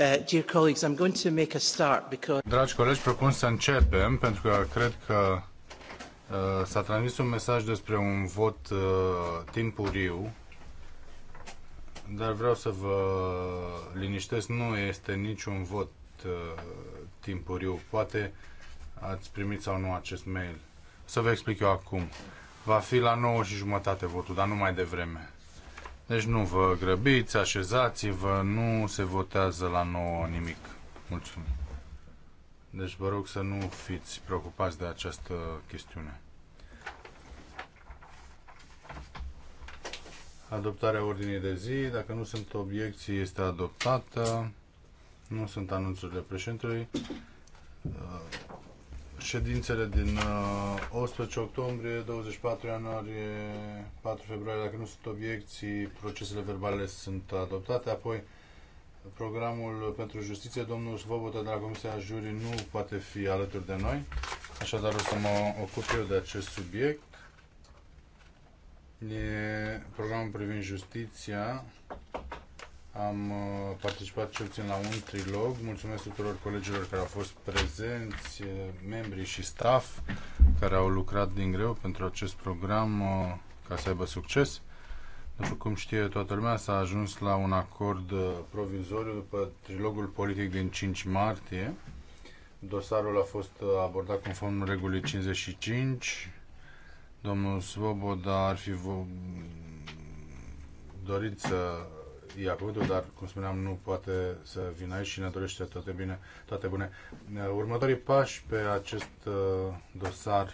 Uh, dear colleagues, I'm going to make a start because... Dragi colegi, propun să începem pentru că cred că uh, s-a transmis un mesaj despre un vot uh, timpuriu, dar vreau să vă liniștesc, nu este niciun vot uh, timpuriu. Poate ați primit sau nu acest mail. Să vă explic eu acum. Va fi la 9 și jumătate votul, dar nu mai devreme. Deci nu vă grăbiți, așezați-vă, nu se votează la nouă nimic. Mulțumim. Deci vă rog să nu fiți preocupați de această chestiune. Adoptarea ordinii de zi, dacă nu sunt obiecții, este adoptată. Nu sunt anunțurile președintelui ședințele din 18 uh, octombrie, 24 ianuarie, 4 februarie, dacă nu sunt obiecții, procesele verbale sunt adoptate, apoi programul pentru justiție, domnul Svoboda de la Comisia Jurii nu poate fi alături de noi, așadar o să mă ocup eu de acest subiect. E programul privind justiția, am uh, participat cel puțin la un trilog. Mulțumesc tuturor colegilor care au fost prezenți, uh, membrii și staff care au lucrat din greu pentru acest program uh, ca să aibă succes. După cum știe toată lumea, s-a ajuns la un acord provizoriu după trilogul politic din 5 martie. Dosarul a fost abordat conform regulii 55. Domnul Svoboda ar fi dorit să ia cuvântul, dar, cum spuneam, nu poate să vină aici și ne dorește toate, bine, toate bune. Următorii pași pe acest uh, dosar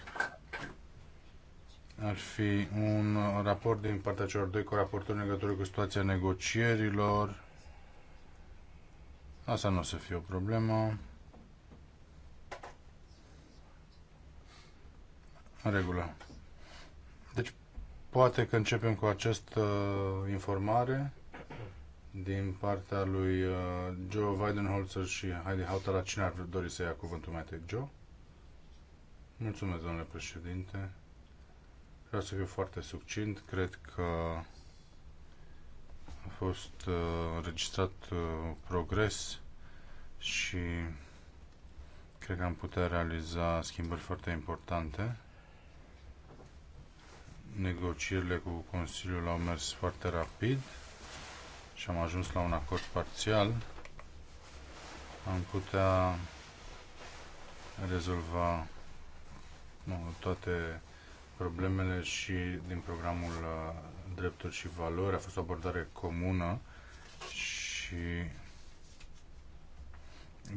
ar fi un raport din partea celor doi coraportori în legătură cu situația negocierilor. Asta nu o să fie o problemă. În regulă. Deci, poate că începem cu această uh, informare din partea lui uh, Joe Weidenholzer și Heidi Hautala. Cine ar dori să ia cuvântul mai întâi? Joe? Mulțumesc, domnule președinte. Vreau să fiu foarte succint. Cred că a fost uh, înregistrat uh, progres și cred că am putea realiza schimbări foarte importante. Negocierile cu Consiliul au mers foarte rapid și am ajuns la un acord parțial, am putea rezolva nu, toate problemele și din programul uh, Drepturi și Valori. A fost o abordare comună și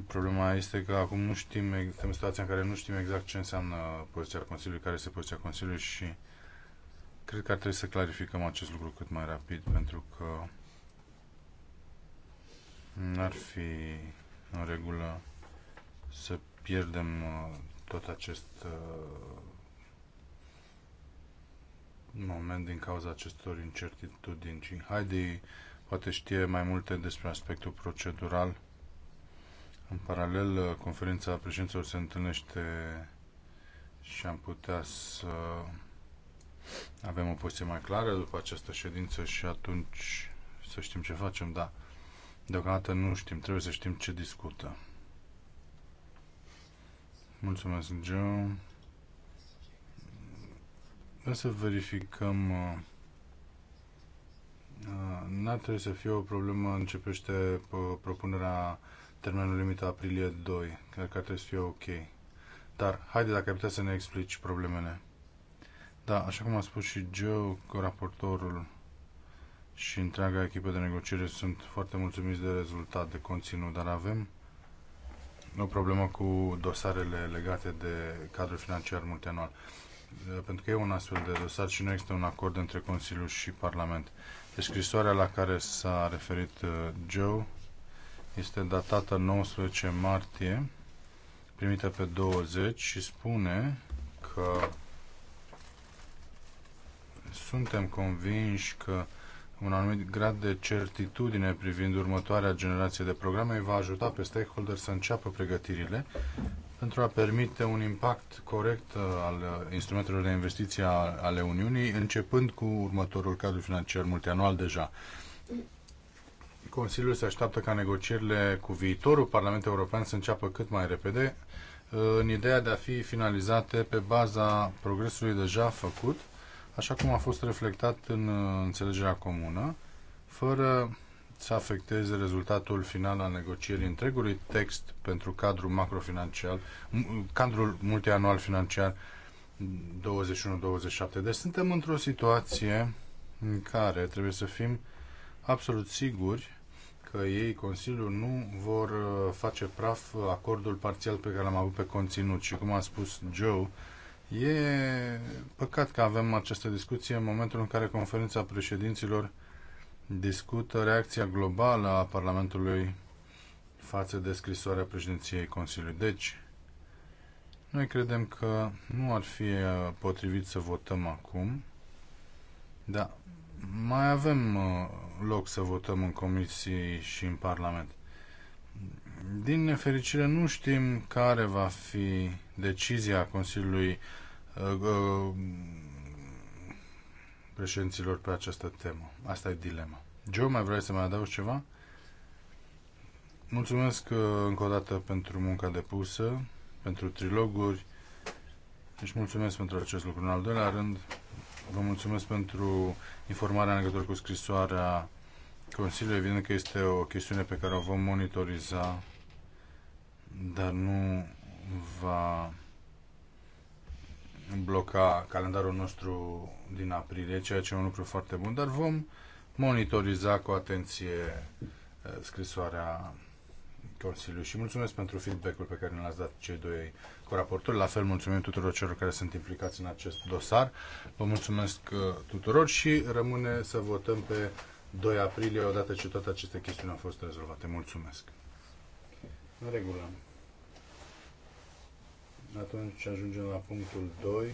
problema este că acum nu știm, suntem în situația în care nu știm exact ce înseamnă poziția Consiliului, care este poziția Consiliului și cred că ar trebui să clarificăm acest lucru cât mai rapid pentru că N-ar fi în regulă să pierdem uh, tot acest uh, moment din cauza acestor incertitudini. Și Heidi poate știe mai multe despre aspectul procedural. În paralel, uh, conferința președinților se întâlnește și am putea să avem o poziție mai clară după această ședință și atunci să știm ce facem, da. Deocamdată nu știm, trebuie să știm ce discută. Mulțumesc, Joe. Vreau să verificăm. Uh, uh, nu ar trebui să fie o problemă, începește uh, propunerea termenului limită aprilie 2. Cred că ar trebui să fie ok. Dar, haide dacă ai putea să ne explici problemele. Da, așa cum a spus și Joe, raportorul și întreaga echipă de negociere sunt foarte mulțumiți de rezultat, de conținut, dar avem o problemă cu dosarele legate de cadrul financiar multianual. Eh, pentru că e un astfel de dosar și nu există un acord între Consiliu și Parlament. Deci scrisoarea la care s-a referit eh, Joe este datată 19 martie, primită pe 20 și spune că suntem convinși că un anumit grad de certitudine privind următoarea generație de programe îi va ajuta pe stakeholder să înceapă pregătirile pentru a permite un impact corect uh, al instrumentelor de investiție ale Uniunii, începând cu următorul cadru financiar multianual deja. Consiliul se așteaptă ca negocierile cu viitorul Parlament European să înceapă cât mai repede, uh, în ideea de a fi finalizate pe baza progresului deja făcut așa cum a fost reflectat în uh, înțelegerea comună, fără să afecteze rezultatul final al negocierii întregului text pentru cadrul macrofinanciar, cadrul multianual financiar 21-27. Deci suntem într-o situație în care trebuie să fim absolut siguri că ei, Consiliul, nu vor uh, face praf uh, acordul parțial pe care l-am avut pe conținut. Și cum a spus Joe, E păcat că avem această discuție în momentul în care conferința președinților discută reacția globală a Parlamentului față de scrisoarea președinției Consiliului. Deci, noi credem că nu ar fi uh, potrivit să votăm acum, dar mai avem uh, loc să votăm în comisii și în Parlament. Din nefericire nu știm care va fi decizia Consiliului uh, uh, președinților pe această temă. Asta e dilema. Joe, mai vrei să mai adaugi ceva? Mulțumesc uh, încă o dată pentru munca depusă, pentru triloguri. Deci mulțumesc pentru acest lucru. În al doilea rând, vă mulțumesc pentru informarea în legătură cu scrisoarea Consiliul evident că este o chestiune pe care o vom monitoriza, dar nu va bloca calendarul nostru din aprilie, ceea ce e un lucru foarte bun, dar vom monitoriza cu atenție eh, scrisoarea Consiliului și mulțumesc pentru feedback-ul pe care ne l-ați dat cei doi cu raportul. La fel mulțumim tuturor celor care sunt implicați în acest dosar. Vă mulțumesc eh, tuturor și rămâne să votăm pe 2 aprilie, odată ce toate aceste chestiuni au fost rezolvate. Mulțumesc. În regulă. Atunci ajungem la punctul 2.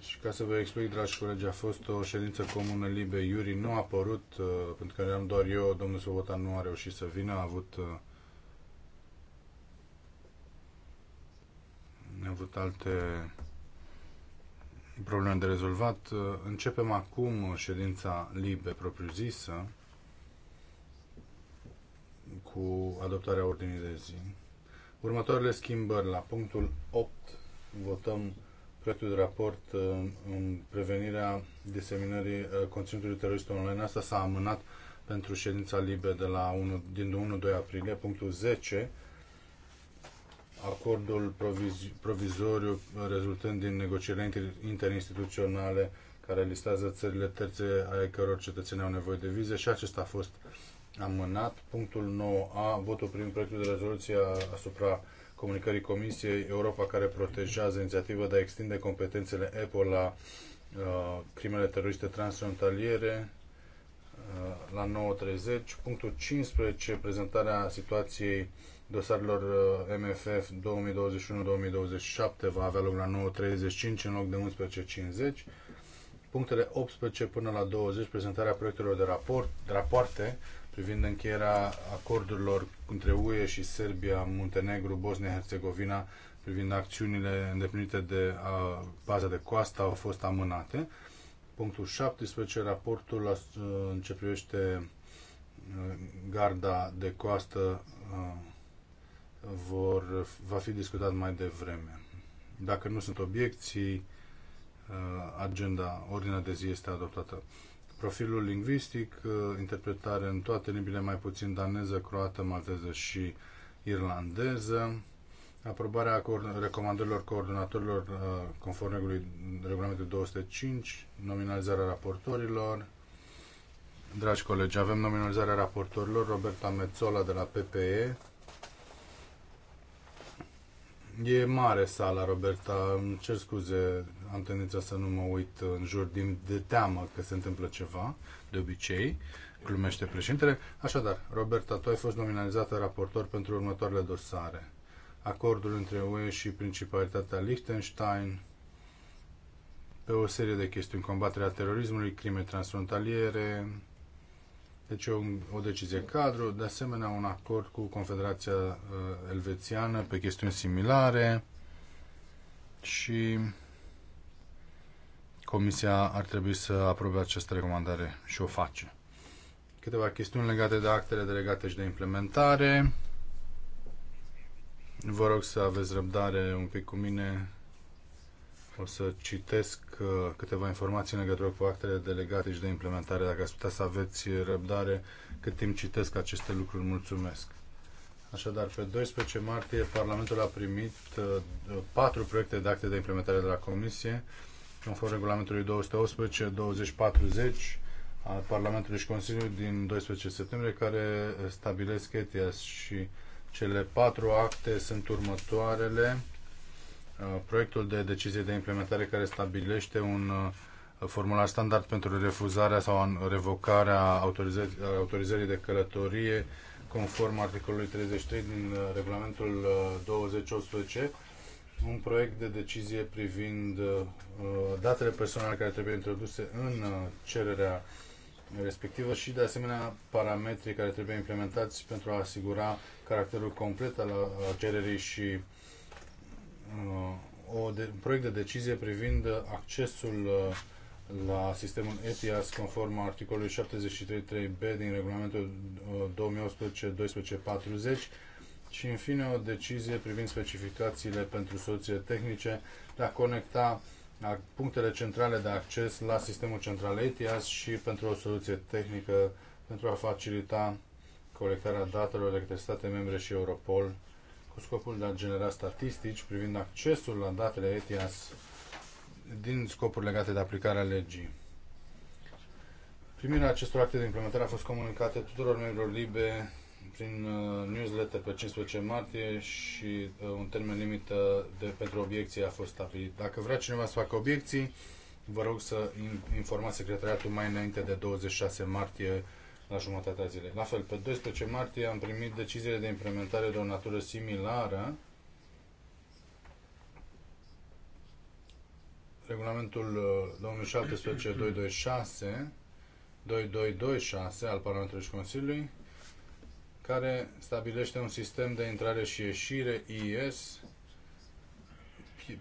Și deci, ca să vă explic, dragi colegi, a fost o ședință comună Libe Iuri, nu a apărut, uh, pentru că eram doar eu, domnul Sobotan nu a reușit să vină, a avut uh, a avut alte probleme de rezolvat. Uh, începem acum ședința libe propriu-zisă cu adoptarea ordinii de zi. Următoarele schimbări la punctul 8 votăm proiectul de raport uh, în prevenirea diseminării uh, conținutului terorist online. Asta s-a amânat pentru ședința libe de la 1, din 1-2 aprilie. Punctul 10 acordul provizi- provizoriu rezultând din negocierile interinstituționale care listează țările terțe ale căror cetățenii au nevoie de vize și acesta a fost amânat. Punctul 9a, votul prin proiectul de rezoluție asupra comunicării Comisiei Europa care protejează inițiativa de a extinde competențele EPO la uh, crimele teroriste transfrontaliere uh, la 9.30. Punctul 15, prezentarea situației dosarelor uh, MFF 2021-2027 va avea loc la 9.35 în loc de 11.50. Punctele 18 până la 20, prezentarea proiectelor de raport, rapoarte privind încheierea acordurilor între UE și Serbia, Muntenegru, Bosnia-Herzegovina, privind acțiunile îndeplinite de a, baza de coastă au fost amânate. Punctul 17, raportul a, uh, în ce privește uh, garda de coastă a, vor, va fi discutat mai devreme. Dacă nu sunt obiecții, uh, agenda, ordinea de zi este adoptată. Profilul lingvistic, uh, interpretare în toate limbile, mai puțin daneză, croată, malteză și irlandeză, aprobarea recomandărilor coordonatorilor uh, conform regulii regulamentului 205, nominalizarea raportorilor. Dragi colegi, avem nominalizarea raportorilor Roberta Mezzola de la PPE, E mare sala, Roberta. Îmi cer scuze, am tendința să nu mă uit în jur din de teamă că se întâmplă ceva, de obicei, glumește președintele. Așadar, Roberta, tu ai fost nominalizată raportor pentru următoarele dosare. Acordul între UE și Principalitatea Liechtenstein pe o serie de chestiuni, combaterea terorismului, crime transfrontaliere, deci o, o decizie cadru, de asemenea un acord cu Confederația uh, Elvețiană pe chestiuni similare și Comisia ar trebui să aprobe această recomandare și o face. Câteva chestiuni legate de actele delegate și de implementare. Vă rog să aveți răbdare un pic cu mine o să citesc uh, câteva informații în legătură cu actele delegate și de implementare. Dacă ați putea să aveți răbdare cât timp citesc aceste lucruri, mulțumesc. Așadar, pe 12 martie, Parlamentul a primit uh, patru proiecte de acte de implementare de la Comisie, conform regulamentului 218-2040 al Parlamentului și Consiliului din 12 septembrie, care stabilesc ETIAS și cele patru acte sunt următoarele Uh, proiectul de decizie de implementare care stabilește un uh, formular standard pentru refuzarea sau revocarea autorizării de călătorie conform articolului 33 din uh, regulamentul 2018 un proiect de decizie privind datele personale care trebuie introduse în cererea respectivă și, de asemenea, parametrii care trebuie implementați pentru a asigura caracterul complet al cererii și Uh, o de, un proiect de decizie privind accesul uh, la sistemul ETIAS conform articolului 73.3b din regulamentul 2018-1240 uh, și în fine o decizie privind specificațiile pentru soluții tehnice de a conecta punctele centrale de acces la sistemul central ETIAS și pentru o soluție tehnică pentru a facilita colectarea datelor de către state membre și Europol cu scopul de a genera statistici privind accesul la datele ETIAS din scopuri legate de aplicarea legii. Primirea acestor acte de implementare a fost comunicată tuturor membrilor LIBE prin uh, newsletter pe 15 martie și uh, un termen limită de, pentru obiecții a fost stabilit. Dacă vrea cineva să facă obiecții, vă rog să informați secretariatul mai înainte de 26 martie la jumătatea zilei. La fel, pe 12 martie am primit deciziile de implementare de o natură similară. Regulamentul 2017-226 uh, 2226 al Parlamentului și Consiliului, care stabilește un sistem de intrare și ieșire IS.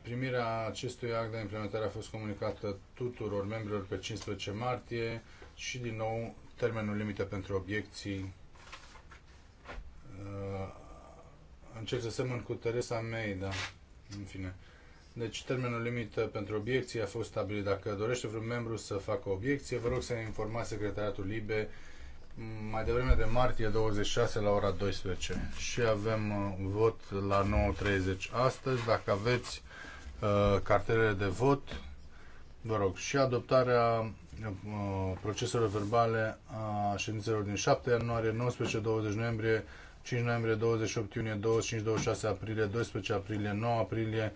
Primirea acestui act de implementare a fost comunicată tuturor membrilor pe 15 martie și din nou termenul limită pentru obiecții. Uh, încerc să semăn cu Teresa May, da, în fine. Deci termenul limită pentru obiecții a fost stabilit. Dacă dorește vreun membru să facă obiecție, vă rog să informați secretariatul LIBE mai devreme de martie 26 la ora 12 și avem uh, vot la 9.30 astăzi. Dacă aveți uh, cartele de vot, vă rog, și adoptarea Uh, procesele verbale a ședințelor din 7 ianuarie, 19-20 noiembrie, 5 noiembrie, 28 iunie, 25-26 aprilie, 12 aprilie, 9 aprilie,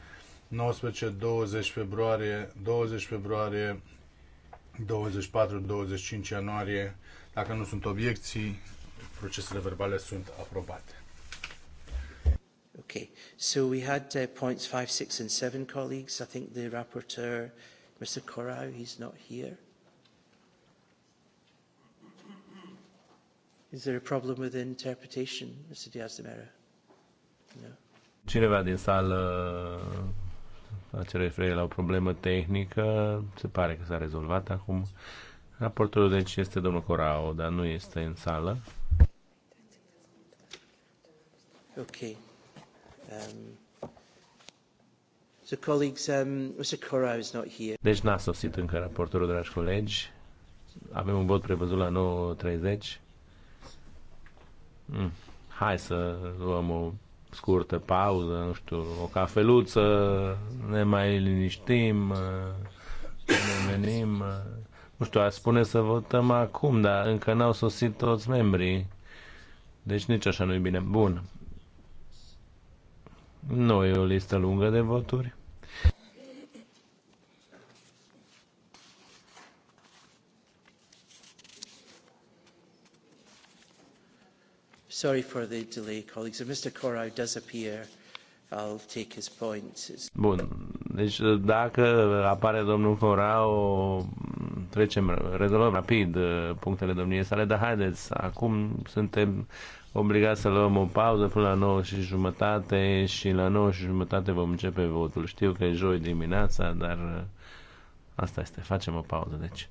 19-20 februarie, 20 februarie, 24-25 ianuarie. Dacă nu sunt obiecții, procesele verbale sunt aprobate. Okay, so we had uh, points five, six, and seven, colleagues. I think the rapporteur, Mr. Corau, he's not here. Is there a problem with interpretation, Mr. Diaz de Mera? No. Cineva din sală uh, face referire la o problemă tehnică. Se pare că s-a rezolvat acum. Raportul deci este domnul Corao, dar nu este în sală. Ok. Um, so colleagues, um, Mr. Corao is not here. Deci n-a sosit încă raportorul, dragi colegi. Avem un vot prevăzut la 9.30. Mm. hai să luăm o scurtă pauză, nu știu, o cafeluță, ne mai liniștim, uh, ne venim, uh. nu știu, aș spune să votăm acum, dar încă n-au sosit toți membrii. Deci nici așa nu-i bine. Bun. Nu e o listă lungă de voturi. Sorry for the delay, colleagues. If Mr. Corau does appear, I'll take his point. Bun. Deci dacă apare domnul Corau, trecem, rezolvăm rapid uh, punctele domniei sale, dar haideți, acum suntem obligați să luăm o pauză până la 9 și jumătate și la 9 și jumătate vom începe votul. Știu că e joi dimineața, dar uh, asta este, facem o pauză, deci.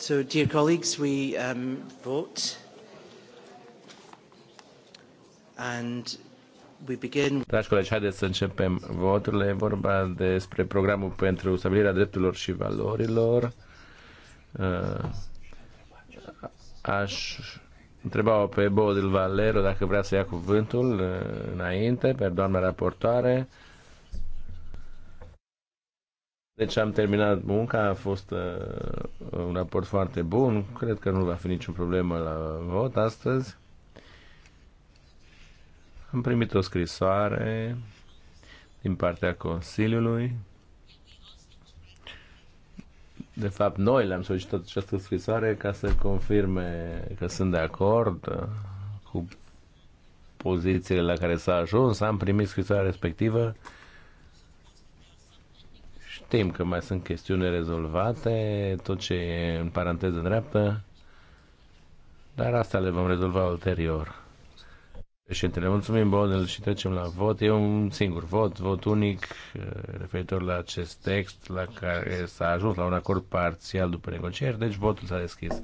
So, dear colleagues, we um, vote. And we begin... Dragi colegi, haideți să începem voturile. E vorba despre programul pentru stabilirea drepturilor și valorilor. Uh, aș întreba pe Bodil Valero dacă vrea să ia cuvântul uh, înainte, pe doamna raportoare. Deci am terminat munca, a fost uh, un raport foarte bun. Cred că nu va fi niciun problemă la vot astăzi. Am primit o scrisoare din partea Consiliului. De fapt, noi le-am solicitat această scrisoare ca să confirme că sunt de acord uh, cu pozițiile la care s-a ajuns. Am primit scrisoarea respectivă Știm că mai sunt chestiuni rezolvate, tot ce e în paranteză dreaptă, dar asta le vom rezolva ulterior. Președintele, mulțumim, Bonel, și trecem la vot. E un singur vot, vot unic, eh, referitor la acest text la care s-a ajuns la un acord parțial după negocieri, deci votul s-a deschis.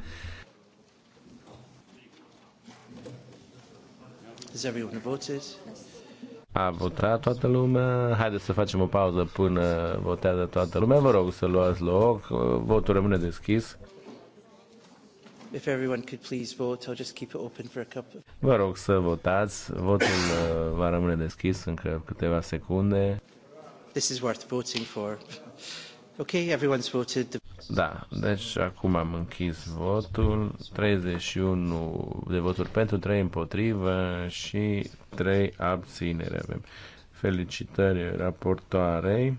Has everyone voted? A votat toată lumea. Haideți să facem o pauză până votează toată lumea. Vă rog să luați loc. Votul rămâne deschis. If everyone could please vote, I'll just keep it open for a couple. Vă rog să votați. Votul uh, va rămâne deschis încă câteva secunde. This is worth voting for. Da, deci acum am închis votul. 31 de voturi pentru, 3 împotrivă și 3 abținere avem. Felicitări raportoarei,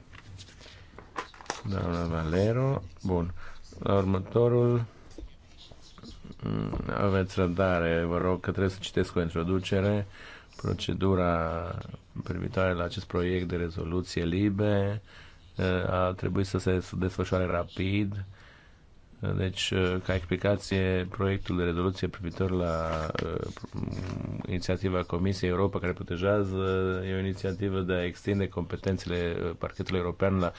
doamna Valero. Bun, la următorul mm, aveți răbdare, vă rog că trebuie să citesc o introducere, procedura privitoare la acest proiect de rezoluție libe, Eh, a trebuit să se desfășoare rapid. Eh, deci, eh, ca explicație, proiectul de rezoluție privitor la uh, inițiativa Comisiei Europa care protejează e o inițiativă de a extinde competențele parchetului european la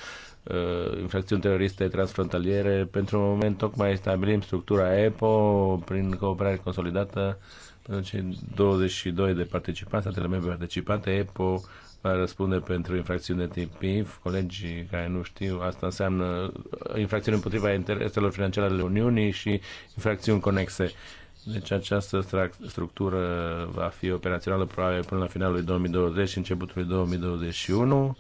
uh, infracțiuni teroriste transfrontaliere. Pentru un moment, tocmai stabilim structura EPO prin cooperare consolidată pentru cei 22 de participanți, statele membre participante. EPO va răspunde pentru infracțiune de tip PIF. Colegii care nu știu, asta înseamnă uh, infracțiune împotriva intereselor financiare ale Uniunii și infracțiuni conexe. Deci această structură va fi operațională probabil până la finalul 2020 și începutul 2021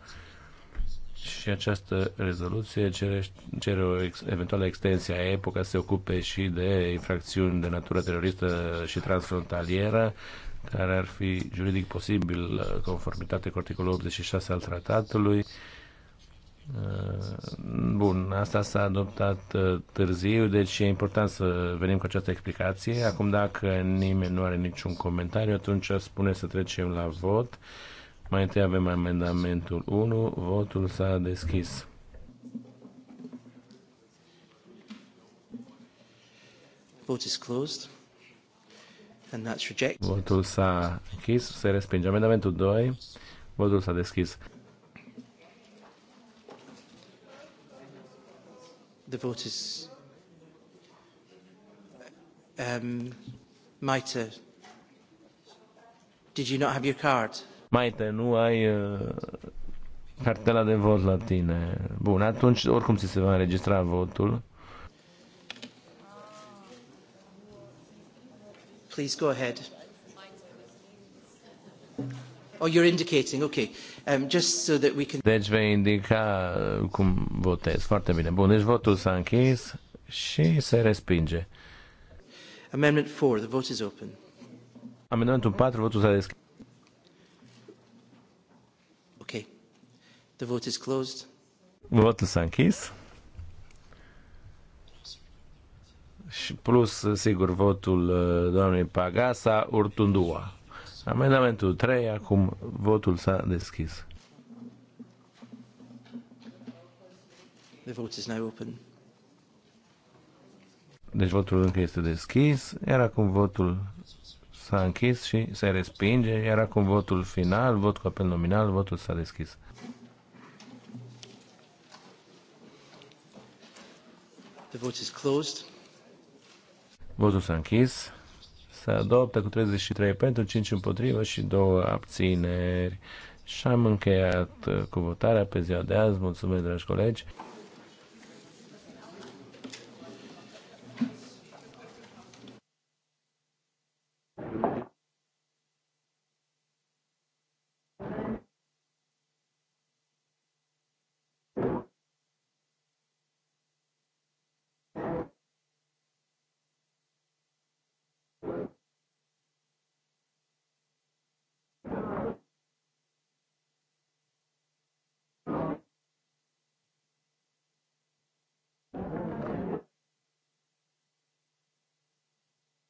și această rezoluție cere, cere o ex, eventuală extensie a EPO ca să se ocupe și de infracțiuni de natură teroristă și transfrontalieră care ar fi juridic posibil uh, conformitate cu articolul 86 al tratatului. Uh, bun, asta s-a adoptat uh, târziu, deci e important să venim cu această explicație. Acum, dacă nimeni nu are niciun comentariu, atunci spune să trecem la vot. Mai întâi avem amendamentul 1, votul s-a deschis. Vote is closed. Votul s-a închis, se respinge. Amendamentul 2, votul s-a deschis. The vote is... Um, Maite, did you not have your card? Maite, nu ai uh, cartela de vot la tine. Bun, atunci oricum ți se va înregistra votul. Please go ahead. Oh, you're indicating, okay. Um, just so that we can... Deci vei indica uh, cum votez. Foarte bine. Bun, deci votul s-a închis și se respinge. Amendment 4, the vote is open. Amendamentul 4, votul s-a deschis. Okay. The vote is closed. Votul s-a închis. și plus, sigur, votul uh, doamnei Pagasa, Urtundua. Amendamentul 3, acum votul s-a deschis. The vote is now open. Deci votul încă este deschis, iar acum votul s-a închis și se respinge, iar acum votul final, vot cu apel nominal, votul s-a deschis. The vote is closed. Votul s-a închis. Se adoptă cu 33 pentru, 5 împotrivă și 2 abțineri. Și am încheiat uh, cu votarea pe ziua de azi. Mulțumesc, dragi colegi! Thank you.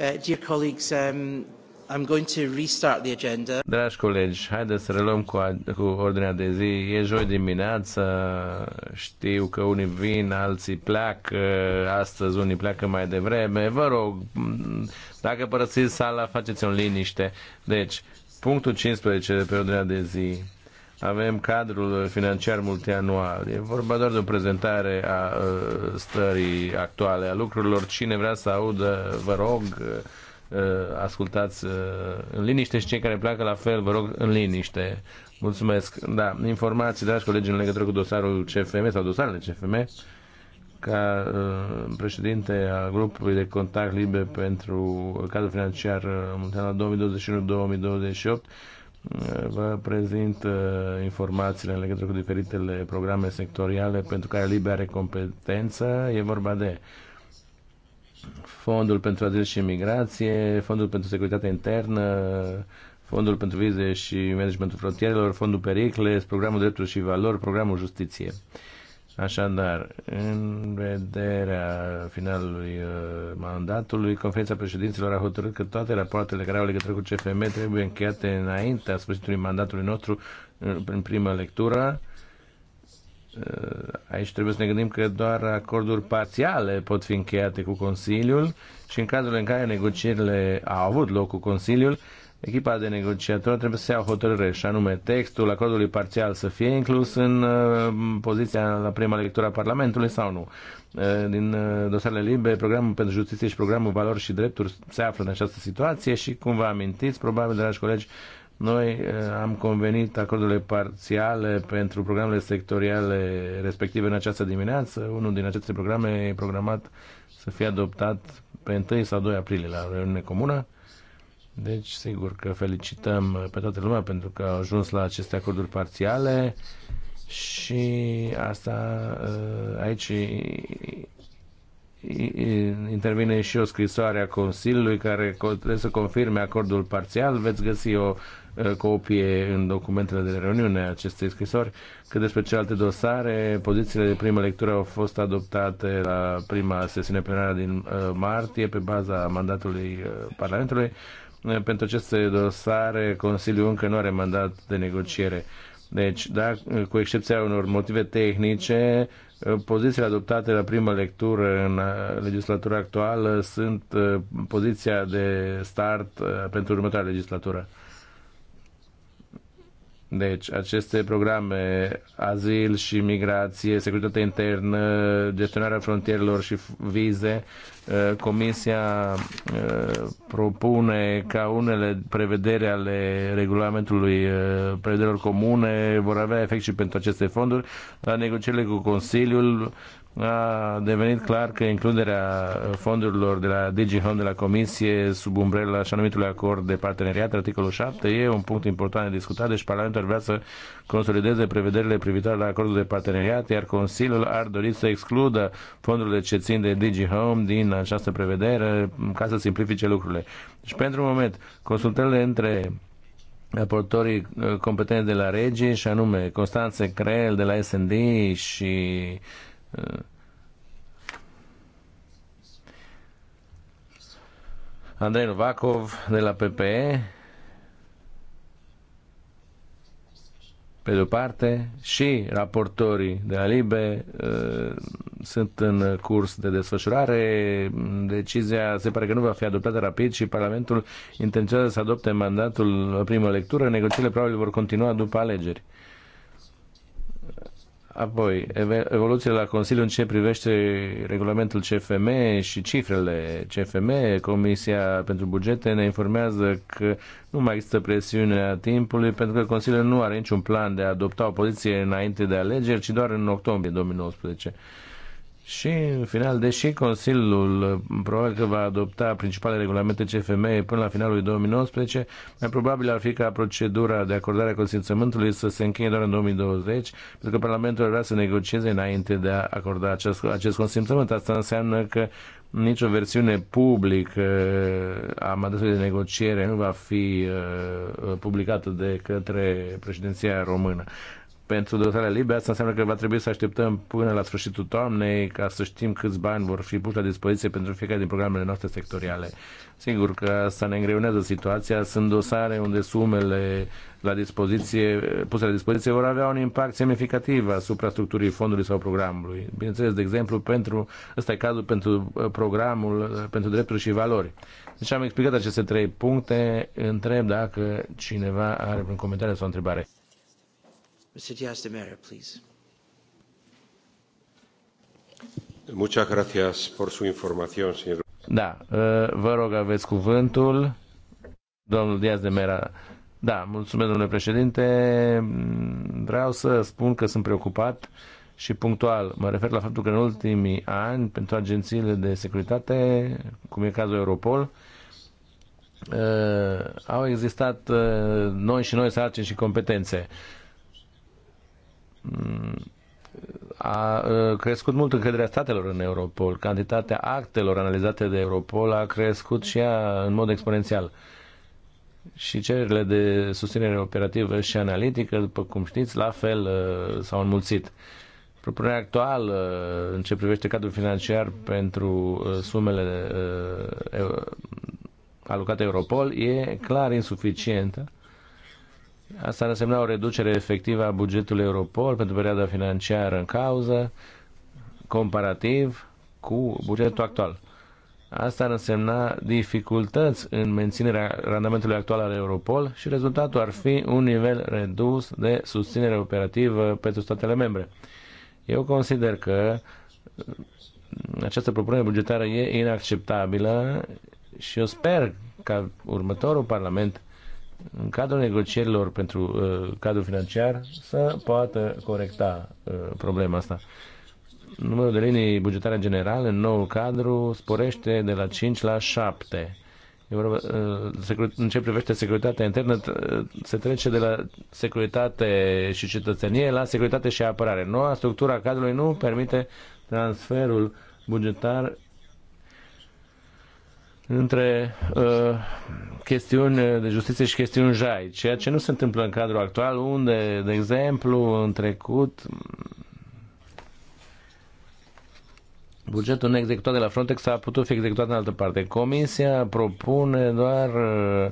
Uh, dear colleagues, um, I'm going to restart the agenda. Dragi colegi, haideți să reluăm cu, cu ordinea de zi. E joi dimineață, știu că unii vin, alții pleacă, astăzi unii pleacă mai devreme. Vă rog, dacă părăsiți sala, faceți-o în liniște. Deci, punctul 15 de pe ordinea de zi avem cadrul financiar multianual. E vorba doar de o prezentare a uh, stării actuale a lucrurilor. Cine vrea să audă, vă rog, uh, ascultați uh, în liniște și cei care pleacă la fel, vă rog, în liniște. Mulțumesc. Da, informații, dragi colegi, în legătură cu dosarul CFM sau dosarele CFM, ca președinte al grupului de contact liber pentru cadrul financiar multianual 2021-2028, Vă prezint uh, informațiile în legătură cu diferitele programe sectoriale pentru care Libia are competență. E vorba de Fondul pentru Azil și Migrație, Fondul pentru Securitate Internă, Fondul pentru Vize și Managementul Frontierelor, Fondul Pericles, Programul Drepturi și Valori, Programul Justiție. Uh, Așadar, în vederea finalului uh, mandatului, Conferința Președinților a hotărât că toate rapoartele care au legătură cu CFM trebuie încheiate înaintea sfârșitului mandatului nostru uh, în primă lectură. Uh, aici trebuie să ne gândim că doar acorduri parțiale pot fi încheiate cu Consiliul și în cazul în care negocierile au avut loc cu Consiliul, echipa de negociator trebuie să ia o hotărâre și anume textul acordului parțial să fie inclus în uh, poziția la prima lectură a Parlamentului sau nu. Uh, din uh, dosarele libere, programul pentru justiție și programul valori și drepturi se află în această situație și, cum vă amintiți, probabil, dragi colegi, noi am convenit acordurile parțiale pentru programele sectoriale respective în această dimineață. Unul din aceste programe e programat să fie adoptat pe 1 sau 2 aprilie la reuniune comună deci, sigur că felicităm uh, pe toată lumea pentru că au ajuns la aceste acorduri parțiale și asta uh, aici intervine și o scrisoare a Consiliului care trebuie să confirme acordul parțial. Veți găsi o uh, copie în documentele de reuniune a acestei scrisori, că despre celelalte dosare, pozițiile de primă lectură au fost adoptate la prima sesiune plenară din martie pe baza mandatului Parlamentului. Eh, pentru aceste dosare Consiliul încă nu are mandat de negociere. Deci, da, cu excepția unor motive tehnice, eh, pozițiile adoptate la prima lectură în eh, legislatura actuală sunt poziția de start pentru următoarea legislatură. Deci, aceste programe, azil și migrație, securitate internă, gestionarea frontierelor și vize, uh, Comisia uh, propune ca unele prevedere ale regulamentului uh, prevederilor comune vor avea efect și pentru aceste fonduri. La negocierile cu Consiliul a devenit clar că includerea fondurilor de la DigiHome, de la Comisie, sub umbrela așa numitului acord de parteneriat, articolul 7, e un punct important de discutat, deci Parlamentul ar vrea să consolideze prevederile privitoare la acordul de parteneriat, iar Consiliul ar dori să excludă fondurile ce țin de DigiHome din această prevedere ca să simplifice lucrurile. Și deci, pentru un moment, consultările între raportorii uh, competenți de la regie, și anume Constanțe Creel de la SND și uh, Uh. Andrei Novakov de la PPE, pe de-o parte, și raportorii de la LIBE uh, sunt în curs de desfășurare. Decizia se pare că nu va fi adoptată rapid și Parlamentul intenționează să adopte mandatul la primă lectură. Negocierile probabil vor continua după alegeri. Apoi, evoluția la Consiliu în ce privește regulamentul CFM și cifrele CFM, Comisia pentru Bugete ne informează că nu mai există presiunea timpului pentru că Consiliul nu are niciun plan de a adopta o poziție înainte de alegeri, ci doar în octombrie 2019. Și, în final, deși Consiliul uh, probabil că va adopta principalele regulamente CFM până la finalul 2019, mai probabil ar fi ca procedura de acordare a consimțământului să se încheie doar în 2020, pentru că Parlamentul vrea să negocieze înainte de a acorda acest, acest consimțământ. Asta înseamnă că nicio versiune publică a mandatului de negociere nu va fi uh, publicată de către președinția română pentru dotarea liberă, asta înseamnă că va trebui să așteptăm până la sfârșitul toamnei ca să știm câți bani vor fi puși la dispoziție pentru fiecare din programele noastre sectoriale. Sigur că asta ne îngreunează situația. Sunt dosare unde sumele la dispoziție, puse la dispoziție vor avea un impact semnificativ asupra structurii fondului sau programului. Bineînțeles, de exemplu, pentru, ăsta e cazul pentru uh, programul uh, pentru drepturi și valori. Deci am explicat aceste trei puncte. Întreb dacă cineva are un comentariu sau o întrebare. Mr. Diaz de Mera, please. Muchas gracias por su información, señor. Da, uh, vă rog, aveți cuvântul. Domnul Diaz de Mera, da, mulțumesc, domnule președinte. Vreau să spun că sunt preocupat și punctual. Mă refer la faptul că în ultimii ani, pentru agențiile de securitate, cum e cazul Europol, uh, au existat uh, noi și noi sarcini și competențe. Mm. a uh, crescut mult încrederea statelor în Europol. Cantitatea actelor analizate de Europol a crescut și ea în mod exponențial. Și cererile de susținere operativă și analitică, după cum știți, la fel uh, s-au înmulțit. Propunerea actuală uh, în ce privește cadrul financiar pentru sumele alocate Europol e clar insuficientă Asta ar însemna o reducere efectivă a bugetului Europol pentru perioada financiară în cauză, comparativ cu bugetul actual. Asta ar însemna dificultăți în menținerea randamentului actual al Europol și rezultatul ar fi un nivel redus de susținere operativă pentru statele membre. Eu consider că această propunere bugetară e inacceptabilă și eu sper ca următorul Parlament în cadrul negocierilor pentru uh, cadrul financiar să poată corecta uh, problema asta. Numărul de linii bugetare generale în nou cadru sporește de la 5 la 7. E vorba, uh, în ce privește securitatea internă, se trece de la securitate și cetățenie la securitate și apărare. Noua structura cadrului nu permite transferul bugetar între uh, chestiuni de justiție și chestiuni jai, ceea ce nu se întâmplă în cadrul actual, unde, de exemplu, în trecut bugetul neexecutat de la Frontex a putut fi executat în altă parte. Comisia propune doar uh,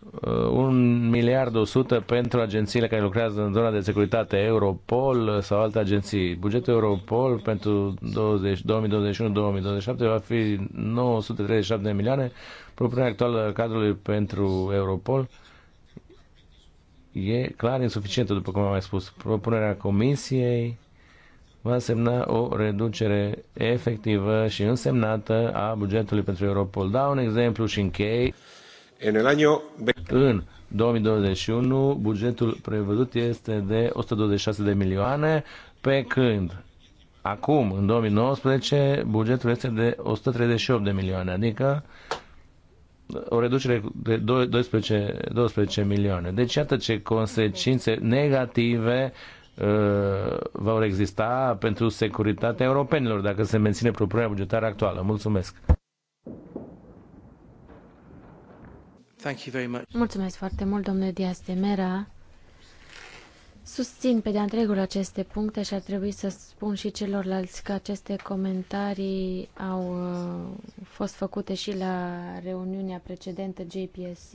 Uh, un miliard 100 pentru agențiile care lucrează în zona de securitate Europol sau alte agenții. Bugetul Europol pentru 2021-2027 va fi 937 de milioane. Propunerea actuală a cadrului pentru Europol e clar insuficientă, după cum am mai spus. Propunerea Comisiei va semna o reducere efectivă și însemnată a bugetului pentru Europol. Dau un exemplu și închei. În 2021, bugetul prevăzut este de 126 de milioane, pe când acum, în 2019, bugetul este de 138 de milioane, adică o reducere de 12, 12 milioane. Deci iată ce consecințe negative uh, vor exista pentru securitatea europenilor dacă se menține propunerea bugetară actuală. Mulțumesc! Thank you very much. Mulțumesc foarte mult, domnule Diaz de Mera. Susțin pe de-a întregul aceste puncte și ar trebui să spun și celorlalți că aceste comentarii au uh, fost făcute și la reuniunea precedentă JPSC.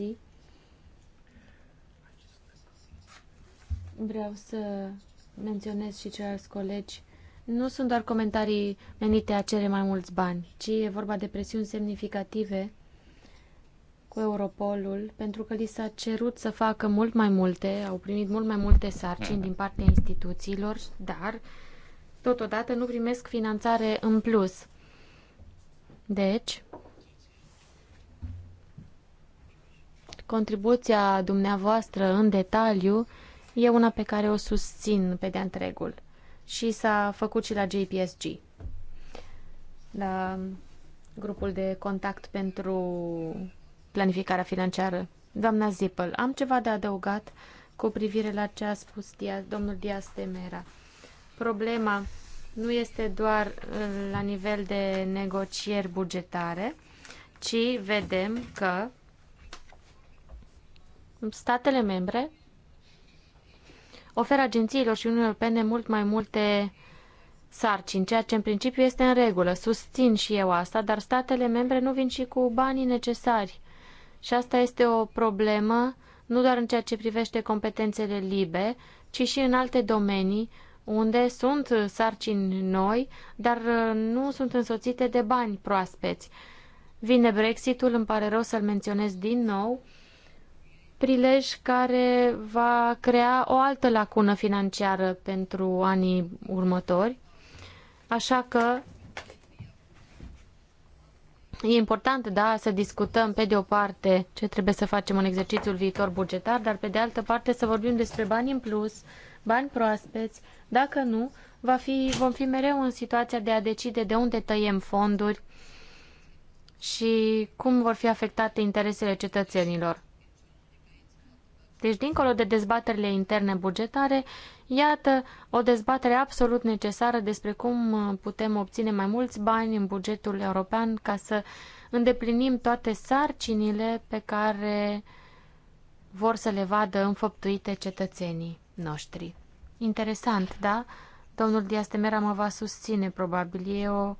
Vreau să menționez și ceilalți colegi. Nu sunt doar comentarii menite a cere mai mulți bani, ci e vorba de presiuni semnificative cu Europolul pentru că li s-a cerut să facă mult mai multe, au primit mult mai multe sarcini din partea instituțiilor, dar totodată nu primesc finanțare în plus. Deci, contribuția dumneavoastră în detaliu e una pe care o susțin pe de-a întregul și s-a făcut și la JPSG, la grupul de contact pentru planificarea financiară. Doamna Zipăl, am ceva de adăugat cu privire la ce a spus Dia, domnul Dias Temera. Problema nu este doar uh, la nivel de negocieri bugetare, ci vedem că statele membre oferă agențiilor și Uniunii Europene mult mai multe sarcini, ceea ce în principiu este în regulă. Susțin și eu asta, dar statele membre nu vin și cu banii necesari și asta este o problemă nu doar în ceea ce privește competențele libe, ci și în alte domenii unde sunt sarcini noi, dar uh, nu sunt însoțite de bani proaspeți. Vine Brexitul, îmi pare rău să-l menționez din nou, prilej care va crea o altă lacună financiară pentru anii următori. Așa că E important, da, să discutăm pe de o parte ce trebuie să facem în exercițiul viitor bugetar, dar pe de altă parte să vorbim despre bani în plus, bani proaspeți. Dacă nu, va fi, vom fi mereu în situația de a decide de unde tăiem fonduri și cum vor fi afectate interesele cetățenilor. Deci, dincolo de dezbaterile interne bugetare, Iată o dezbatere absolut necesară despre cum uh, putem obține mai mulți bani în bugetul european ca să îndeplinim toate sarcinile pe care vor să le vadă înfăptuite cetățenii noștri. Interesant, da? Domnul Diastemera mă va susține, probabil. E o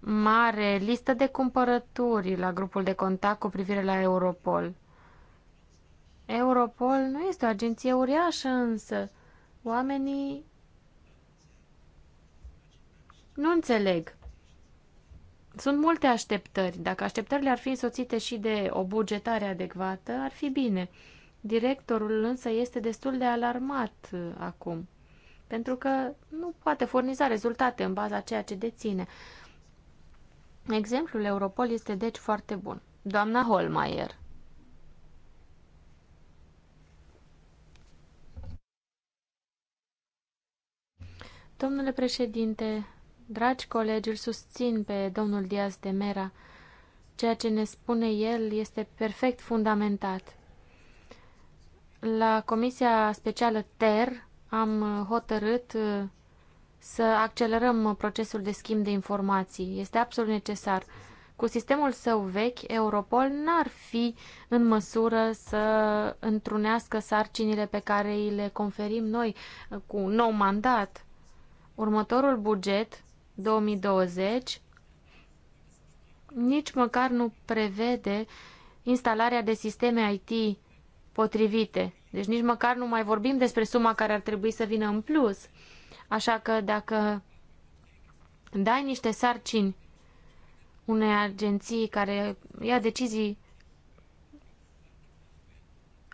mare listă de cumpărături la grupul de contact cu privire la Europol. Europol nu este o agenție uriașă, însă Oamenii nu înțeleg. Sunt multe așteptări. Dacă așteptările ar fi însoțite și de o bugetare adecvată, ar fi bine. Directorul însă este destul de alarmat uh, acum, pentru că nu poate furniza rezultate în baza ceea ce deține. Exemplul Europol este deci foarte bun. Doamna Holmeier. Domnule președinte, dragi colegi, îl susțin pe domnul Diaz de Mera. Ceea ce ne spune el este perfect fundamentat. La Comisia Specială TER am hotărât uh, să accelerăm procesul de schimb de informații. Este absolut necesar. Cu sistemul său vechi, Europol n-ar fi în măsură să întrunească sarcinile pe care îi le conferim noi uh, cu un nou mandat următorul buget 2020 nici măcar nu prevede instalarea de sisteme IT potrivite. Deci nici măcar nu mai vorbim despre suma care ar trebui să vină în plus. Așa că dacă dai niște sarcini unei agenții care ia decizii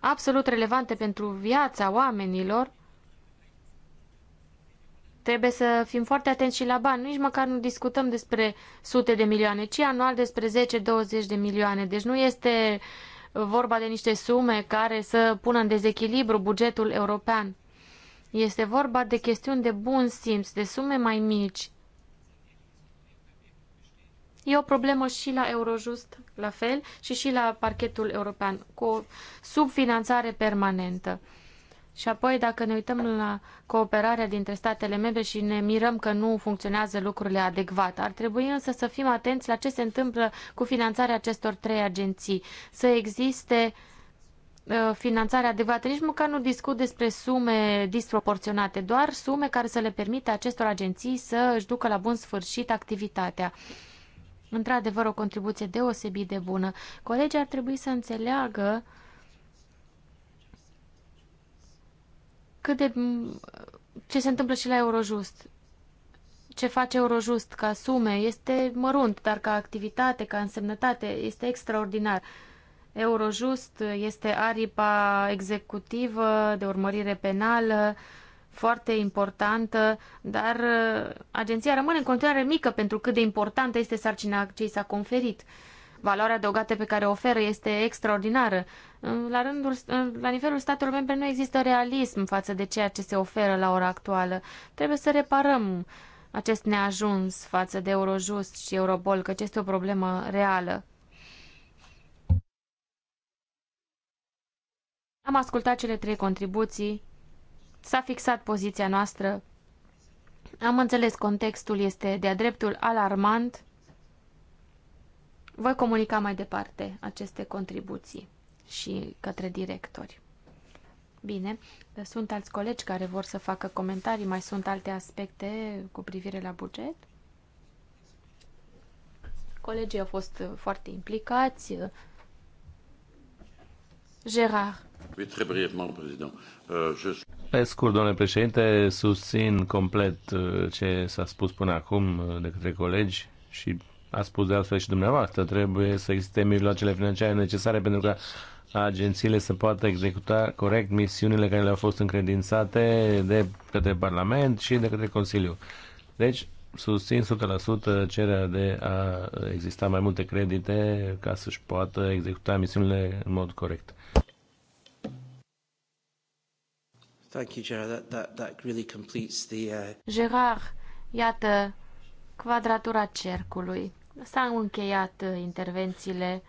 absolut relevante pentru viața oamenilor, Trebuie să fim foarte atenți și la bani. Nici măcar nu discutăm despre sute de milioane, ci anual despre 10-20 de milioane. Deci nu este vorba de niște sume care să pună în dezechilibru bugetul european. Este vorba de chestiuni de bun simț, de sume mai mici. E o problemă și la Eurojust, la fel, și și la parchetul european, cu o subfinanțare permanentă. Și apoi, dacă ne uităm la cooperarea dintre statele membre și ne mirăm că nu funcționează lucrurile adecvat, ar trebui însă să fim atenți la ce se întâmplă cu finanțarea acestor trei agenții. Să existe uh, finanțare adecvată. Nici măcar nu discut despre sume disproporționate, doar sume care să le permită acestor agenții să își ducă la bun sfârșit activitatea. Într-adevăr, o contribuție deosebit de bună. Colegii ar trebui să înțeleagă uh, cât de, ce se întâmplă și la Eurojust. Ce face Eurojust ca sume este mărunt, dar ca activitate, ca însemnătate, este extraordinar. Eurojust este aripa executivă de urmărire penală, foarte importantă, dar uh, agenția rămâne în continuare mică pentru cât de importantă este sarcina ce i s-a conferit. Uh, valoarea adăugată pe care o oferă este extraordinară. La, rândul, la nivelul statelor membre nu există realism față de ceea ce se oferă la ora actuală. Trebuie să reparăm acest neajuns față de Eurojust și Eurobol, că este o problemă reală. Am ascultat cele trei contribuții, s-a fixat poziția noastră, am înțeles contextul este de-a dreptul alarmant, voi comunica mai departe aceste contribuții și către directori. Bine, sunt alți colegi care vor să facă comentarii, mai sunt alte aspecte cu privire la buget? Colegii au fost foarte implicați. Gerard. Euh, Pe scurt, domnule președinte, susțin complet euh, ce s-a spus până acum euh, de către colegi și a spus de altfel și dumneavoastră, trebuie să existe mijloacele financiare necesare pentru ca agențiile să poată executa corect misiunile care le-au fost încredințate de către Parlament și de către Consiliu. Deci, susțin 100% cererea de a exista mai multe credite ca să-și poată executa misiunile în mod corect. Thank you, Gerard. That, that, that really completes the, uh... Gerard, iată, quadratura cercului. S-au încheiat uh, intervențiile.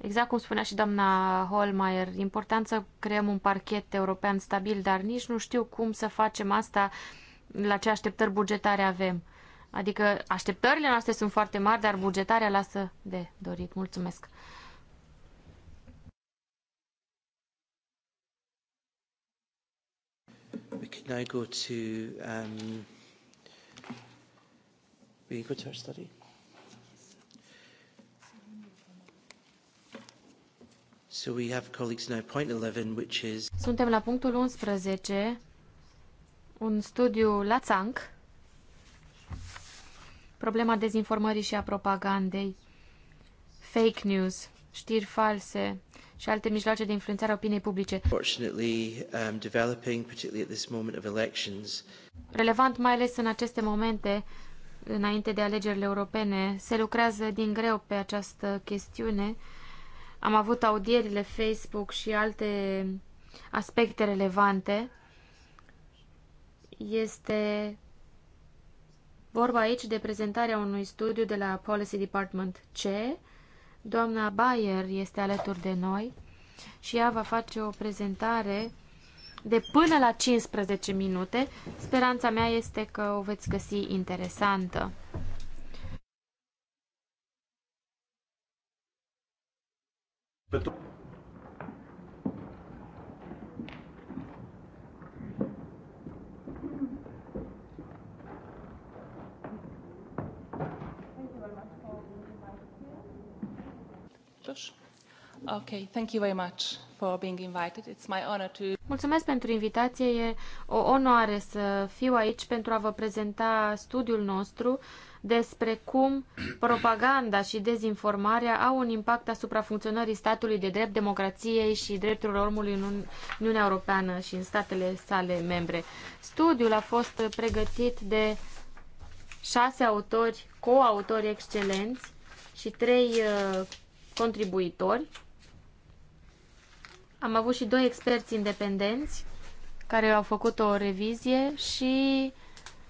Exact cum spunea și doamna Holmeier, important să creăm un parchet european stabil, dar nici nu știu cum să facem asta, la ce așteptări bugetare avem. Adică așteptările noastre sunt foarte mari, dar bugetarea lasă de dorit. Mulțumesc! We can now go to um, we go to our study. So we have colleagues now point 11 which is Suntem la punctul 11 un studiu la țanc problema dezinformării și a propagandei fake news știri false și alte mijloace de influențare a opiniei publice. Um, Relevant mai ales în aceste momente, înainte de alegerile europene, se lucrează din greu pe această chestiune am avut audierile Facebook și alte aspecte relevante. Este vorba aici de prezentarea unui studiu de la Policy Department C. Doamna Bayer este alături de noi și ea va face o prezentare de până la 15 minute. Speranța mea este că o veți găsi interesantă. pentru Okay, thank you very much for being invited. It's my honor to... Mulțumesc pentru invitație. E o onoare să fiu aici pentru a vă prezenta studiul nostru despre cum propaganda și dezinformarea au un impact asupra funcționării statului de drept, democrației și drepturilor omului în Uniunea Europeană și în statele sale membre. Studiul a fost pregătit de șase autori, coautori excelenți și trei uh, contribuitori. Am avut și doi experți independenți care au făcut o revizie și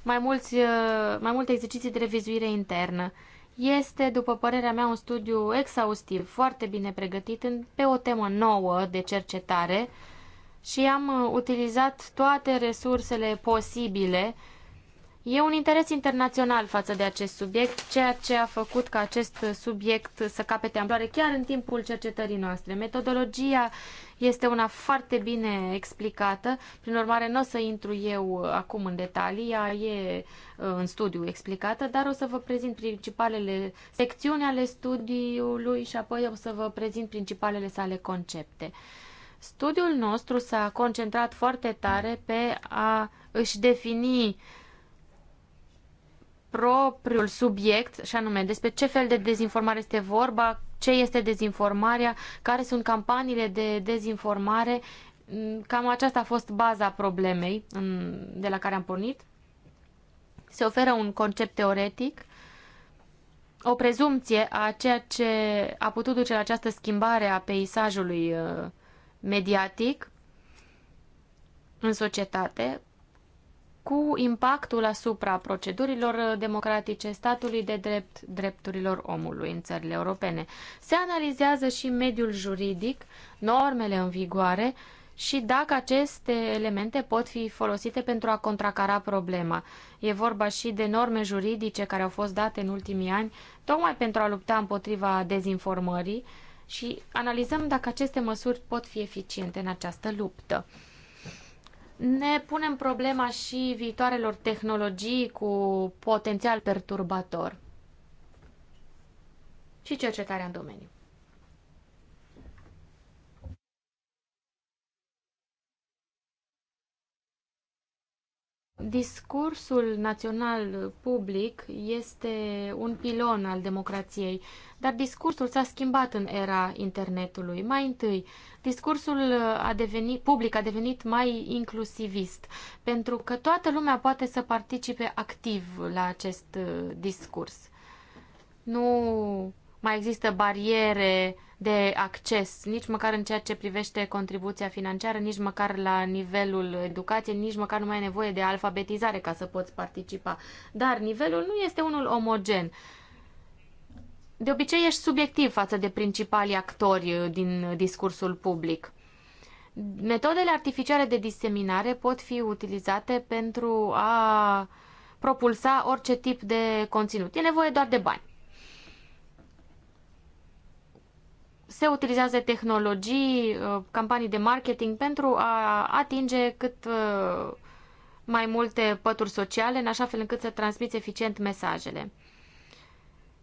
mai, mulți, uh, mai multe exerciții de revizuire internă. Este, după părerea mea, un studiu exhaustiv, foarte bine pregătit, pe o temă nouă de cercetare și am uh, utilizat toate resursele posibile E un interes internațional față de acest subiect, ceea ce a făcut ca acest subiect să capete amploare chiar în timpul cercetării noastre. Metodologia este una foarte bine explicată, prin urmare nu o să intru eu acum în detalii, ea e uh, în studiu explicată, dar o să vă prezint principalele secțiuni ale studiului și apoi o să vă prezint principalele sale concepte. Studiul nostru s-a concentrat foarte tare pe a își defini propriul subiect, și anume despre ce fel de dezinformare este vorba, ce este dezinformarea, care sunt campaniile de dezinformare. Mm, cam aceasta a fost baza problemei de la care am pornit. Se oferă un concept teoretic, o prezumție a ceea ce a putut duce la această schimbare a peisajului uh, mediatic în societate, cu impactul asupra procedurilor democratice, statului de drept, drepturilor omului în țările europene. Se analizează și mediul juridic, normele în vigoare și dacă aceste elemente pot fi folosite pentru a contracara problema. E vorba și de norme juridice care au fost date în ultimii ani, tocmai pentru a lupta împotriva dezinformării și analizăm dacă aceste măsuri pot fi eficiente în această luptă ne punem problema și viitoarelor tehnologii cu potențial perturbator și cercetarea în domeniu. Discursul național public este un pilon al democrației, dar discursul s-a schimbat în era internetului. Mai întâi, discursul a devenit, public a devenit mai inclusivist, pentru că toată lumea poate să participe activ la acest uh, discurs. Nu mai există bariere de acces, nici măcar în ceea ce privește contribuția financiară, nici măcar la nivelul educației, nici măcar nu mai ai nevoie de alfabetizare ca să poți participa. Dar nivelul nu este unul omogen de obicei ești subiectiv față de principalii actori uh, din discursul public. Metodele artificiale de diseminare pot fi utilizate pentru a propulsa orice tip de conținut. E nevoie doar de bani. Se utilizează tehnologii, uh, campanii de marketing pentru a atinge cât uh, mai multe pături sociale, în așa fel încât să transmiți eficient mesajele.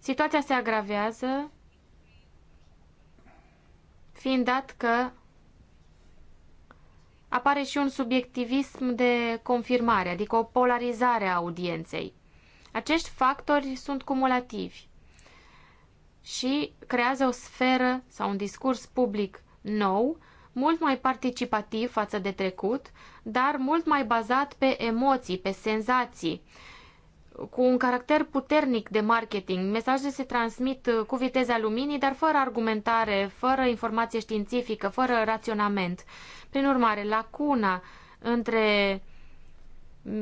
Situația se agravează fiind dat că apare și un subiectivism de confirmare, adică o polarizare a audienței. Acești factori sunt cumulativi și creează o sferă sau un discurs public nou, mult mai participativ față de trecut, dar mult mai bazat pe emoții, pe senzații cu un caracter puternic de marketing. Mesajele se transmit uh, cu viteza luminii, dar fără argumentare, fără informație științifică, fără raționament. Prin urmare, lacuna între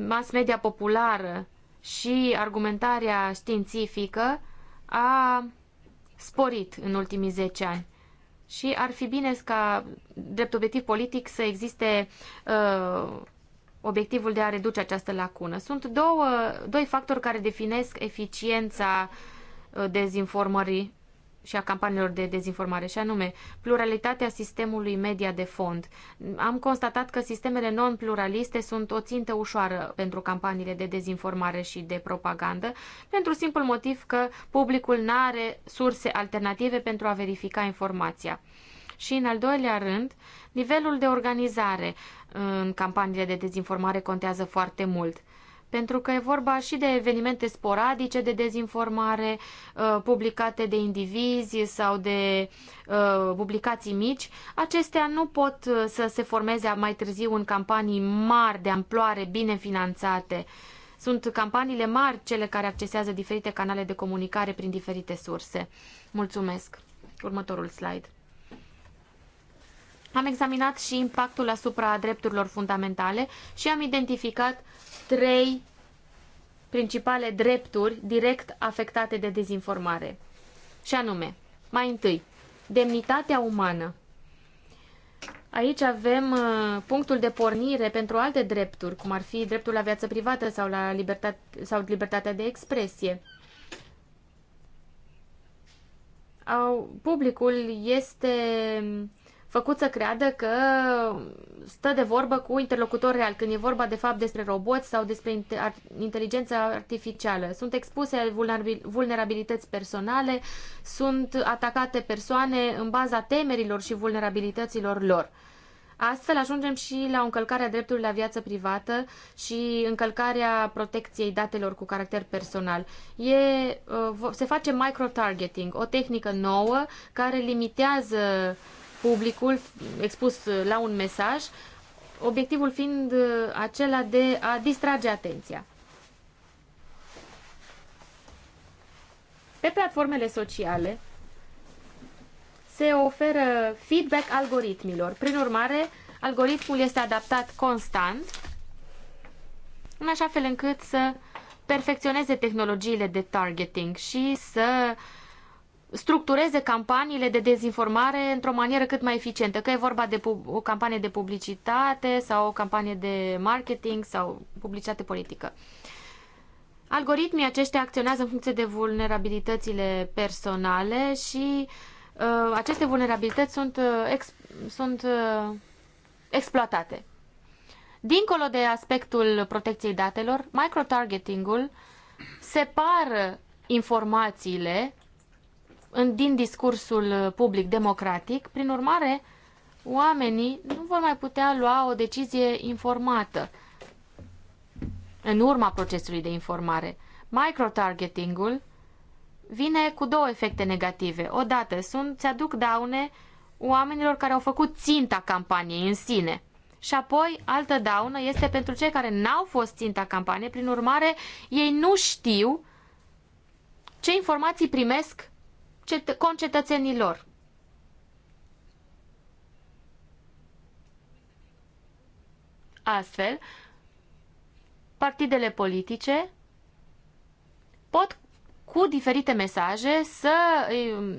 mass media populară și argumentarea științifică a sporit în ultimii 10 ani. Și ar fi bine ca drept obiectiv politic să existe uh, obiectivul de a reduce această lacună. Sunt două, doi factori care definesc eficiența uh, dezinformării și a campaniilor de dezinformare, și anume pluralitatea sistemului media de fond. Am constatat că sistemele non-pluraliste sunt o țintă ușoară pentru campaniile de dezinformare și de propagandă, pentru simplu motiv că publicul nu are surse alternative pentru a verifica informația și, în al doilea rând, nivelul de organizare în campaniile de dezinformare contează foarte mult pentru că e vorba și de evenimente sporadice de dezinformare uh, publicate de indivizi sau de uh, publicații mici. Acestea nu pot uh, să se formeze mai târziu în campanii mari de amploare, bine finanțate. Sunt campaniile mari cele care accesează diferite canale de comunicare prin diferite surse. Mulțumesc. Următorul slide. Am examinat și impactul asupra drepturilor fundamentale și am identificat trei principale drepturi direct afectate de dezinformare. Și anume, mai întâi, demnitatea umană. Aici avem uh, punctul de pornire pentru alte drepturi, cum ar fi dreptul la viață privată sau la libertate, sau libertatea de expresie. publicul este făcut să creadă că stă de vorbă cu interlocutor real, când e vorba de fapt despre roboți sau despre inteligența artificială. Sunt expuse vulnerabilități personale, sunt atacate persoane în baza temerilor și vulnerabilităților lor. Astfel ajungem și la o încălcare a dreptului la viață privată și încălcarea protecției datelor cu caracter personal. E, uh, se face microtargeting, o tehnică nouă care limitează uh, publicul expus la un mesaj, obiectivul fiind uh, acela de a distrage atenția. Pe platformele sociale se oferă feedback algoritmilor. Prin urmare, algoritmul este adaptat constant în așa fel încât să perfecționeze tehnologiile de targeting și să uh, structureze campaniile de dezinformare într-o manieră cât mai eficientă, că e vorba de o campanie de publicitate sau o campanie de marketing sau publicitate politică. Algoritmii aceștia acționează în funcție de vulnerabilitățile personale și uh, aceste vulnerabilități sunt, uh, ex, sunt uh, exploatate. Dincolo de aspectul protecției datelor, microtargeting-ul separă informațiile în, din discursul uh, public democratic. Prin urmare, oamenii nu vor mai putea lua o decizie informată în urma procesului de informare. Microtargetingul vine cu două efecte negative. Odată, sunt, se aduc daune oamenilor care au făcut ținta campaniei în sine. Și apoi, altă daună este pentru cei care n-au fost ținta campaniei, prin urmare, ei nu știu ce informații primesc concetățenilor. Astfel, partidele politice pot cu diferite mesaje să um,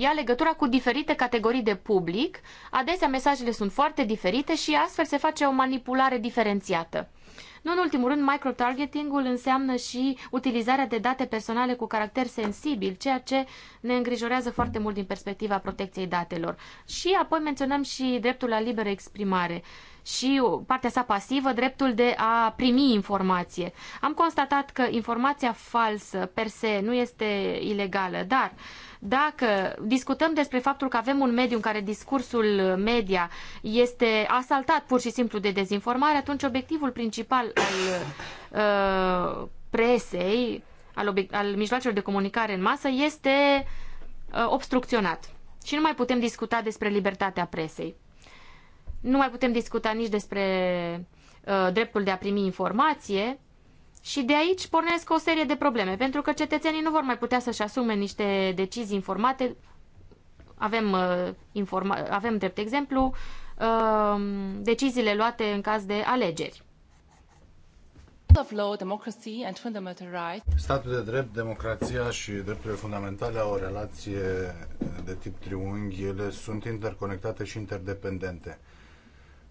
ia legătura cu diferite categorii de public. Adesea mesajele sunt foarte diferite și astfel se face o manipulare diferențiată. Nu în ultimul rând, microtargeting-ul înseamnă și utilizarea de date personale cu caracter sensibil, ceea ce ne îngrijorează foarte mult din perspectiva protecției datelor. Și apoi menționăm și dreptul la liberă exprimare și partea sa pasivă, dreptul de a primi informație. Am constatat că informația falsă per se nu este ilegală, dar dacă discutăm despre faptul că avem un mediu în care discursul media este asaltat pur și simplu de dezinformare, atunci obiectivul principal al uh, presei, al, al mijloacelor de comunicare în masă, este uh, obstrucționat. Și nu mai putem discuta despre libertatea presei. Nu mai putem discuta nici despre uh, dreptul de a primi informație. Și de aici pornesc o serie de probleme, pentru că cetățenii nu vor mai putea să-și asume niște decizii informate. Avem, uh, informa- avem drept exemplu uh, deciziile luate în caz de alegeri. Statul de drept, democrația și drepturile fundamentale au o relație de tip triunghi. Ele sunt interconectate și interdependente.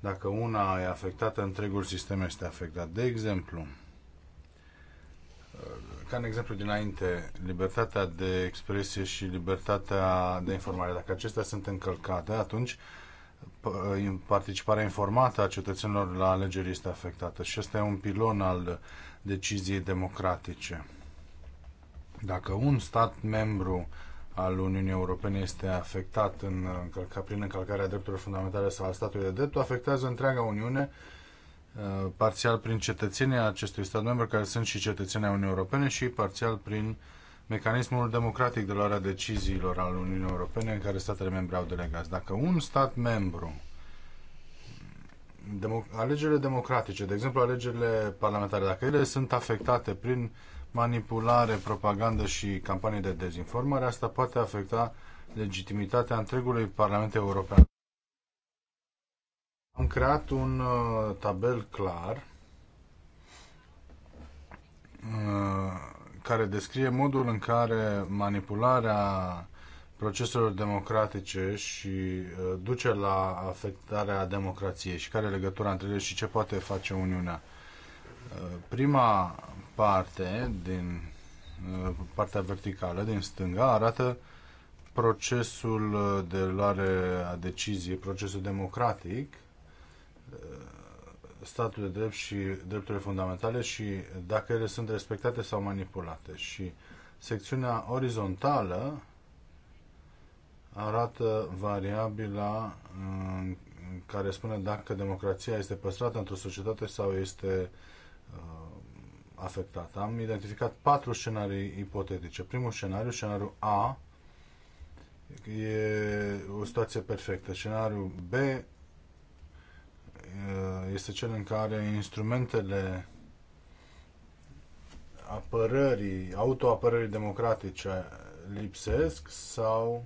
Dacă una e afectată, întregul sistem este afectat. De exemplu, ca în exemplu dinainte, libertatea de expresie și libertatea de informare, dacă acestea sunt încălcate, atunci participarea informată a cetățenilor la alegeri este afectată și ăsta e un pilon al deciziei democratice. Dacă un stat membru al Uniunii Europene este afectat în, încălca, prin încălcarea drepturilor fundamentale sau al statului de drept, afectează întreaga Uniune, uh, parțial prin cetățenii acestui stat membru, care sunt și cetățenii Uniunii Europene, și parțial prin mecanismul democratic de luarea deciziilor al Uniunii Europene în care statele membre au delegați. Dacă un stat membru democ- alegerile democratice, de exemplu alegerile parlamentare, dacă ele sunt afectate prin uh, manipulare, propagandă și campanii de dezinformare, asta poate afecta legitimitatea întregului Parlament European. Am creat un uh, tabel clar uh, care descrie modul în care manipularea proceselor democratice și uh, duce la afectarea democrației și care e legătura între ele și ce poate face Uniunea. Prima parte, din uh, partea verticală, din stânga, arată procesul de luare a deciziei, procesul democratic, uh, statul de drept și drepturile fundamentale și dacă ele sunt respectate sau manipulate. Și secțiunea orizontală arată variabila uh, care spune dacă democrația este păstrată într-o societate sau este uh, afectată. Am identificat patru scenarii ipotetice. Primul scenariu, scenariul A, e o situație perfectă. Scenariul B este cel în care instrumentele apărării, autoapărării democratice lipsesc sau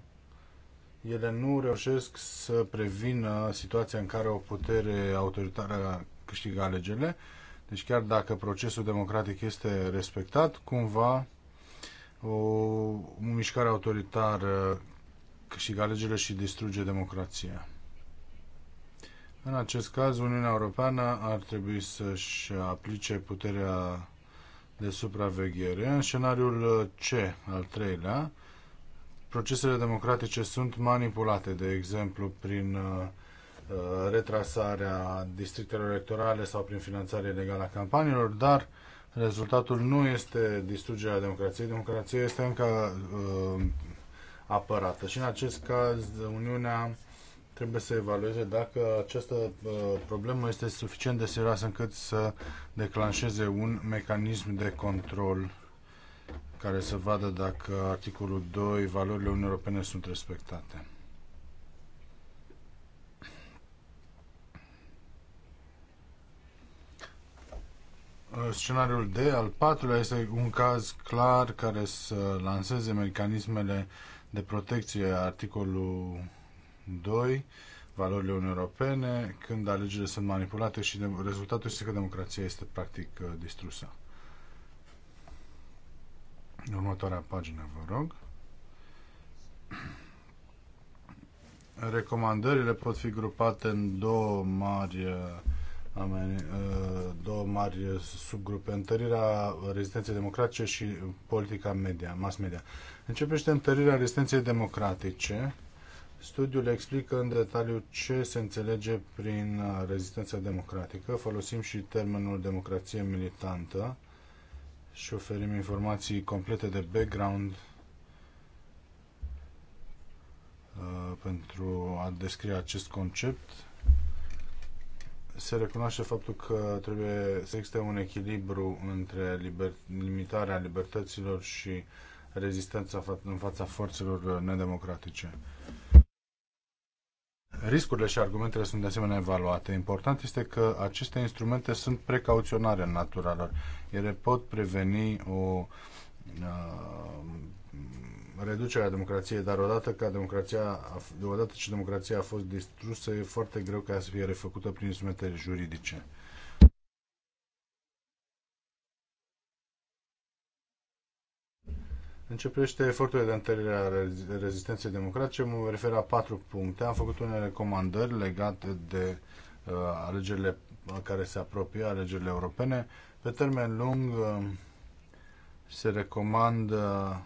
ele nu reușesc să prevină situația în care o putere autoritară câștigă alegerile deci chiar dacă procesul democratic este respectat, cumva o mișcare autoritară câștigă alegerile și distruge democrația. În acest caz, Uniunea Europeană ar trebui să-și aplice puterea de supraveghere. În scenariul C, al treilea, procesele democratice sunt manipulate, de exemplu, prin uh, Uh, retrasarea districtelor electorale sau prin finanțare ilegală a campaniilor, dar rezultatul nu este distrugerea democrației. Democrația este încă uh, apărată și în acest caz Uniunea trebuie să evalueze dacă această uh, problemă este suficient de serioasă încât să declanșeze un mecanism de control care să vadă dacă articolul 2, valorile Uniunii Europene sunt respectate. Uh, scenariul D al patrulea este un caz clar care să lanseze mecanismele de protecție articolul 2 valorile Uniunii Europene când alegerile sunt manipulate și de, rezultatul este că democrația este practic uh, distrusă. Următoarea pagină, vă rog. Recomandările pot fi grupate în două mari uh, Uh, două mari subgrupe, întărirea rezistenței democratice și politica media, mass media. Începește întărirea rezistenței democratice. Studiul explică în detaliu ce se înțelege prin uh, rezistența democratică. Folosim și termenul democrație militantă și oferim informații complete de background uh, pentru a descrie acest concept se recunoaște faptul că trebuie să existe un echilibru între liber, limitarea libertăților și rezistența în fața forțelor nedemocratice. Riscurile și argumentele sunt de asemenea evaluate. Important este că aceste instrumente sunt precauționare în natura lor. Ele pot preveni o uh, reducerea democrației, dar odată, ca democrația, odată ce democrația a fost distrusă, e foarte greu ca să fie refăcută prin instrumente juridice. Începește efortul de întărire a rezistenței democratice. Mă refer la patru puncte. Am făcut unele recomandări legate de uh, alegerile care se apropie, alegerile europene. Pe termen lung uh, se recomandă uh,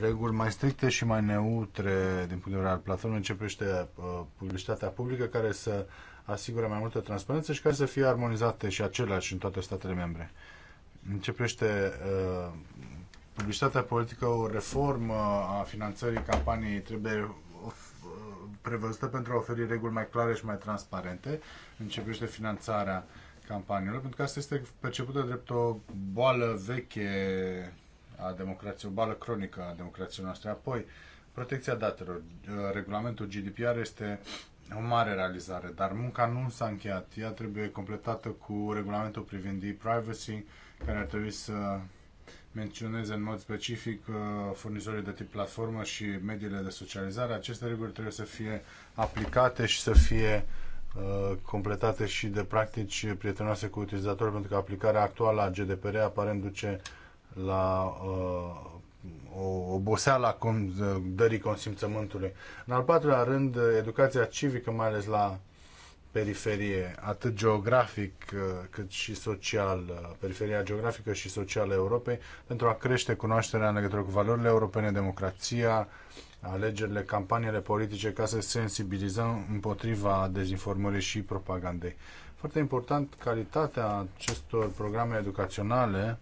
reguli mai stricte și mai neutre din punct de vedere al platformei începește uh, publicitatea publică care să asigure mai multă transparență și care să fie armonizate și aceleași în toate statele membre. Începește uh, publicitatea politică, o reformă a finanțării campaniei trebuie uh, prevăzută pentru a oferi reguli mai clare și mai transparente. Începește finanțarea campaniilor, pentru că asta este percepută drept o boală veche a democrației, o bală cronică a democrației noastre. Apoi, protecția datelor. Uh, regulamentul GDPR este o mare realizare, dar munca nu s-a încheiat. Ea trebuie completată cu regulamentul privind e-privacy, care ar trebui să menționeze în mod specific uh, furnizorii de tip platformă și mediile de socializare. Aceste reguli trebuie să fie aplicate și să fie uh, completate și de practici prietenoase cu utilizatori, pentru că aplicarea actuală a GDPR aparent duce la uh, o oboseală a dării consimțământului. În al patrulea rând, educația civică, mai ales la periferie, atât geografic uh, cât și social, uh, periferia geografică și socială Europei, pentru a crește cunoașterea în legătură cu valorile europene, democrația, alegerile, campaniile politice, ca să sensibilizăm împotriva dezinformării și propagandei. Foarte important, calitatea acestor programe educaționale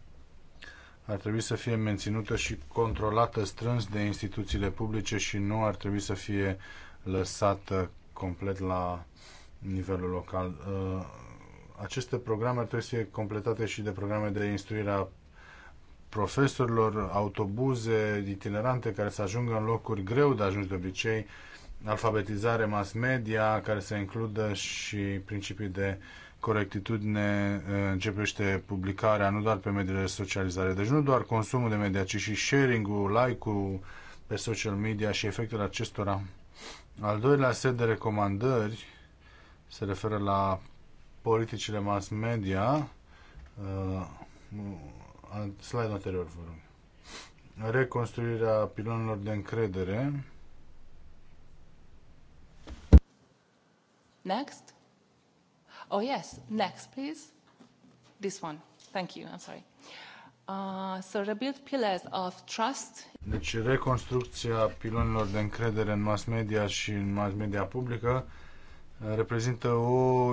ar trebui să fie menținută și controlată strâns de instituțiile publice și nu ar trebui să fie lăsată complet la nivelul local. Uh, aceste programe ar trebui să fie completate și de programe de instruire a profesorilor, autobuze itinerante care să ajungă în locuri greu de ajuns de obicei, alfabetizare mass media care să includă și principii de corectitudine eh, începește publicarea nu doar pe mediile de socializare, deci nu doar consumul de media, ci și sharing-ul, like-ul pe social media și efectele acestora. Al doilea set de recomandări se referă la politicile mass media. Uh, eh, slide anterior, vă rog. Reconstruirea pilonilor de încredere. Next. Oh, yes. Next, please. This one. Thank you. I'm sorry. Uh, so rebuild pillars of trust. Deci reconstrucția pilonilor de încredere în mass media și în mass media publică uh, reprezintă o,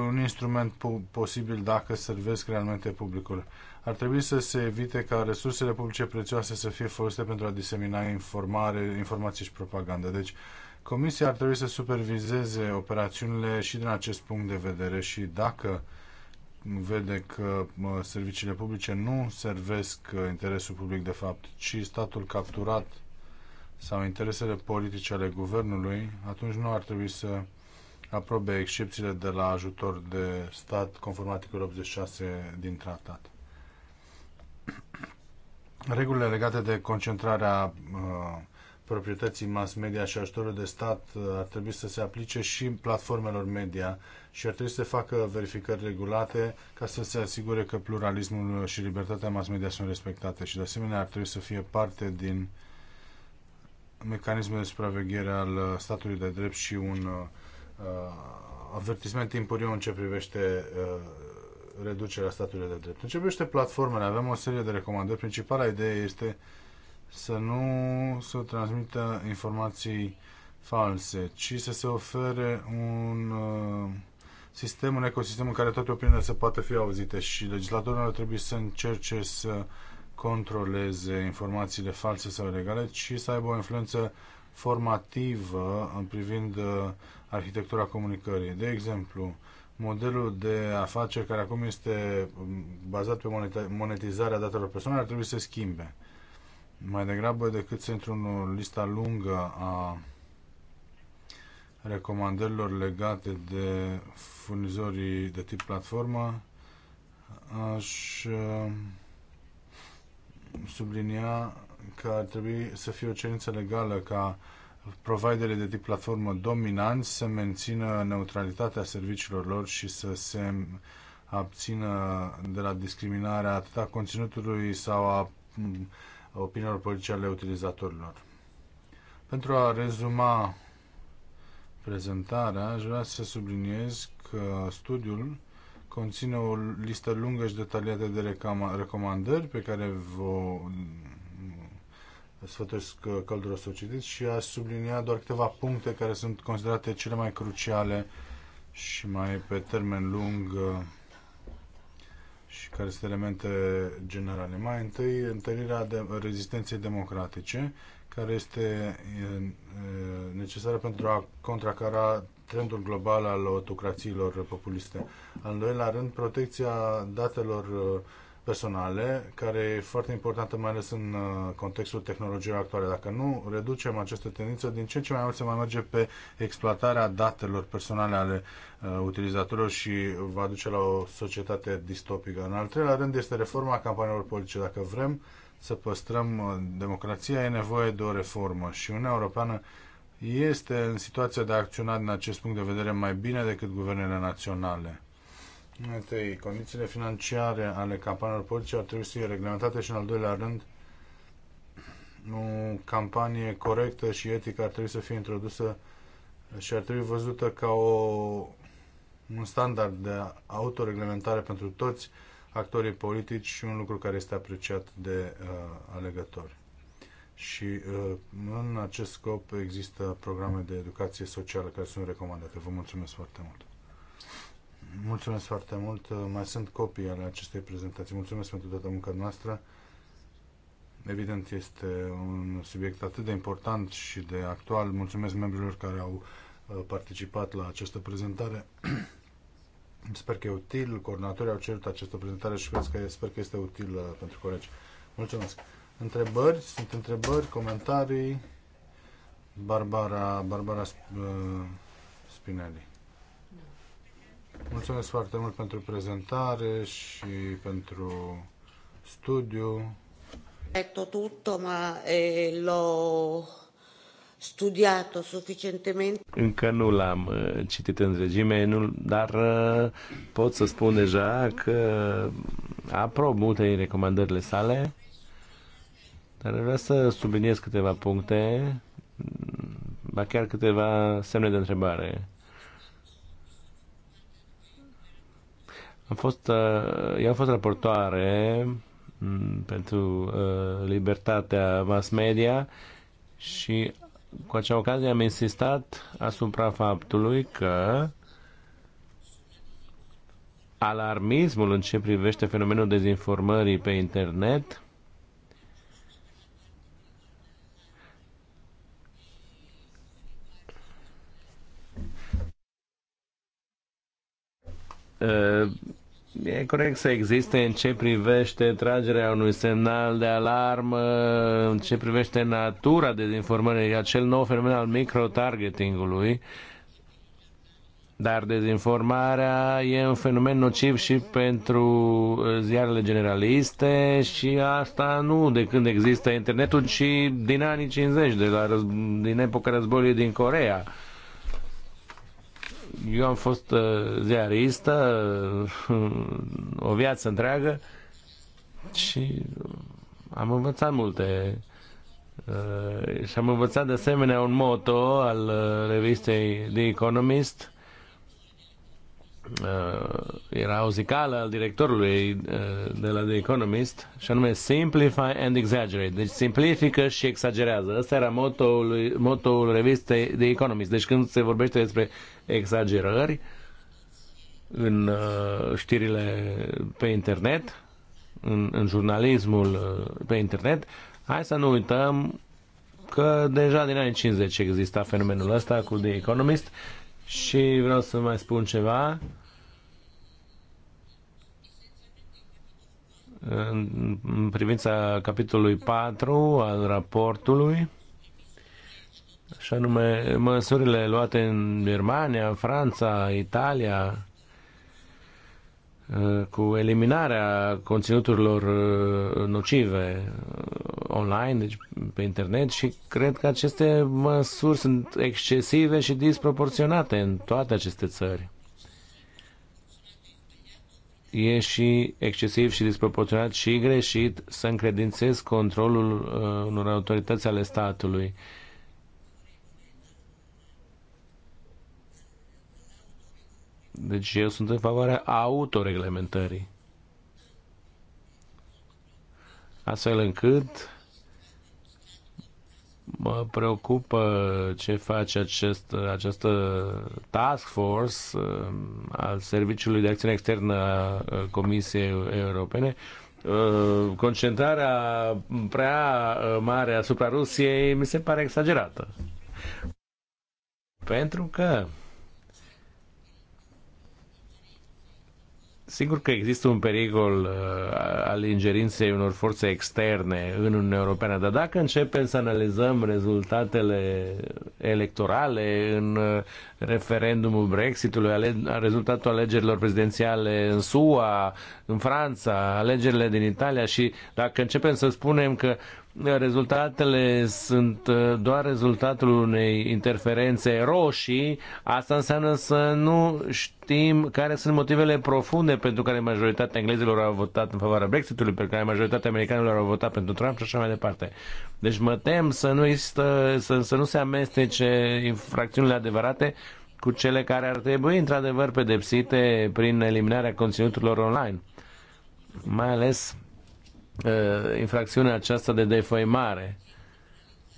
un instrument po- posibil dacă servesc realmente publicul. Ar trebui să se evite ca resursele publice prețioase să fie folosite pentru a disemina informare, informații și propagandă. Deci, uh, Comisia ar trebui să supervizeze operațiunile și din acest punct de vedere și dacă vede că serviciile publice nu servesc uh, interesul public de fapt, ci statul capturat sau interesele politice ale guvernului, atunci nu ar trebui să aprobe excepțiile de la ajutor de stat conform articolul 86 din tratat. Regulile legate de concentrarea uh, proprietății mass media și ajutorul de stat uh, ar trebui să se aplice și platformelor media și ar trebui să facă verificări regulate ca să se asigure că pluralismul și libertatea mass media sunt respectate și de asemenea ar trebui să fie parte din mecanismul de supraveghere al uh, statului de drept și un uh, uh avertisment timpuriu în ce privește uh, reducerea statului de drept. În ce privește platformele, avem o serie de recomandări. Principala idee este uh, să nu se transmită informații false, ci să se ofere un uh, sistem, un ecosistem în care toate opiniile să poată fi auzite și legislatorul ar trebui să încerce să controleze informațiile false sau ilegale, ci să aibă o influență formativă în privind uh, arhitectura comunicării. De exemplu, modelul de afaceri care acum este um, bazat pe monetizarea datelor personale ar trebui să schimbe mai degrabă decât să intru în lista lungă a recomandărilor legate de furnizorii de tip platformă, aș uh, sublinia că ar trebui să fie o cerință legală ca providerii de tip platformă dominanți să mențină neutralitatea serviciilor lor și să se abțină de la discriminarea atâta conținutului sau a opiniilor politice ale utilizatorilor. Pentru a rezuma prezentarea, aș vrea să subliniez că studiul conține o listă lungă și detaliată de recomandări pe care vă sfătuiesc călduros să o citiți și a sublinia doar câteva puncte care sunt considerate cele mai cruciale și mai pe termen lung și care sunt elemente generale. Mai întâi, întâlnirea de rezistenței democratice, care este necesară pentru a contracara trendul global al autocrațiilor populiste. Al doilea rând, protecția datelor personale, care e foarte importantă, mai ales în uh, contextul tehnologiei actuale. Dacă nu reducem această tendință, din ce în ce mai mult se mai merge pe exploatarea datelor personale ale uh, utilizatorilor și va duce la o societate distopică. În al treilea rând este reforma campaniilor politice. Dacă vrem să păstrăm uh, democrația, e nevoie de o reformă și Uniunea Europeană este în situația de a acționa din acest punct de vedere mai bine decât guvernele naționale Întâi, condițiile financiare ale campaniilor politice ar trebui să fie reglementate și, în al doilea rând, o campanie corectă și etică ar trebui să fie introdusă și ar trebui văzută ca o, un standard de autoreglementare pentru toți actorii politici și un lucru care este apreciat de uh, alegători. Și uh, în acest scop există programe de educație socială care sunt recomandate. Vă mulțumesc foarte mult! Mulțumesc foarte mult. Mai sunt copii ale acestei prezentații. Mulțumesc pentru toată munca noastră. Evident, este un subiect atât de important și de actual. Mulțumesc membrilor care au uh, participat la această prezentare. Sper că e util. Coordonatorii au cerut această prezentare și cred că sper că este util uh, pentru colegi. Mulțumesc. Întrebări? Sunt întrebări, comentarii? Barbara, Barbara uh, Spinelli. Mulțumesc foarte mult pentru prezentare și pentru studiu. Detto tutto, ma eh, l'ho studiato sufficientemente. Încă nu l-am eh, citit în regime, dar eh, pot să spun deja că aprob multe din recomandările sale, dar vreau să subliniez câteva puncte, ba chiar câteva semne de întrebare Am fost, uh, eu am fost raportoare mm, pentru uh, libertatea mass media și cu acea ocazie am insistat asupra faptului că alarmismul în ce privește fenomenul dezinformării pe internet e corect să existe în ce privește tragerea unui semnal de alarmă, în ce privește natura dezinformării, acel nou fenomen al microtargetingului, dar dezinformarea e un fenomen nociv și pentru uh, ziarele generaliste și asta nu de când există internetul, ci din anii 50, de la, din epoca războiului din Corea eu am fost uh, ziaristă uh, o viață întreagă și am învățat multe. Uh, și am învățat de asemenea un moto al revistei The Economist Uh, era o zicală al directorului uh, de la The Economist și anume Simplify and Exaggerate. Deci simplifică și exagerează. asta era motoul, moto revistei The Economist. Deci când se vorbește despre exagerări în uh, știrile pe internet, în, în jurnalismul pe internet, hai să nu uităm că deja din anii 50 exista fenomenul ăsta cu The Economist și vreau să mai spun ceva în privința capitolului 4 al raportului, și anume măsurile luate în Germania, Franța, Italia, eh, cu eliminarea conținuturilor eh, nocive eh, online, deci pe internet și cred că aceste măsuri sunt excesive și disproporționate în toate aceste țări e și excesiv și disproporționat și greșit să încredințez controlul uh, unor autorități ale statului. Deci eu sunt în favoarea autoreglementării. Astfel încât mă preocupă ce face acest, această task force uh, al Serviciului de Acțiune Externă a Comisiei Europene, uh, concentrarea prea uh, mare asupra Rusiei mi se pare exagerată. Pentru că Sigur că există un pericol uh, al ingerinței unor forțe externe în Uniunea Europeană, dar dacă începem să analizăm rezultatele electorale în uh, referendumul Brexitului, ale, rezultatul alegerilor prezidențiale în SUA, în Franța, alegerile din Italia și dacă începem să spunem că uh, rezultatele sunt uh, doar rezultatul unei interferențe roșii, asta înseamnă să nu știm care sunt motivele profunde pentru care majoritatea englezilor au votat în favoarea Brexitului, pentru care majoritatea americanilor au votat pentru Trump și așa mai departe. Deci mă tem să nu, există, să, să nu se amestece infracțiunile adevărate cu cele care ar trebui într-adevăr pedepsite prin eliminarea conținuturilor online. Mai ales Uh, infracțiunea aceasta de defăimare.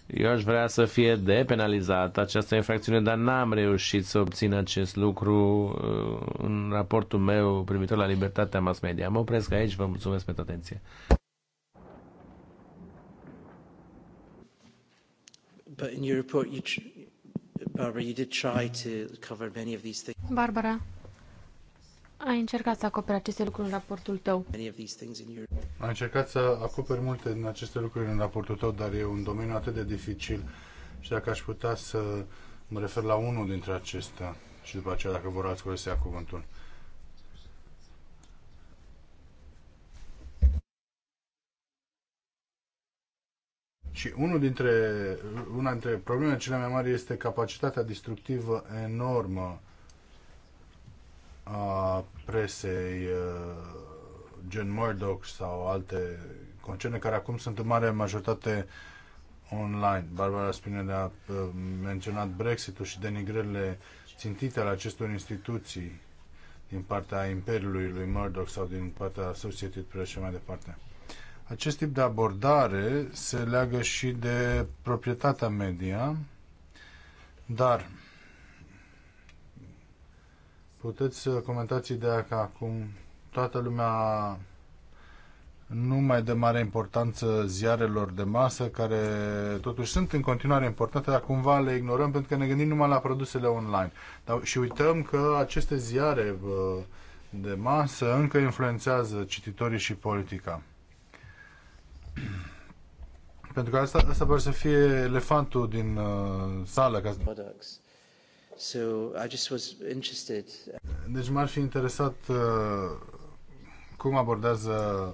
Eu aș vrea să fie depenalizată această infracțiune, dar n-am reușit să obțin acest lucru uh, în raportul meu privitor la libertatea mass media. Mă opresc aici, vă mulțumesc pentru atenție. Barbara, ai încercat să acoperi aceste lucruri în raportul tău. Am încercat să acoperi multe din aceste lucruri în raportul tău, dar e un domeniu atât de dificil și dacă aș putea să mă refer la unul dintre acestea și după aceea dacă vor alți să ia cuvântul. Și unul dintre, una dintre problemele cele mai mari este capacitatea distructivă enormă a presei gen uh, Murdoch sau alte concerne care acum sunt în mare majoritate online. Barbara Spinelli a uh, menționat Brexit-ul și denigrările țintite ale acestor instituții din partea Imperiului lui Murdoch sau din partea Associated Press și mai departe. Acest tip de abordare se leagă și de proprietatea media, dar Puteți să uh, comentați ideea că acum toată lumea nu mai de mare importanță ziarelor de masă, care totuși sunt în continuare importante, dar cumva le ignorăm pentru că ne gândim numai la produsele online. Dar, și uităm că aceste ziare uh, de masă încă influențează cititorii și politica. Pentru că asta, asta pare să fie elefantul din uh, sală. Ca... Products So I just was interested. Deci m-ar fi interesat uh, cum abordează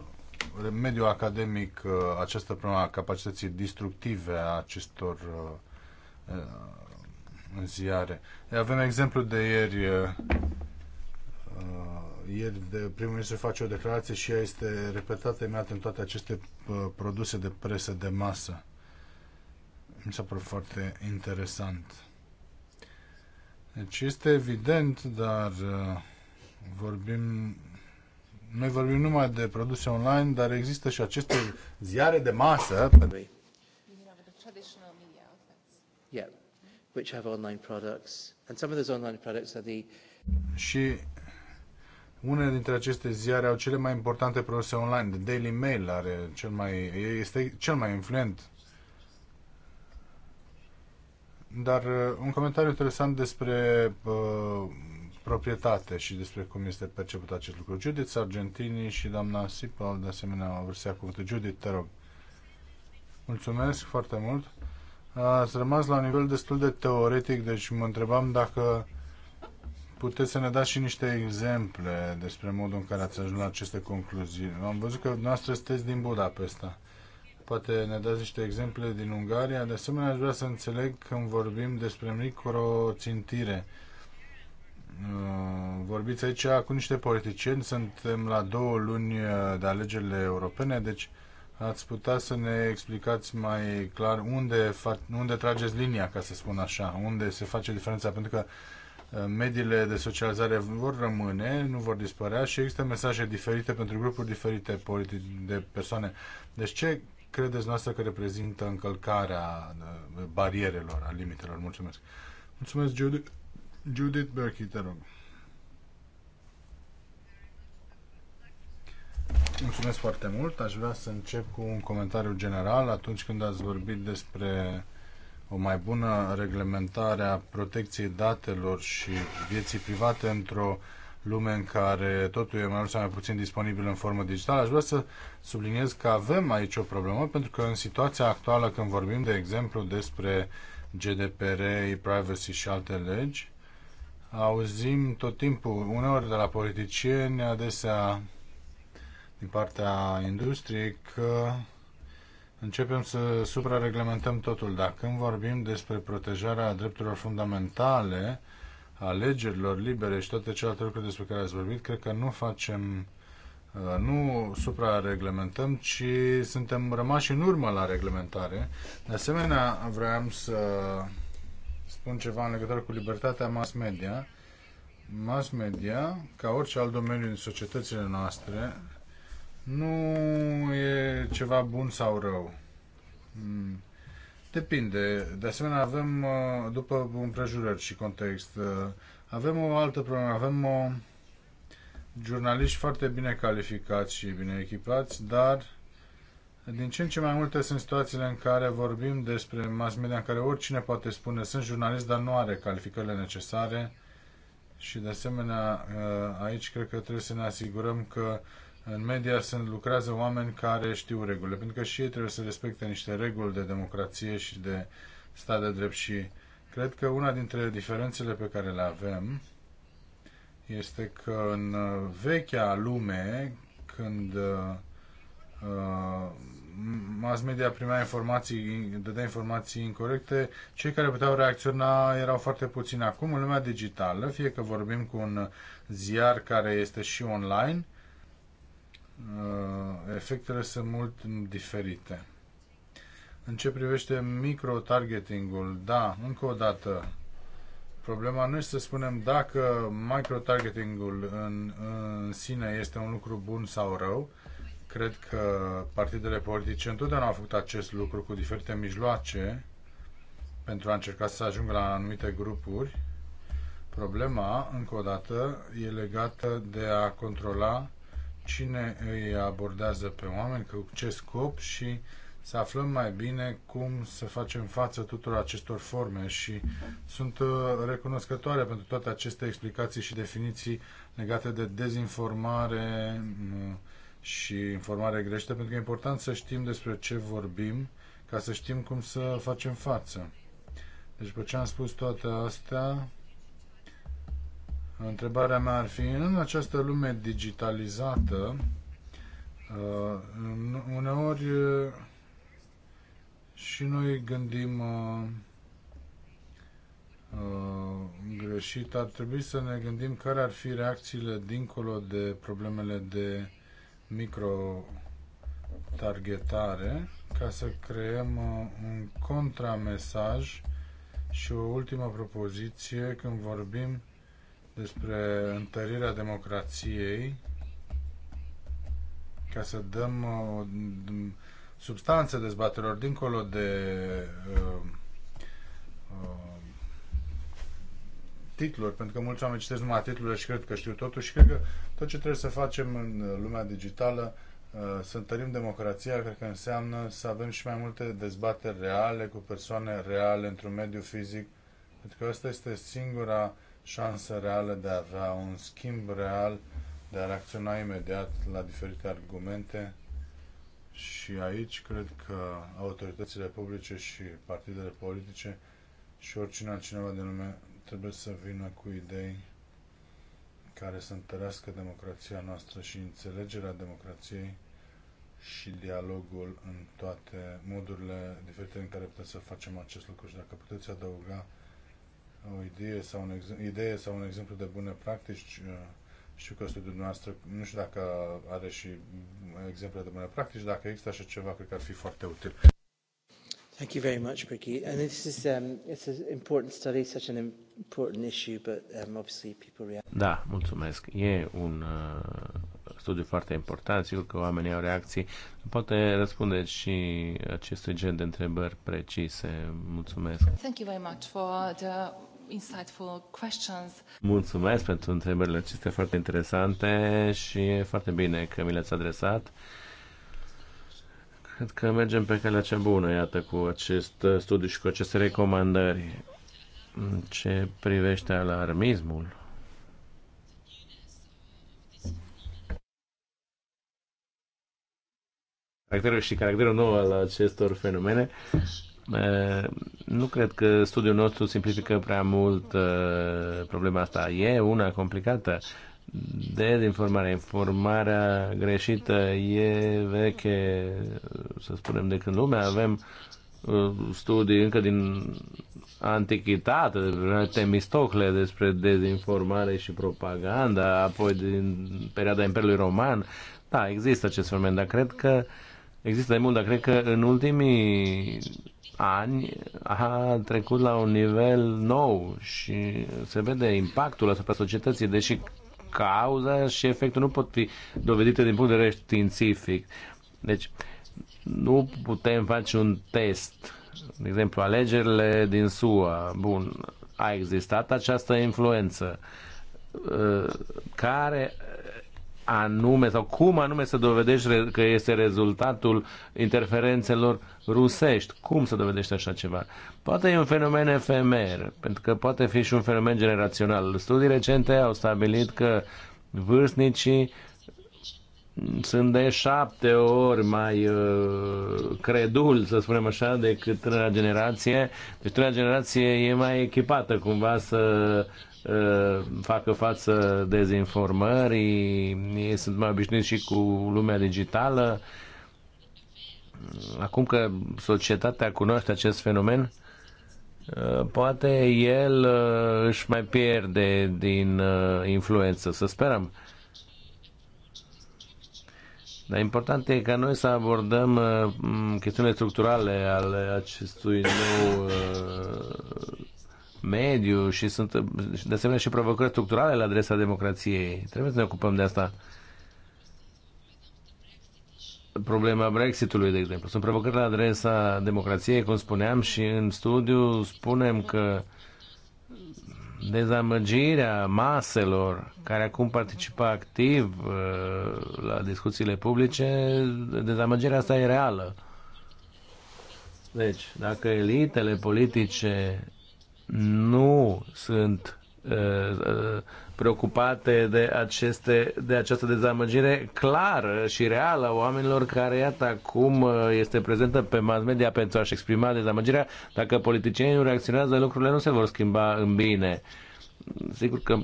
mediul academic uh, această problemă a capacității destructive a acestor în uh, ziare. Avem exemplu de ieri ieri de primul ministru face o declarație și ea este repetată imediat în toate aceste produse de presă de masă. Mi s-a părut foarte interesant. Deci este evident, dar uh, vorbim, noi vorbim numai de produse online, dar există și aceste ziare de masă. Yeah, which have online products. And some of those online products are the... Și unele dintre aceste ziare au cele mai importante produse online. The Daily Mail are cel mai, este cel mai influent dar uh, un comentariu interesant despre uh, proprietate și despre cum este perceput acest lucru. Judith Argentini și doamna Sipal, de asemenea, au vrea cuvântul. Judith, te rog. Mulțumesc foarte mult. Ați rămas la un nivel destul de teoretic, deci mă întrebam dacă puteți să ne dați și niște exemple despre modul în care ați ajuns la aceste concluzii. Am văzut că dumneavoastră sunteți din Budapesta. Poate ne dați niște exemple din Ungaria. De asemenea, aș vrea să înțeleg când vorbim despre microțintire. Uh, vorbiți aici cu niște politicieni, suntem la două luni de alegerile europene, deci ați putea să ne explicați mai clar unde, unde trageți linia, ca să spun așa, unde se face diferența, pentru că uh, mediile de socializare vor rămâne, nu vor dispărea și există mesaje diferite pentru grupuri diferite de persoane. Deci ce credeți noastră că reprezintă încălcarea uh, barierelor, a limitelor? Mulțumesc. Mulțumesc, Judith, Judith Berkey, te rog. Mulțumesc foarte mult. Aș vrea să încep cu un comentariu general. Atunci când ați vorbit despre o mai bună reglementare a protecției datelor și vieții private într-o lume în care totul e mai mult sau mai puțin disponibil în formă digitală, aș vrea să subliniez că avem aici o problemă, pentru că în situația actuală, când vorbim, de exemplu, despre GDPR, privacy și alte legi, auzim tot timpul, uneori de la politicieni, adesea din partea industriei, că începem să suprareglementăm totul. Dar când vorbim despre protejarea drepturilor fundamentale, alegerilor libere și toate celelalte lucruri despre care ați vorbit, cred că nu facem uh, nu suprareglementăm, ci suntem rămași în urmă la reglementare. De asemenea, vreau să spun ceva în legătură cu libertatea mass media. Mass media, ca orice alt domeniu din societățile noastre, nu e ceva bun sau rău. Mm. Depinde. De asemenea, avem, uh, după împrejurări și context, uh, avem o altă problemă. Avem o uh, jurnaliști foarte bine calificați și bine echipați, dar din ce în ce mai multe sunt situațiile în care vorbim despre mass media, în care oricine poate spune sunt jurnalist, dar nu are calificările necesare și de asemenea aici cred că trebuie să ne asigurăm că în media sunt, lucrează oameni care știu regulile, pentru că și ei trebuie să respecte niște reguli de democrație și de stat de drept și cred că una dintre diferențele pe care le avem este că în vechea lume, când uh, mass media primea informații, dădea informații incorrecte, cei care puteau reacționa erau foarte puțini. Acum, în lumea digitală, fie că vorbim cu un ziar care este și online, Uh, efectele sunt mult diferite. În ce privește targeting ul da, încă o dată, problema nu este să spunem dacă targeting ul în, în sine este un lucru bun sau rău. Cred că partidele politice întotdeauna au făcut acest lucru cu diferite mijloace pentru a încerca să ajungă la anumite grupuri. Problema, încă o dată, e legată de a controla cine îi abordează pe oameni, cu ce scop și să aflăm mai bine cum să facem față tuturor acestor forme și sunt uh, recunoscătoare pentru toate aceste explicații și definiții legate de dezinformare mm, și informare greșită, pentru că e important să știm despre ce vorbim ca să știm cum să facem față. Deci, după ce am spus toate astea, Întrebarea mea ar fi, în această lume digitalizată, uh, uneori uh, și noi gândim uh, greșit, ar trebui să ne gândim care ar fi reacțiile dincolo de problemele de micro-targetare, ca să creăm un contramesaj și o ultimă propoziție când vorbim despre întărirea democrației ca să uh, dăm substanță dezbaterilor dincolo de uh, uh, titluri, pentru că mulți oameni citesc numai titlurile și cred că știu totul și cred că tot ce trebuie să facem în uh, lumea digitală uh, să întărim democrația, cred că înseamnă să avem și mai multe dezbateri reale cu persoane reale într-un mediu fizic, pentru că asta este singura șansă reală de a avea un schimb real, de a reacționa imediat la diferite argumente și aici cred că autoritățile publice și partidele politice și oricine altcineva de lume trebuie să vină cu idei care să întărească democrația noastră și înțelegerea democrației și dialogul în toate modurile diferite în care putem să facem acest lucru. Și dacă puteți adăuga o idee sau un, idee sau un exemplu de bune practici. Uh, știu că studiul dumneavoastră, nu știu dacă are și exemple de bune practici, dacă există așa ceva, cred că ar fi foarte util. Thank you very much, Ricky. And this is um, it's an important study, such an important issue, but um, obviously people react. Da, mulțumesc. E un uh, studiu foarte important, sigur că oamenii au reacții. Poate răspunde și acestui gen de întrebări precise. Mulțumesc. Thank you very much for the insightful questions. Mulțumesc pentru întrebările acestea foarte interesante și e foarte bine că mi le-ați adresat. Cred că mergem pe calea cea bună, iată, cu acest studiu și cu aceste recomandări. Ce privește alarmismul, caracterul și caracterul nou al acestor fenomene nu cred că studiul nostru simplifică prea mult problema asta. E una complicată. Dezinformarea, informarea greșită e veche, să spunem, de când lumea. Avem studii încă din antichitate, Temistocle despre dezinformare și propaganda, apoi din perioada Imperiului Roman. Da, există acest fenomen, dar cred că există mai mult, dar cred că în ultimii ani a trecut la un nivel nou și se vede impactul asupra societății, deși cauza și efectul nu pot fi dovedite din punct de vedere științific. Deci nu putem face un test. De exemplu, alegerile din SUA, bun, a existat această influență uh, care anume sau cum anume să dovedești că este rezultatul interferențelor rusești. Cum să dovedești așa ceva? Poate e un fenomen efemer, pentru că poate fi și un fenomen generațional. Studii recente au stabilit că vârstnicii sunt de șapte ori mai uh, credul, să spunem așa, decât tânăra generație. Deci tânăra generație e mai echipată cumva să Uh, facă față dezinformării, ei sunt mai obișnuiți și cu lumea digitală. Acum că societatea cunoaște acest fenomen, uh, poate el uh, își mai pierde din influență, să sperăm. Dar important e ca noi să abordăm uh, chestiunile structurale ale acestui nou uh, mediu și sunt de asemenea și provocări structurale la adresa democrației. Trebuie să ne ocupăm de asta. Problema Brexitului, de exemplu. Sunt provocări la adresa democrației, cum spuneam, și în studiu spunem că dezamăgirea maselor care acum participă activ uh, la discuțiile publice, dezamăgirea asta e reală. Deci, dacă elitele politice nu sunt uh, uh, preocupate de, aceste, de această dezamăgire clară și reală a oamenilor care, iată, acum uh, este prezentă pe mass media pentru a-și exprima dezamăgirea. Dacă politicienii nu reacționează, lucrurile nu se vor schimba în bine. Sigur că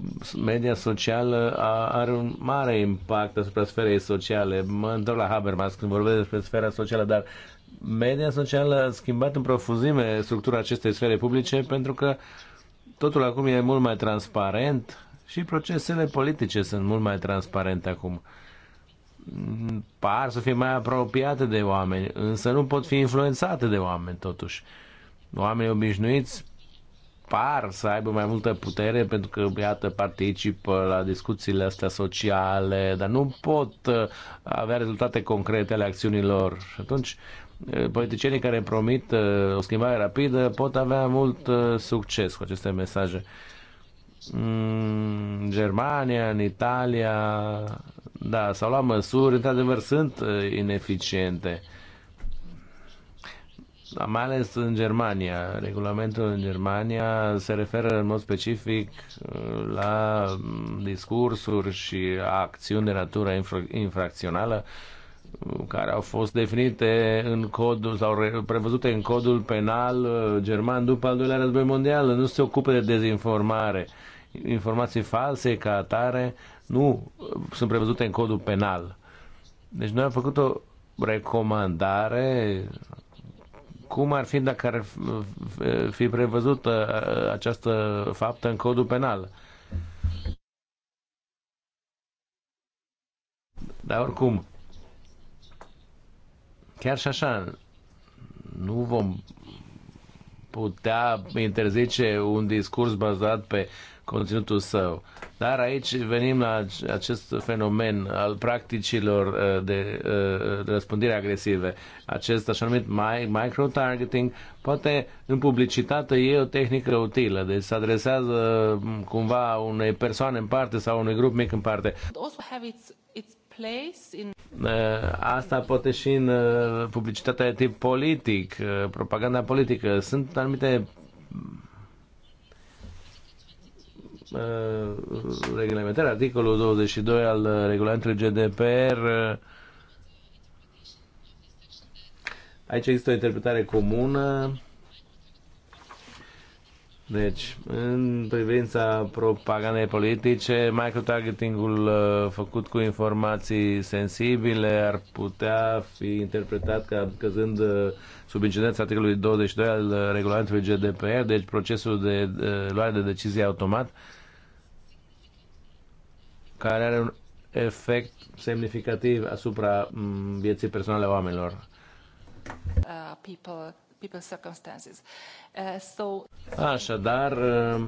media socială are un mare impact asupra sferei sociale. Mă întorc la Habermas când vorbesc despre sfera socială, dar media socială a schimbat în profuzime structura acestei sfere publice pentru că totul acum e mult mai transparent și procesele politice sunt mult mai transparente acum. Par să fie mai apropiate de oameni, însă nu pot fi influențate de oameni totuși. Oamenii obișnuiți par să aibă mai multă putere pentru că, iată, participă la discuțiile astea sociale, dar nu pot uh, avea rezultate concrete ale acțiunilor. Și atunci politicienii care promit uh, o schimbare rapidă pot avea mult uh, succes cu aceste mesaje. Mm, Germania, în Italia, da, s-au luat măsuri, într-adevăr sunt uh, ineficiente. Mai ales în Germania. Regulamentul în Germania se referă în mod specific la mm, discursuri și acțiuni de natură infracțională care au fost definite în codul sau prevăzute în codul penal uh, german după al doilea război mondial, nu se ocupă de dezinformare. Informații false ca atare nu uh, sunt prevăzute în codul penal. Deci noi am făcut o recomandare cum ar fi dacă ar fi prevăzută uh, această faptă în codul penal. Dar oricum, Chiar și așa, nu vom putea interzice un discurs bazat pe conținutul său. Dar aici venim la acest fenomen al practicilor uh, uh, de răspândire agresive. Acest așa numit micro-targeting, poate în publicitate e o tehnică utilă, deci se adresează mm, cumva unei persoane în parte sau unui grup mic în parte. Uh, asta poate și în uh, publicitatea de tip politic, uh, propaganda politică. Sunt anumite reglementări, articolul 22 al regulamentului GDPR. Aici există o interpretare comună deci, în privința propagandei politice, microtargetingul uh, făcut cu informații sensibile ar putea fi interpretat ca căzând uh, sub incidența articolului 22 al uh, regulamentului GDPR, deci procesul de luare de decizie automat, care are un efect semnificativ asupra mm, vieții personale a oamenilor. Uh, people people's circumstances. Uh, so... Așadar, uh,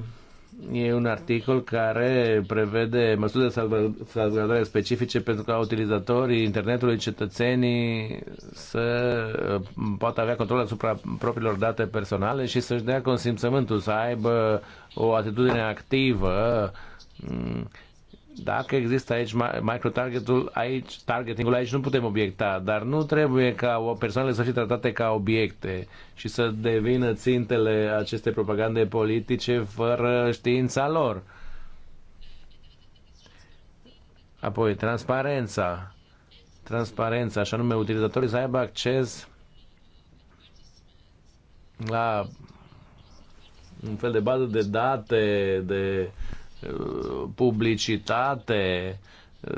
E un articol care prevede măsuri de salvare specifice pentru ca utilizatorii internetului, cetățenii să uh, poată avea control asupra propriilor date personale și să-și dea consimțământul, să aibă o atitudine activă mm, dacă există aici microtargetul, aici, targetingul aici nu putem obiecta, dar nu trebuie ca persoanele să fie tratate ca obiecte și să devină țintele aceste propagande politice fără știința lor. Apoi, transparența. Transparența, așa nume, utilizatorii să aibă acces la un fel de bază de date, de publicitate,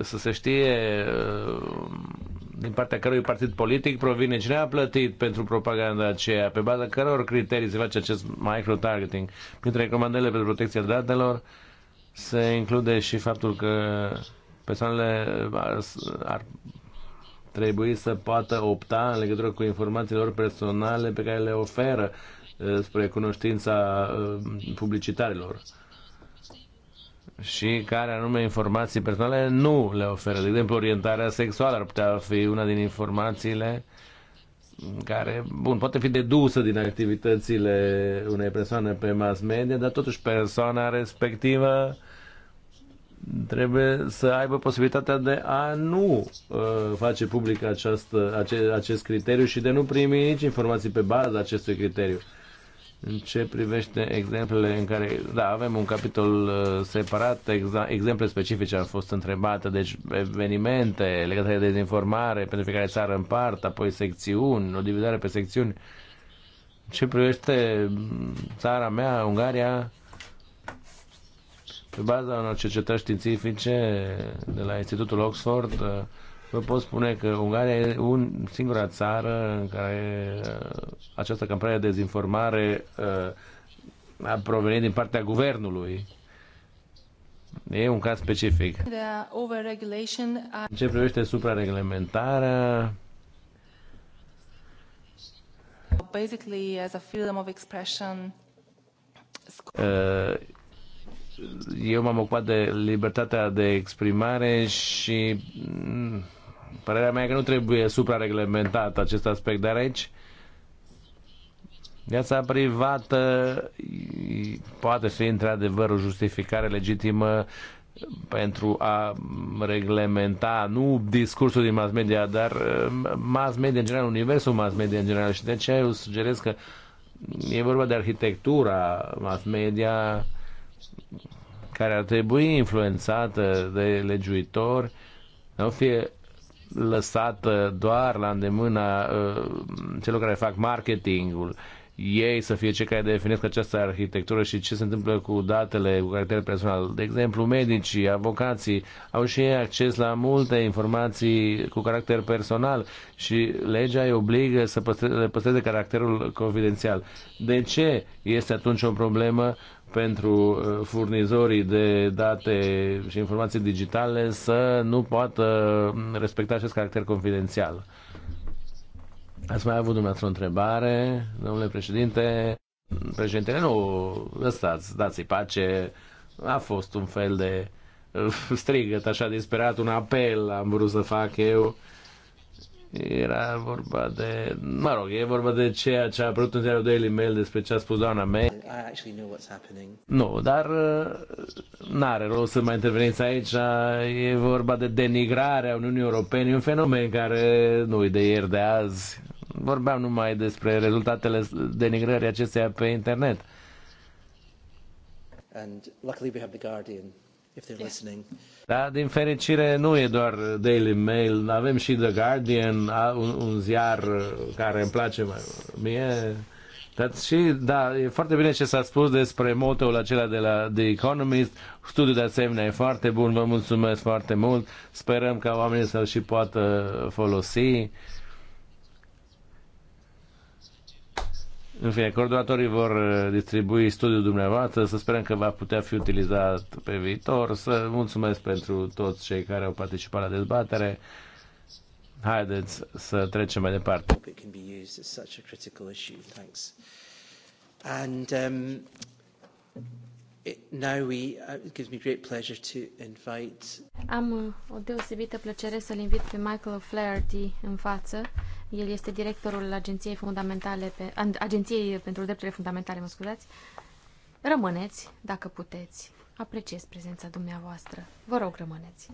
să se știe din partea cărui partid politic provine cine a plătit pentru propaganda aceea, pe baza căror criterii se face acest microtargeting. Printre recomandările pentru protecția datelor se include și faptul că persoanele ar, ar trebui să poată opta în legătură cu informațiile lor personale pe care le oferă eh, spre cunoștința eh, publicitarilor și care anume informații personale nu le oferă. De exemplu, orientarea sexuală ar putea fi una din informațiile care, bun, poate fi dedusă din activitățile unei persoane pe mass media, dar totuși persoana respectivă trebuie să aibă posibilitatea de a nu uh, face public această, ace, acest criteriu și de nu primi nici informații pe baza acestui criteriu. Uh, în ce privește exemplele în care, da, avem un capitol uh, separat, exemple specifice au fost întrebate, deci evenimente legate de dezinformare pentru fiecare țară în parte, apoi secțiuni, o dividare pe secțiuni. În ce privește mm, țara mea, Ungaria, pe baza unor cercetări științifice de la Institutul Oxford, uh, Vă pot spune că Ungaria e un, singura țară în care uh, această campanie de dezinformare uh, a provenit din partea guvernului. E un caz specific. În ce privește suprareglementarea, basically as a freedom of expression. Uh, eu m-am ocupat de libertatea de exprimare și mm, Părerea mea e că nu trebuie suprareglementat acest aspect, dar aici viața privată poate fi într-adevăr o justificare legitimă pentru a reglementa, nu discursul din mass media, dar uh, mass media în general, universul mass media în general și de ce eu sugerez că e vorba de arhitectura mass media care ar trebui influențată de legiuitori, nu fie lăsată uh, doar la îndemâna uh, celor care fac marketingul ei să fie cei care definesc această arhitectură și ce se întâmplă cu datele, cu caracter personal. De exemplu, medicii, avocații au și ei acces la multe informații cu caracter personal și legea îi obligă să păstreze, păstreze caracterul confidențial. De ce este atunci o problemă pentru uh, furnizorii de date și informații digitale să nu poată mm, respecta acest caracter confidențial. Ați mai avut dumneavoastră o întrebare, domnule președinte? Președintele, nu, lăsați, dați-i pace. A fost un fel de uh, strigăt așa disperat, un apel am vrut să fac eu. Era vorba de, mă rog, e vorba de ceea ce a apărut în ziarul Daily Mail despre ce a spus doamna May I actually know what's happening. Nu, dar uh, n-are rost să mai interveniți aici. E vorba de denigrare a Uniunii Europene, un fenomen care nu e de ieri de azi. Vorbeam numai despre rezultatele denigrării acesteia pe internet. And luckily we have the Guardian. If they're listening. Da, din fericire nu e doar Daily Mail, avem și The Guardian, un, un ziar care îmi place mai mie dar și, da, e foarte bine ce s-a spus despre motoul acela de la The Economist. Studiul de asemenea e foarte bun, vă mulțumesc foarte mult. Sperăm ca oamenii să-l și poată folosi. În fine, coordonatorii vor uh, distribui studiul dumneavoastră, să sperăm că va putea fi utilizat pe viitor. Să mulțumesc pentru toți cei care au participat la dezbatere. Haideți să trecem mai departe. Um, now we, uh, it gives me great pleasure to invite... Am uh, o deosebită plăcere să-l invit pe Michael Flaherty în față. El este directorul Agenției, Fundamentale pe, Agenției pentru Drepturile Fundamentale, mă scuzați. Rămâneți, dacă puteți. Apreciez prezența dumneavoastră. Vă rog, rămâneți.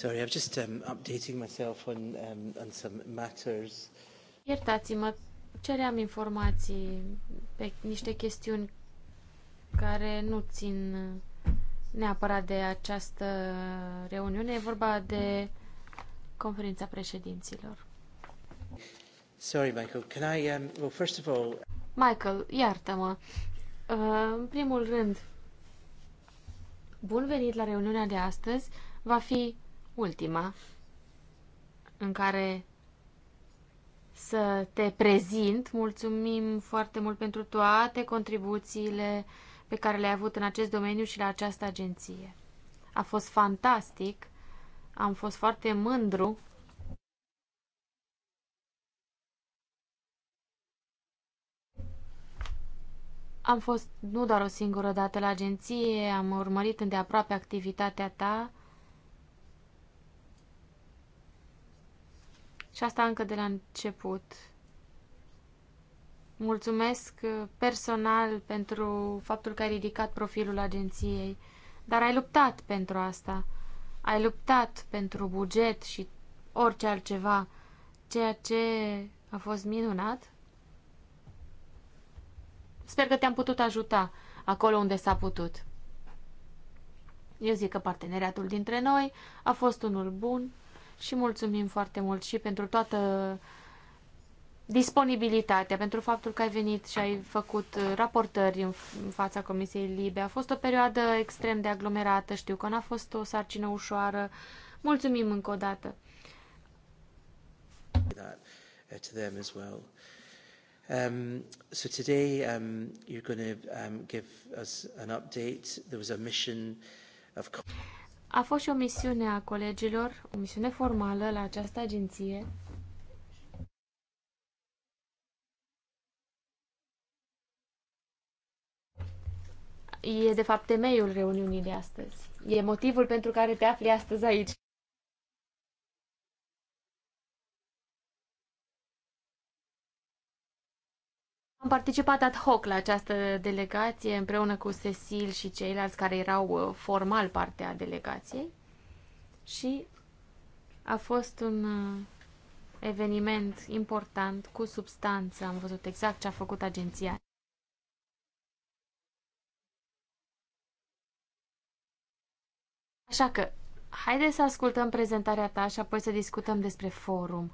Sorry, I'm just um, updating myself on, um, on some matters. Iertați-mă, ceream informații pe niște chestiuni care nu țin neapărat de această reuniune. E vorba de conferința președinților. Sorry, Michael. Can I, um, well, first of all... Michael, iartă-mă. Uh, în primul rând, bun venit la reuniunea de astăzi. Va fi ultima, în care să te prezint. Mulțumim foarte mult pentru toate contribuțiile pe care le-ai avut în acest domeniu și la această agenție. A fost fantastic, am fost foarte mândru Am fost nu doar o singură dată la agenție, am urmărit îndeaproape activitatea ta Și asta încă de la început. Mulțumesc uh, personal pentru faptul că ai ridicat profilul agenției, dar ai luptat pentru asta. Ai luptat pentru buget și orice altceva, ceea ce a fost minunat. Sper că te-am putut ajuta acolo unde s-a putut. Eu zic că parteneriatul dintre noi a fost unul bun și mulțumim foarte mult și pentru toată disponibilitatea, pentru faptul că ai venit și ai făcut raportări în fața Comisiei Libe. A fost o perioadă extrem de aglomerată, știu că n-a fost o sarcină ușoară. Mulțumim încă o dată. Uh, to them as well. Um, so today um, you're going to um, give us an update. There was a mission of. A fost și o misiune a colegilor, o misiune formală la această agenție. E, de fapt, temeiul reuniunii de astăzi. E motivul pentru care te afli astăzi aici. Am participat ad hoc la această delegație împreună cu Cecil și ceilalți care erau uh, formal parte a delegației și a fost un uh, eveniment important cu substanță. Am văzut exact ce a făcut agenția. Așa că, haideți să ascultăm prezentarea ta și apoi să discutăm despre forum.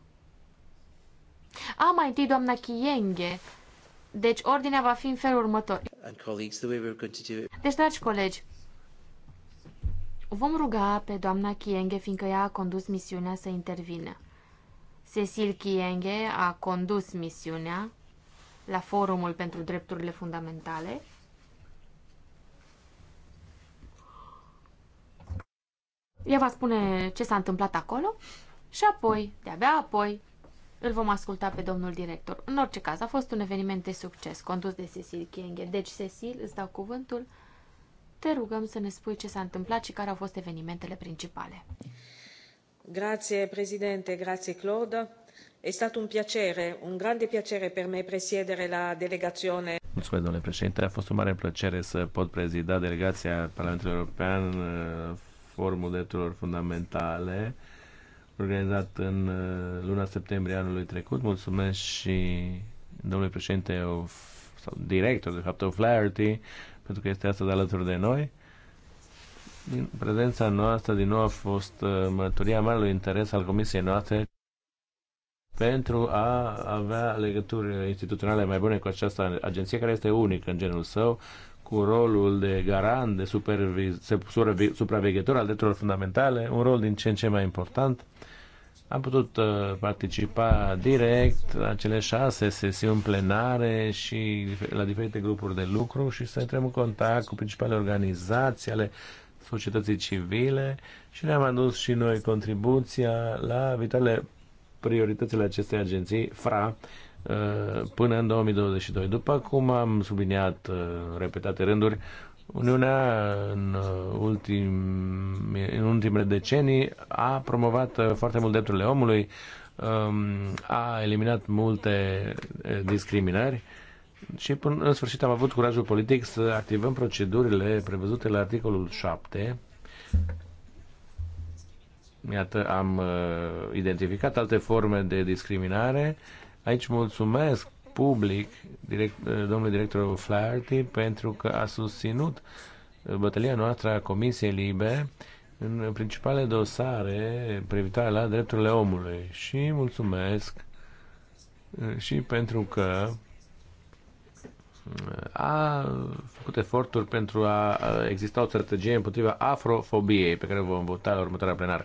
A, mai întâi doamna Chienghe, deci ordinea va fi în felul următor. Deci, dragi colegi, vom ruga pe doamna Chienghe, fiindcă ea a condus misiunea să intervină. Cecil Chienghe a condus misiunea la Forumul pentru Drepturile Fundamentale. Ea va spune ce s-a întâmplat acolo și apoi, de-abia apoi, îl vom asculta pe domnul director. În orice caz, a fost un eveniment de succes, condus de Cecil Kienge. Deci, Cecil, îți dau cuvântul, te rugăm să ne spui ce s-a întâmplat și care au fost evenimentele principale. Grazie, Presidente, grazie, Claude. È stato un piacere, un grande piacere per me presiedere la delegazione. Mulțumesc, domnule președinte. A fost o mare plăcere să pot prezida delegația Parlamentului European uh, Forumul Drepturilor Fundamentale organizat în uh, luna septembrie anului trecut. Mulțumesc și domnului președinte sau director, de fapt, O'Flaherty, pentru că este astăzi alături de noi. Din prezența noastră, din nou, a fost uh, mărturia marelui interes al comisiei noastre pentru a avea legături instituționale mai bune cu această agenție, care este unică în genul său, cu rolul de garant, de supraveghetor al drepturilor fundamentale, un rol din ce în ce mai important am putut uh, participa direct la cele șase sesiuni plenare și la diferite grupuri de lucru și să intrăm în contact cu principalele organizații ale societății civile și ne-am adus și noi contribuția la vitale prioritățile acestei agenții, FRA, uh, până în 2022. După cum am subliniat uh, repetate rânduri, Uniunea în, uh, ultim, în ultimele decenii a promovat uh, foarte mult drepturile omului, um, a eliminat multe uh, discriminări și până în sfârșit am avut curajul politic să activăm procedurile prevăzute la articolul 7. Iată, am identificat alte forme de discriminare. Aici mulțumesc public direct, eh, domnului director Flaherty pentru că a susținut eh, bătălia noastră a Comisiei Libe în principale dosare privitoare la drepturile omului și mulțumesc eh, și pentru că a făcut eforturi pentru a exista o strategie împotriva afrofobiei pe care vom vota la următoarea plenară.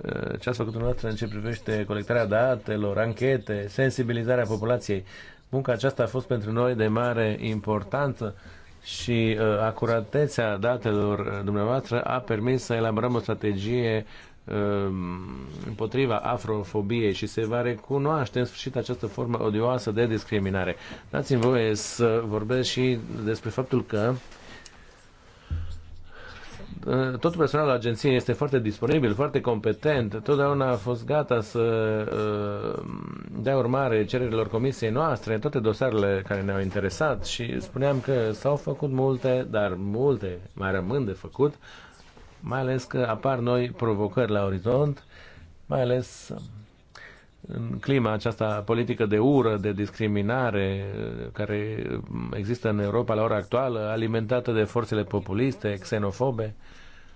Uh, ce ați făcut dumneavoastră în ce privește colectarea datelor, anchete, sensibilizarea populației. Munca aceasta a fost pentru noi de mare importanță și uh, acuratețea datelor uh, dumneavoastră a permis să elaborăm o strategie um, împotriva afrofobiei și se va recunoaște în sfârșit această formă odioasă de discriminare. Dați-mi voie să vorbesc și despre faptul că uh, tot personalul agenției este foarte disponibil, foarte competent, totdeauna a fost gata să uh, dea urmare cererilor comisiei noastre toate dosarele care ne-au interesat și spuneam că s-au făcut multe, dar multe mai rămân de făcut, mai ales că apar noi provocări la orizont, mai ales în clima aceasta politică de ură, de discriminare care există în Europa la ora actuală, alimentată de forțele populiste, xenofobe,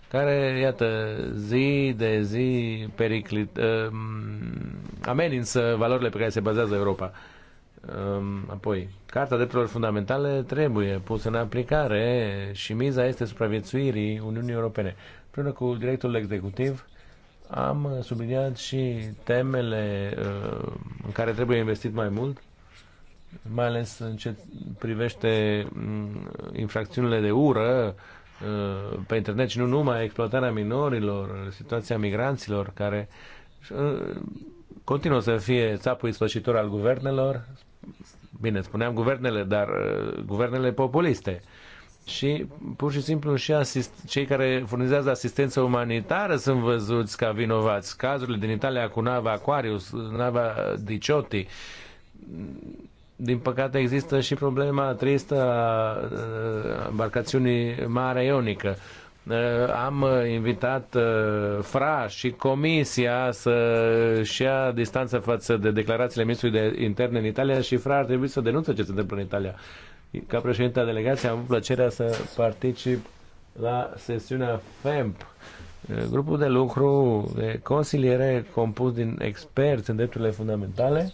care, iată, zi de zi periclit, uh, amenință valorile pe care se bazează Europa. Uh, apoi, Carta Drepturilor Fundamentale trebuie pusă în aplicare și miza este supraviețuirii Uniunii Europene. Prână cu directul executiv, am subliniat și temele uh, în care trebuie investit mai mult, mai ales în ce privește mm, infracțiunile de ură uh, pe internet și nu numai exploatarea minorilor, situația migranților care uh, continuă să fie țapul ispășitor al guvernelor, bine, spuneam guvernele, dar guvernele populiste și pur și simplu și asist- cei care furnizează asistență umanitară sunt văzuți ca vinovați. Cazurile din Italia cu nava Aquarius, nava Diciotti, din păcate există și problema tristă a embarcațiunii Marea Ionică. Am invitat FRA și Comisia să-și ia distanță față de declarațiile ministrului de interne în Italia și FRA ar trebui să denunță ce se întâmplă în Italia ca președinte a delegației am avut plăcerea să particip la sesiunea FEMP, grupul de lucru de consiliere compus din experți în drepturile fundamentale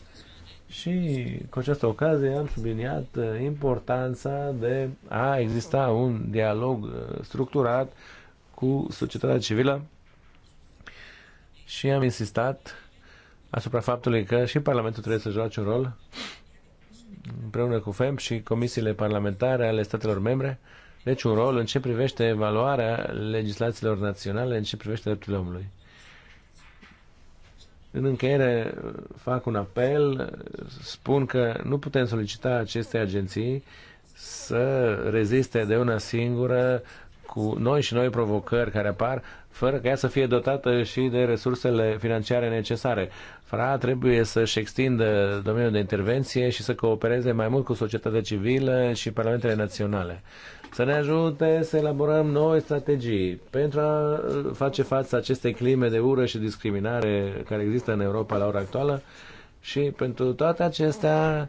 și cu această ocazie am subliniat uh, importanța de a exista un dialog uh, structurat cu societatea civilă și am insistat asupra faptului că și Parlamentul trebuie să joace un rol împreună cu FEMP și comisiile parlamentare ale statelor membre, deci un rol în ce privește evaluarea legislațiilor naționale, în ce privește drepturile omului. În încheiere fac un apel, spun că nu putem solicita aceste agenții să reziste de una singură cu noi și noi provocări care apar, fără ca ea să fie dotată și de resursele financiare necesare. FRA trebuie să-și extindă domeniul de intervenție și să coopereze mai mult cu societatea civilă și parlamentele naționale. Să ne ajute să elaborăm noi strategii pentru a face față acestei clime de ură și discriminare care există în Europa la ora actuală și pentru toate acestea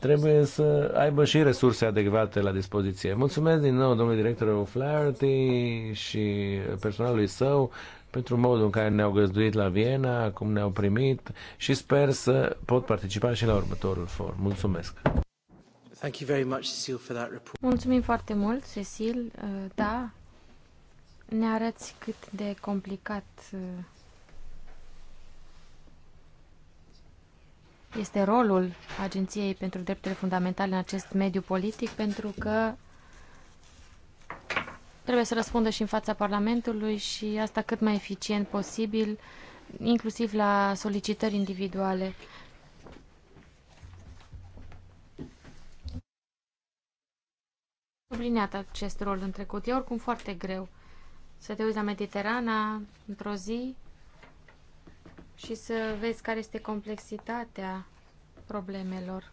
trebuie să aibă și resurse adecvate la dispoziție. Mulțumesc din nou domnului director Flaherty și personalului său pentru modul în care ne-au găzduit la Viena, cum ne-au primit și sper să pot participa și la următorul forum. Mulțumesc! Thank you very much, Cecil, for that report. Mulțumim foarte mult, Cecil. Da, ne arăți cât de complicat este rolul Agenției pentru Drepturile Fundamentale în acest mediu politic, pentru că trebuie să răspundă și în fața Parlamentului și asta cât mai eficient posibil, inclusiv la solicitări individuale. Subliniat acest rol în trecut. E oricum foarte greu să te uiți la Mediterana într-o zi și să vezi care este complexitatea problemelor.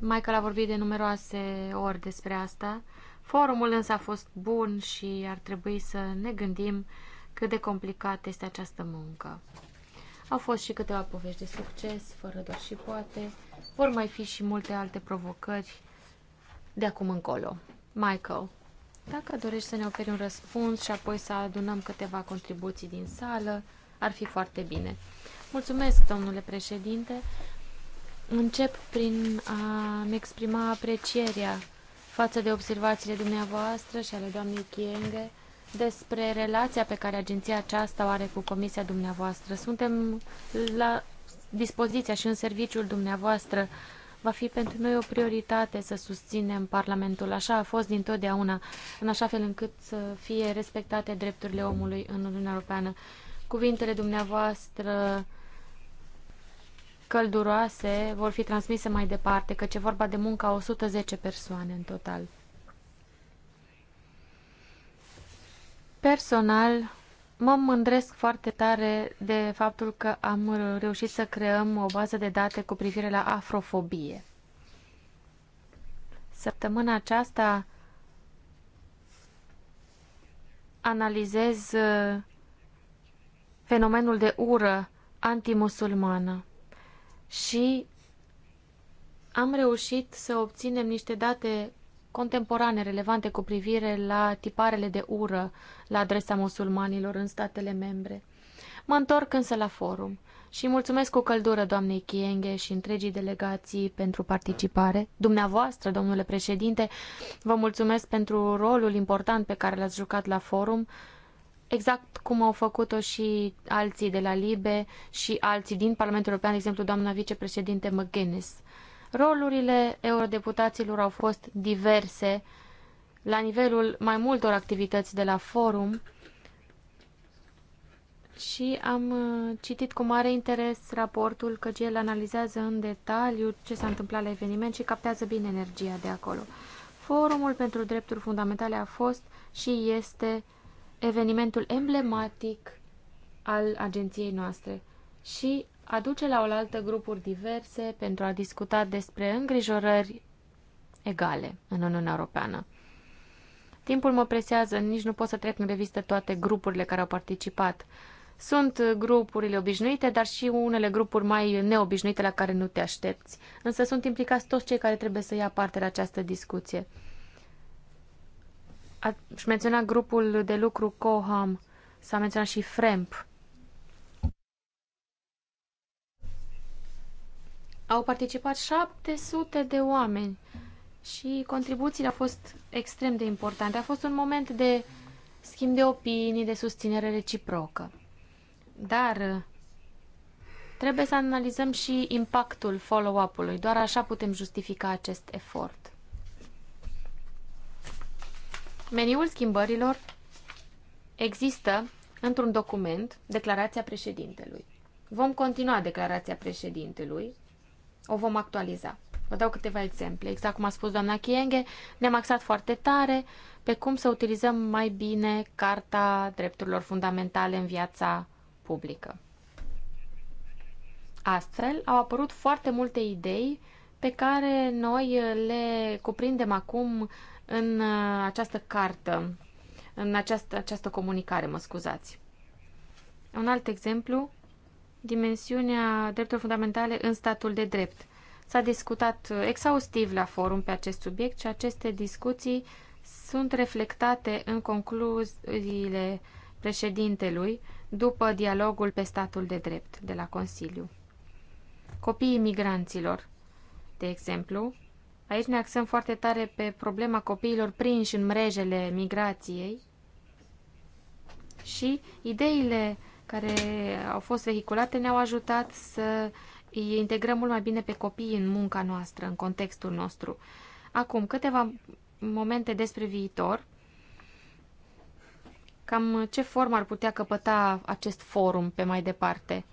Michael a vorbit de numeroase ori despre asta. Forumul însă a fost bun și ar trebui să ne gândim cât de complicată este această muncă. Au fost și câteva povești de succes, fără doar și poate. Vor mai fi și multe alte provocări de acum încolo. Michael. Dacă dorești să ne oferi un răspuns și apoi să adunăm câteva contribuții din sală, ar fi foarte bine. Mulțumesc, domnule președinte. Încep prin a-mi exprima aprecierea față de observațiile dumneavoastră și ale doamnei Chienghe despre relația pe care agenția aceasta o are cu comisia dumneavoastră. Suntem la dispoziția și în serviciul dumneavoastră uh, Va fi pentru noi o prioritate să susținem Parlamentul. Așa a fost dintotdeauna, în așa fel încât să fie respectate drepturile omului în Uniunea Europeană. Cuvintele dumneavoastră călduroase vor fi transmise mai departe, că e vorba de munca 110 persoane în total. Personal, Mă mândresc foarte tare de faptul că am reușit să creăm o bază de date cu privire la afrofobie. Săptămâna aceasta analizez uh, fenomenul de ură antimusulmană și am reușit să obținem niște date contemporane relevante cu privire la tiparele de ură la adresa musulmanilor în statele membre. Mă întorc însă la forum și mulțumesc cu căldură doamnei Chienghe și întregii delegații pentru participare. Dumneavoastră, domnule președinte, vă mulțumesc pentru rolul important pe care l-ați jucat la forum, exact cum au făcut-o și alții de la LIBE și alții din Parlamentul European, de exemplu doamna vicepreședinte McGuinness. Rolurile eurodeputaților au fost diverse la nivelul mai multor activități de la forum și am uh, citit cu mare interes raportul căci el analizează în detaliu ce s-a întâmplat la eveniment și captează bine energia de acolo. Forumul pentru drepturi fundamentale a fost și este evenimentul emblematic al agenției noastre și aduce la oaltă grupuri diverse pentru a discuta despre îngrijorări egale în Uniunea Europeană. Timpul mă presează, nici nu pot să trec în revistă toate grupurile care au participat. Sunt grupurile obișnuite, dar și unele grupuri mai neobișnuite la care nu te aștepți. Însă sunt implicați toți cei care trebuie să ia parte la această discuție. Aș menționa grupul de lucru COHAM, s-a menționat și FREMP, au participat 700 de oameni și contribuțiile au fost extrem de importante. A fost un moment de schimb de opinii, de susținere reciprocă. Dar uh, trebuie să analizăm și impactul follow-up-ului. Doar așa putem justifica acest efort. Meniul schimbărilor există într-un document, declarația președintelui. Vom continua declarația președintelui o vom actualiza. Vă dau câteva exemple. Exact cum a spus doamna Chienghe, ne-am axat foarte tare pe cum să utilizăm mai bine Carta Drepturilor Fundamentale în viața publică. Astfel, au apărut foarte multe idei pe care noi le cuprindem acum în uh, această cartă, în această, această comunicare, mă scuzați. Un alt exemplu dimensiunea drepturilor fundamentale în statul de drept. S-a discutat uh, exhaustiv la forum pe acest subiect și aceste discuții sunt reflectate în concluziile președintelui după dialogul pe statul de drept de la Consiliu. Copiii migranților, de exemplu, aici ne axăm foarte tare pe problema copiilor prinși în mrejele migrației și ideile care au fost vehiculate ne-au ajutat să îi integrăm mult mai bine pe copii în munca noastră, în contextul nostru. Acum, câteva momente despre viitor. Cam ce formă ar putea căpăta acest forum pe mai departe?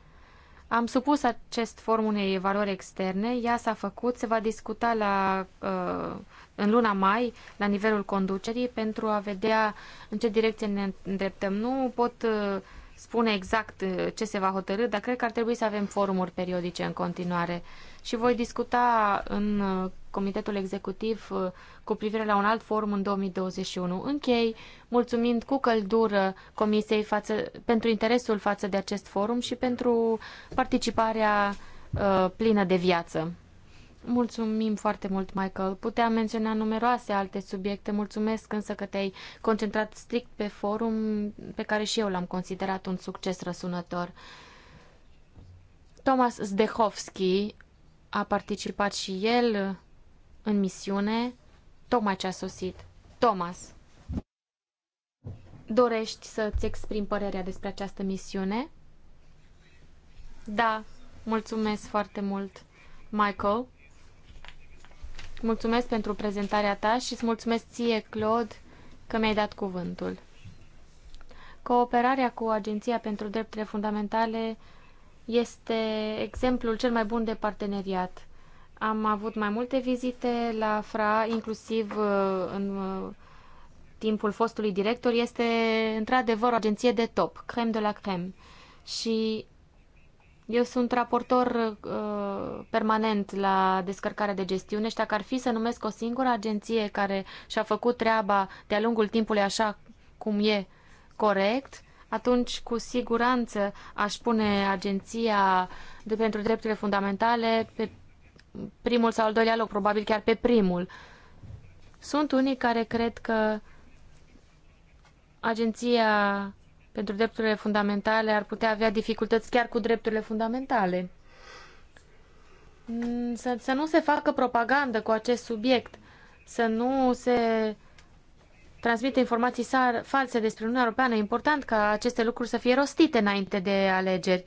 Am supus acest forum unei evaluări externe, ea s-a făcut, se va discuta la, uh, în luna mai la nivelul conducerii pentru a vedea în ce direcție ne îndreptăm. Nu pot uh, spune exact uh, ce se va hotărâ, dar cred că ar trebui să avem forumuri periodice în continuare. Și voi discuta în uh, Comitetul Executiv uh, cu privire la un alt forum în 2021. Închei mulțumind cu căldură Comisiei față, pentru interesul față de acest forum și pentru participarea uh, plină de viață. Mulțumim foarte mult, Michael. Puteam menționa numeroase alte subiecte. Mulțumesc însă că te-ai concentrat strict pe forum pe care și eu l-am considerat un succes răsunător. Thomas Zdehovski a participat și el în misiune. Tocmai ce a sosit. Thomas, dorești să-ți exprimi părerea despre această misiune? Da, mulțumesc foarte mult, Michael. Mulțumesc pentru prezentarea ta și îți mulțumesc ție, Claude, că mi-ai dat cuvântul. Cooperarea cu Agenția pentru Drepturile Fundamentale este exemplul cel mai bun de parteneriat. Am avut mai multe vizite la FRA, inclusiv uh, în uh, timpul fostului director. Este într-adevăr o agenție de top, crem de la crem. Și eu sunt raportor uh, permanent la descărcarea de gestiune și dacă ar fi să numesc o singură agenție care și-a făcut treaba de-a lungul timpului așa cum e corect, atunci cu siguranță aș pune Agenția de pentru Drepturile Fundamentale pe primul sau al doilea loc, probabil chiar pe primul. Sunt unii care cred că Agenția pentru drepturile fundamentale ar putea avea dificultăți chiar cu drepturile fundamentale. Mm, să, să nu se facă propagandă cu acest subiect, să nu se transmite informații false despre Uniunea Europeană. E important ca aceste lucruri să fie rostite înainte de alegeri.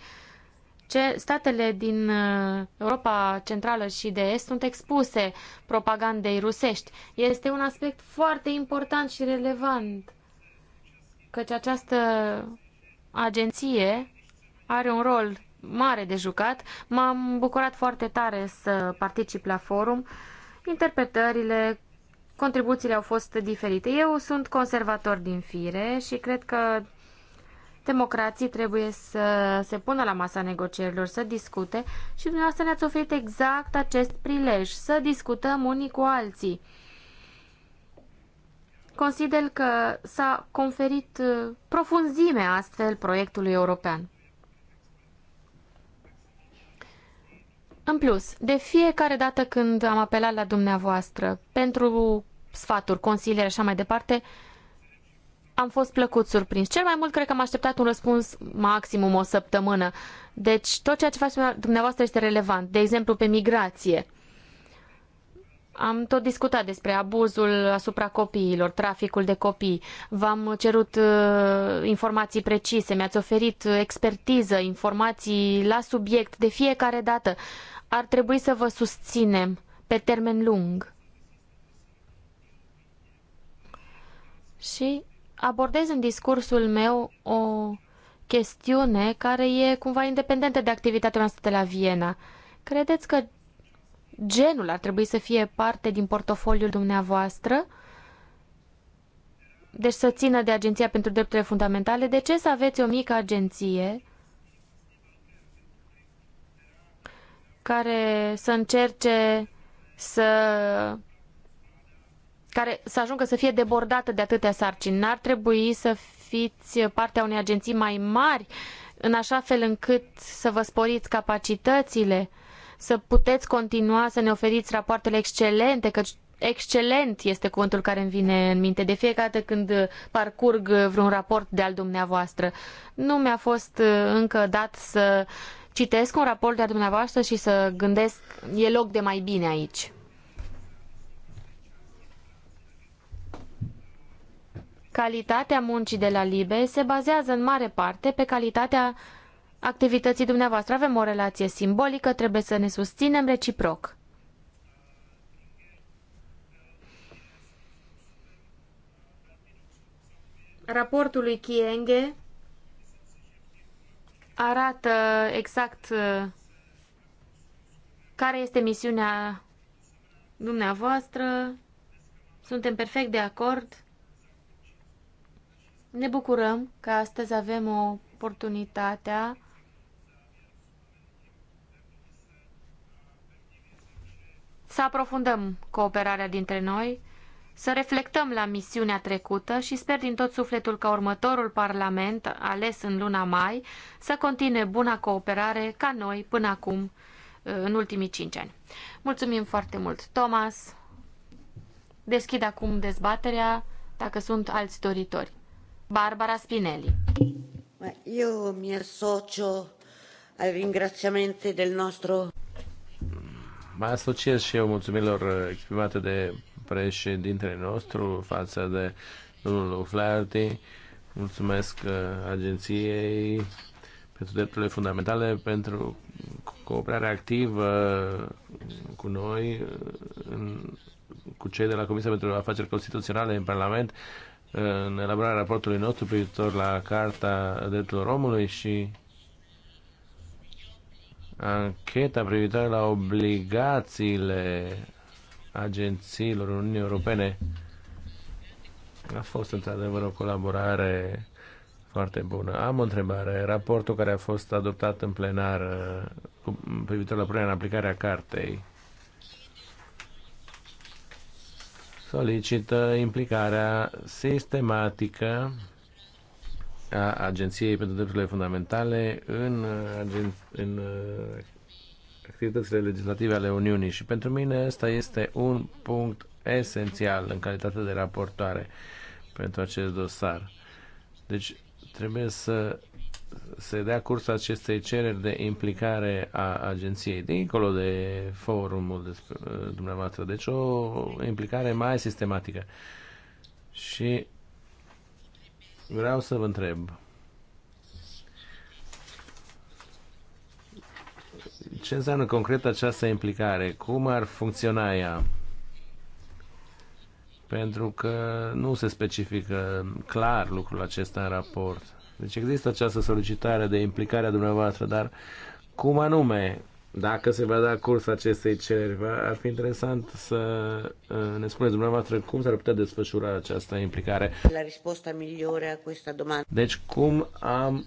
Ce, statele din uh, Europa Centrală și de Est sunt expuse propagandei rusești. Este un aspect foarte important și relevant căci această agenție are un rol mare de jucat. M-am bucurat foarte tare să particip la forum. Interpretările, contribuțiile au fost diferite. Eu sunt conservator din fire și cred că democrații trebuie să se pună la masa negocierilor, să discute și dumneavoastră ne-ați oferit exact acest prilej, să discutăm unii cu alții. Consider că s-a conferit uh, profunzime astfel proiectului european. În plus, de fiecare dată când am apelat la dumneavoastră pentru sfaturi, consiliere și așa mai departe, am fost plăcut surprins. Cel mai mult cred că am așteptat un răspuns maximum o săptămână. Deci tot ceea ce face dumneavoastră este relevant. De exemplu, pe migrație. Am tot discutat despre abuzul asupra copiilor, traficul de copii. V-am cerut uh, informații precise, mi-ați oferit expertiză, informații la subiect de fiecare dată. Ar trebui să vă susținem pe termen lung. Și abordez în discursul meu o chestiune care e cumva independentă de activitatea noastră de la Viena. Credeți că genul ar trebui să fie parte din portofoliul dumneavoastră, deci să țină de Agenția pentru Drepturile Fundamentale. De ce să aveți o mică agenție care să încerce să care să ajungă să fie debordată de atâtea sarcini. N-ar trebui să fiți partea unei agenții mai mari în așa fel încât să vă sporiți capacitățile uh, să puteți continua să ne oferiți rapoartele excelente, căci excelent este cuvântul care îmi vine în minte de fiecare dată când parcurg vreun raport de al dumneavoastră. Nu mi-a fost uh, încă dat să citesc un raport de al dumneavoastră și să gândesc e loc de mai bine aici. Calitatea muncii de la Libe se bazează în mare parte pe calitatea activității dumneavoastră. Avem o relație simbolică, trebuie să ne susținem reciproc. Raportul lui Kienge arată exact uh, care este misiunea dumneavoastră. Suntem perfect de acord. Ne bucurăm că astăzi avem o oportunitatea să aprofundăm cooperarea dintre noi, să reflectăm la misiunea trecută și sper din tot sufletul că următorul Parlament, ales în luna mai, să continue buna cooperare ca noi până acum, în ultimii cinci ani. Mulțumim foarte mult, Thomas! Deschid acum dezbaterea dacă sunt alți doritori. Barbara Spinelli. Eu mi asocio ai ringraziamenti del nostro Mă asociez și eu mulțumirilor uh, exprimate de președintele nostru față de domnul Flaherty. Mulțumesc uh, agenției pentru drepturile fundamentale, pentru cooperarea activă uh, cu noi, în, cu cei de la Comisia pentru Afaceri Constituționale în Parlament, în elaborarea raportului nostru privitor la Carta Drepturilor Omului și ancheta privitoare la obligațiile agențiilor Uniunii Europene a fost într-adevăr o colaborare foarte bună. Am o întrebare. Raportul care a fost adoptat în plenar uh, cu privitor la punerea în aplicare a cartei solicită implicarea sistematică a Agenției pentru Drepturile Fundamentale în, în uh, activitățile legislative ale Uniunii și pentru mine ăsta este un punct esențial în calitate de raportoare pentru acest dosar. Deci trebuie să se dea curs acestei cereri de implicare a agenției, dincolo de forumul de, uh, dumneavoastră. Deci o implicare mai sistematică. Și vreau să vă întreb. Ce înseamnă concret această implicare? Cum ar funcționa ea? Pentru că nu se specifică clar lucrul acesta în raport. Deci există această solicitare de implicare a dumneavoastră, dar cum anume dacă se va da curs acestei cereri, ar fi interesant să uh, ne spuneți dumneavoastră cum s-ar putea desfășura această implicare. La răspunsă migliore a questa domanda. Deci cum am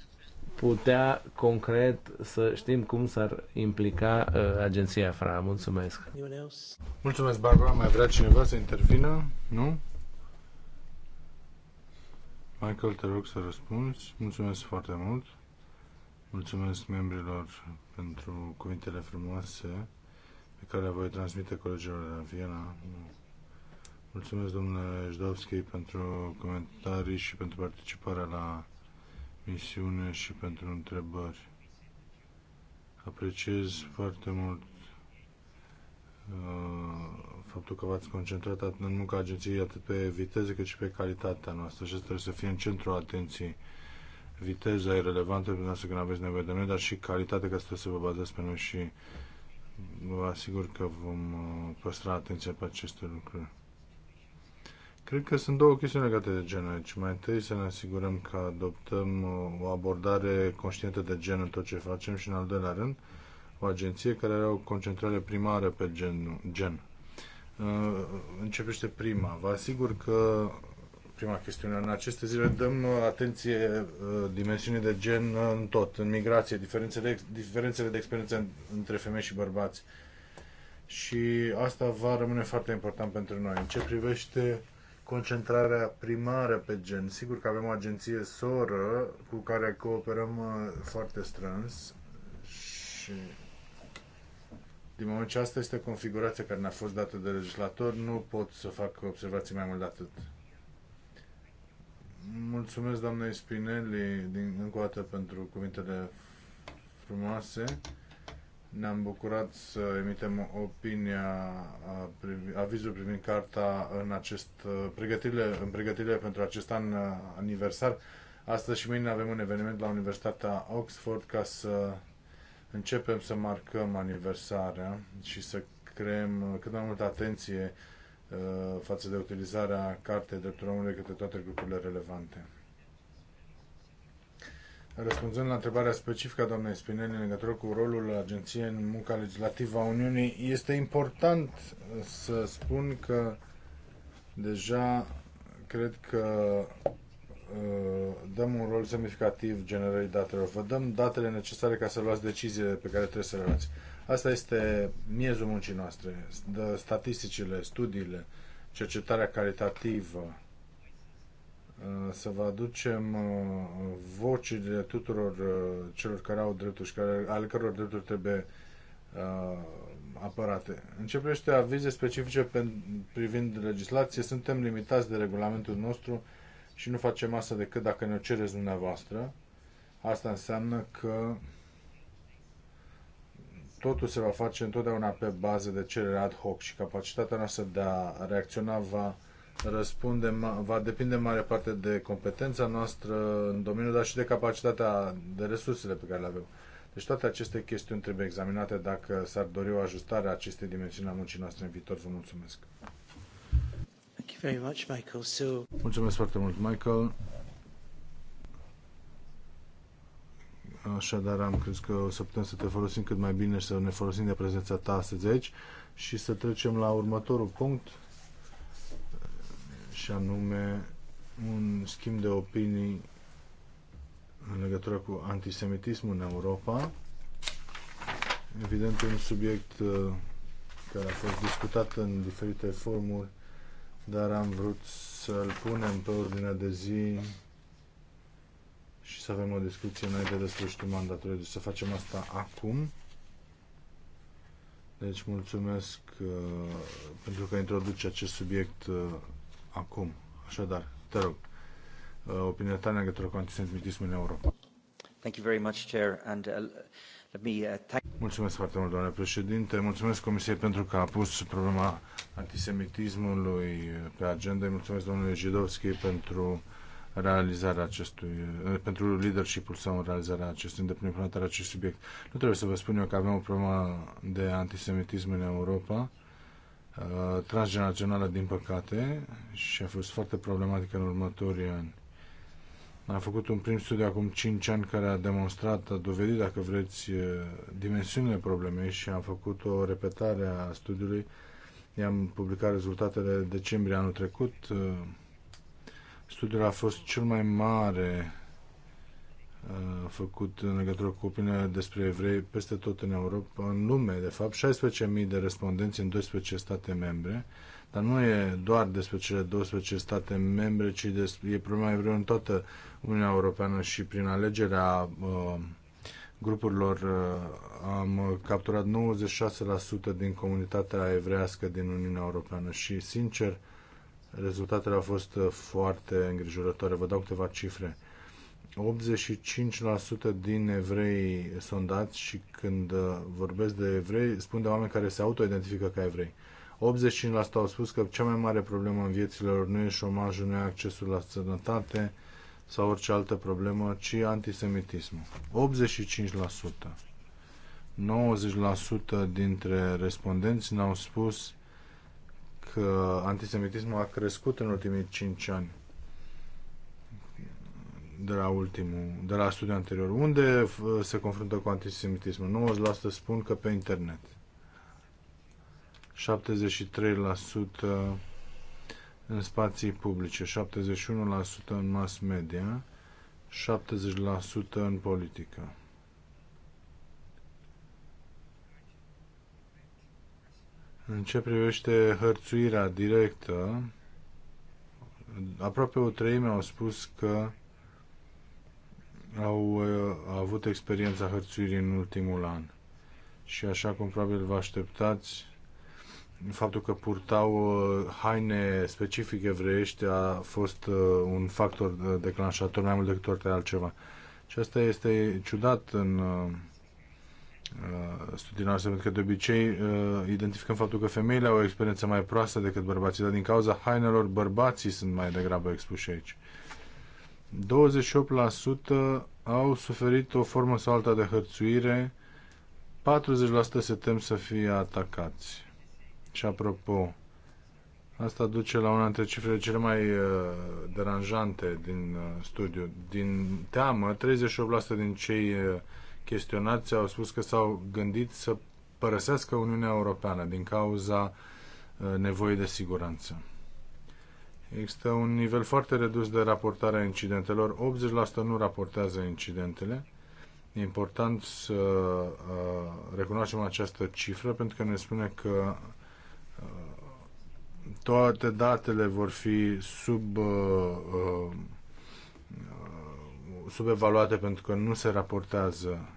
putea concret să știm cum s-ar implica uh, agenția FRA. Mulțumesc. Mulțumesc, Barbara. Mai vrea cineva să intervină? Nu? Michael, te rog să răspunzi. Mulțumesc foarte mult. Mulțumesc membrilor pentru cuvintele frumoase pe care le voi transmite colegilor de la Viena. Mulțumesc, domnule Jdovski, pentru comentarii și pentru participarea la misiune și pentru întrebări. Apreciez foarte mult uh, faptul că v-ați concentrat în munca agenției atât pe viteză cât și pe calitatea noastră și asta trebuie să fie în centrul atenției viteza e relevantă dumneavoastră când aveți nevoie de noi, dar și calitatea ca să să vă bazați pe noi și vă asigur că vom uh, păstra atenția pe aceste lucruri. Cred că sunt două chestiuni legate de gen aici. Mai întâi să ne asigurăm că adoptăm uh, o abordare conștientă de gen în tot ce facem și în al doilea rând o agenție care are o concentrare primară pe gen. gen. Uh, începește prima. Vă asigur că prima chestiune. În aceste zile dăm uh, atenție uh, dimensiunii de gen uh, în tot, în migrație, diferențele de, diferențele de experiență între femei și bărbați. Și asta va rămâne foarte important pentru noi. În ce privește concentrarea primară pe gen, sigur că avem o agenție soră cu care cooperăm foarte strâns și din moment ce asta este configurația care ne-a fost dată de legislator, nu pot să fac observații mai mult de atât. Mulțumesc, doamnei Spinelli, din, încă o dată pentru cuvintele frumoase. Ne-am bucurat să emitem opinia, avizul privind carta în, acest, pregătirile, în pregătirile pentru acest an uh, aniversar. Astăzi și mâine avem un eveniment la Universitatea Oxford ca să începem să marcăm aniversarea și să creăm uh, cât mai multă atenție Uh, față de utilizarea Cartei Drepturilor Omului către toate grupurile relevante. Răspunzând la întrebarea specifică a doamnei Spinelli în legătură cu rolul agenției în munca legislativă a Uniunii, este important să spun că deja cred că uh, dăm un rol semnificativ generării datelor. Vă dăm datele necesare ca să luați deciziile pe care trebuie să le luați. Asta este miezul muncii noastre, statisticile, studiile, cercetarea caritativă, uh, să vă aducem uh, vocile tuturor uh, celor care au drepturi și care, ale căror drepturi trebuie apărate. privește avize specifice privind legislație. Suntem limitați de regulamentul nostru și nu facem asta decât dacă ne cereți dumneavoastră. Asta înseamnă că totul se va face întotdeauna pe bază de cerere ad hoc și capacitatea noastră de a reacționa va răspunde, va depinde în mare parte de competența noastră în domeniu, dar și de capacitatea, de resursele pe care le avem. Deci toate aceste chestiuni trebuie examinate dacă s-ar dori o ajustare a acestei dimensiuni a muncii noastre în viitor. Vă mulțumesc! Thank you very much, Michael. So... Mulțumesc foarte mult, Michael. Așadar am crezut că o să putem să te folosim cât mai bine și să ne folosim de prezența ta astăzi aici și să trecem la următorul punct și anume un schimb de opinii în legătură cu antisemitismul în Europa. Evident, un subiect uh, care a fost discutat în diferite formuri, dar am vrut să-l punem pe ordinea de zi și să avem o discuție înainte de sfârșitul mandatului. Deci să facem asta acum. Deci mulțumesc uh, pentru că introduce acest subiect uh, acum. Așadar, te rog, uh, opinia ta în cu antisemitismul în Europa. Thank you very much, Chair, and uh, let me uh, thank... Mulțumesc foarte mult, doamne președinte. Mulțumesc Comisiei pentru că a pus problema antisemitismului pe agenda. Mulțumesc domnului Jidovski pentru uh, realizarea acestui, eh, pentru leadership-ul său în realizarea acestui, în implementarea acestui subiect. Nu trebuie să vă spun eu că avem o problemă de antisemitism în Europa, eh, transgenerațională din păcate și a fost foarte problematică în următorii ani. Am făcut un prim studiu acum 5 ani care a demonstrat, a dovedit, dacă vreți, eh, dimensiunile problemei și am făcut o repetare a studiului. I-am publicat rezultatele decembrie anul trecut. Studiul a fost cel mai mare uh, făcut în legătură cu opinia despre evrei peste tot în Europa, în lume, de fapt, 16.000 de respondenți în 12 state membre, dar nu e doar despre cele 12 state membre, ci despre, e problema evreilor în toată Uniunea Europeană și prin alegerea uh, grupurilor uh, am capturat 96% din comunitatea evrească din Uniunea Europeană și, sincer, uh, Rezultatele au fost uh, foarte îngrijorătoare. Vă dau câteva cifre. 85% din evrei sondați și când uh, vorbesc de evrei, spun de oameni care se autoidentifică ca evrei. 85% au spus că cea mai mare problemă în viețile lor nu e șomajul, nu e accesul la sănătate sau orice altă problemă, ci antisemitismul. 85%. 90% dintre respondenți ne-au spus că antisemitismul a crescut în ultimii 5 ani de la ultimul, de la studiul anterior. Unde uh, se confruntă cu antisemitismul? 90% spun că pe internet. 73% în spații publice, 71% în mass media, 70% în politică. În ce privește hărțuirea directă, aproape o treime au spus că au, uh, au avut experiența hărțuirii în ultimul an. Și așa cum probabil vă așteptați, faptul că purtau uh, haine specific evreiești a fost uh, un factor declanșator mai mult decât orice altceva. Și asta este ciudat în Uh, studiile noastre, pentru că de obicei uh, identificăm faptul că femeile au o experiență mai proastă decât bărbații, dar din cauza hainelor bărbații sunt mai degrabă expuși aici. 28% au suferit o formă sau alta de hărțuire, 40% se tem să fie atacați. Și apropo, asta duce la una dintre cifrele cele mai uh, deranjante din uh, studiu. Din teamă, 38% din cei uh, chestionați au spus că s-au gândit să părăsească Uniunea Europeană din cauza uh, nevoii de siguranță. Există un nivel foarte redus de raportare a incidentelor, 80% nu raportează incidentele. E important să uh, recunoaștem această cifră pentru că ne spune că uh, toate datele vor fi sub subevaluate pentru că nu se raportează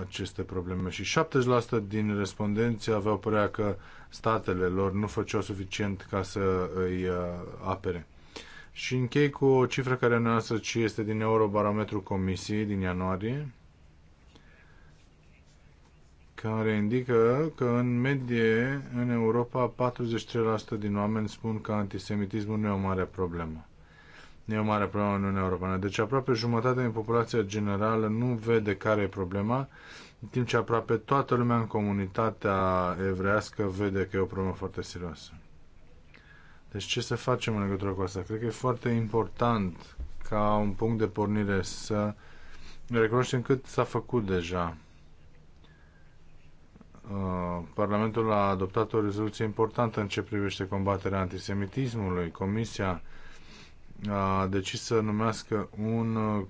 aceste probleme și 70% din respondenți aveau părerea că statele lor nu făceau suficient ca să îi uh, apere. Și închei cu o cifră care ne lasă și este din Eurobarometru Comisiei din ianuarie, care indică că în medie în Europa 43% din oameni spun că antisemitismul nu e o mare problemă. E o mare problemă în Uniunea Europeană. Deci aproape jumătate din populația generală nu vede care e problema, în timp ce aproape toată lumea în comunitatea evrească vede că e o problemă foarte serioasă. Deci ce să facem în legătură cu asta? Cred că e foarte important ca un punct de pornire să recunoaștem cât s-a făcut deja. Uh, Parlamentul a adoptat o rezoluție importantă în ce privește combaterea antisemitismului. Comisia a decis să numească un uh,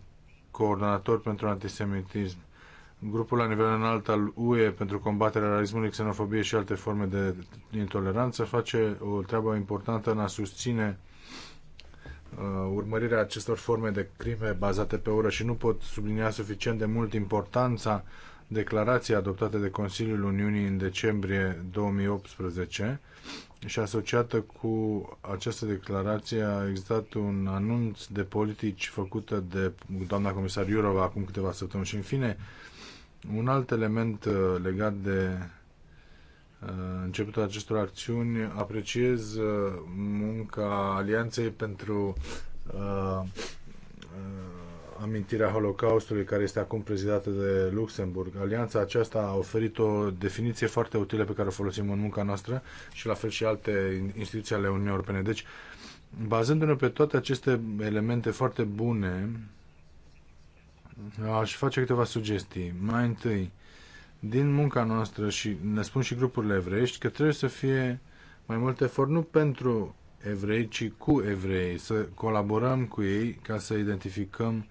coordonator pentru antisemitism. Grupul la nivel înalt al UE pentru combaterea rasismului, xenofobie și alte forme de intoleranță face o treabă importantă în a susține uh, urmărirea acestor forme de crime bazate pe ură și nu pot sublinia suficient de mult importanța declarației adoptate de Consiliul Uniunii în decembrie 2018 și asociată cu această declarație a existat un anunț de politici făcută de doamna comisar Iurova acum câteva săptămâni și în fine un alt element uh, legat de uh, începutul acestor acțiuni apreciez uh, munca Alianței pentru amintirea Holocaustului, care este acum prezidată de Luxemburg. Alianța aceasta a oferit o definiție foarte utilă pe care o folosim în munca noastră și la fel și alte instituții ale Uniunii Europene. Deci, bazându-ne pe toate aceste elemente foarte bune, aș face câteva sugestii. Mai întâi, din munca noastră și ne spun și grupurile evreiești că trebuie să fie mai mult efort nu pentru evrei, ci cu evrei, să colaborăm cu ei ca să identificăm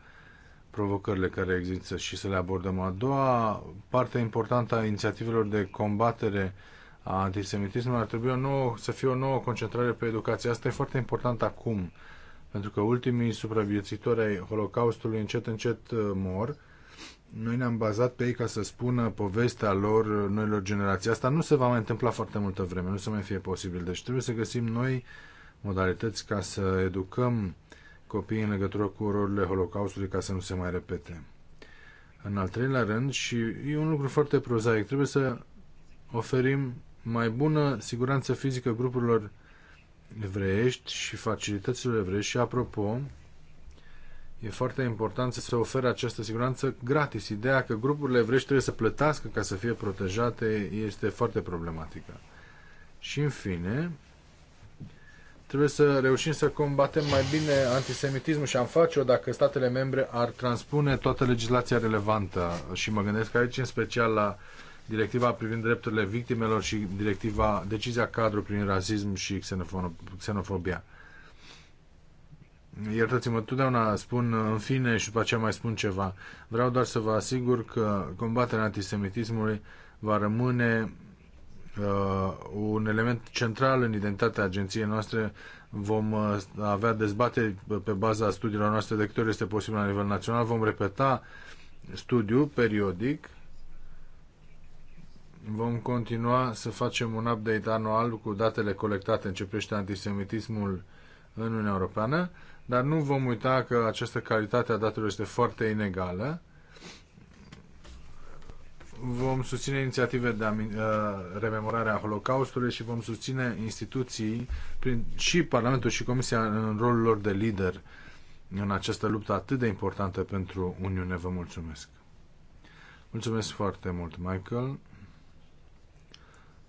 provocările care există și să le abordăm. A doua parte importantă a inițiativelor de combatere a antisemitismului ar trebui o nouă, să fie o nouă concentrare pe educație. Asta e foarte important acum, pentru că ultimii supraviețuitori ai Holocaustului încet, încet uh, mor. Noi ne-am bazat pe ei ca să spună povestea lor uh, noilor generații. Asta nu se va mai întâmpla foarte multă vreme, nu se mai fie posibil. Deci trebuie să găsim noi modalități ca să educăm copiii în legătură cu ororile Holocaustului ca să nu se mai repete. În al treilea rând, și e un lucru foarte prozaic, trebuie să oferim mai bună siguranță fizică grupurilor evreiești și facilităților evreiești și apropo, e foarte important să se ofere această siguranță gratis. Ideea că grupurile evreiești trebuie să plătească ca să fie protejate este foarte problematică. Și în fine, Trebuie să reușim să combatem mai bine antisemitismul și am face-o dacă statele membre ar transpune toată legislația relevantă. Și mă gândesc aici în special la directiva privind drepturile victimelor și directiva, decizia cadru privind rasism și xenofobia. Iertați-mă, totdeauna spun în fine și după aceea mai spun ceva. Vreau doar să vă asigur că combaterea antisemitismului va rămâne Uh, un element central în identitatea agenției noastre. Vom uh, avea dezbateri pe baza studiilor noastre de câte ori este posibil la nivel național. Vom repeta studiu periodic. Vom continua să facem un update anual cu datele colectate în ce privește antisemitismul în Uniunea Europeană, dar nu vom uita că această calitate a datelor este foarte inegală vom susține inițiative de uh, rememorare a Holocaustului și vom susține instituții prin, și Parlamentul și Comisia în rolul lor de lider în această luptă atât de importantă pentru Uniune. Vă mulțumesc! Mulțumesc foarte mult, Michael,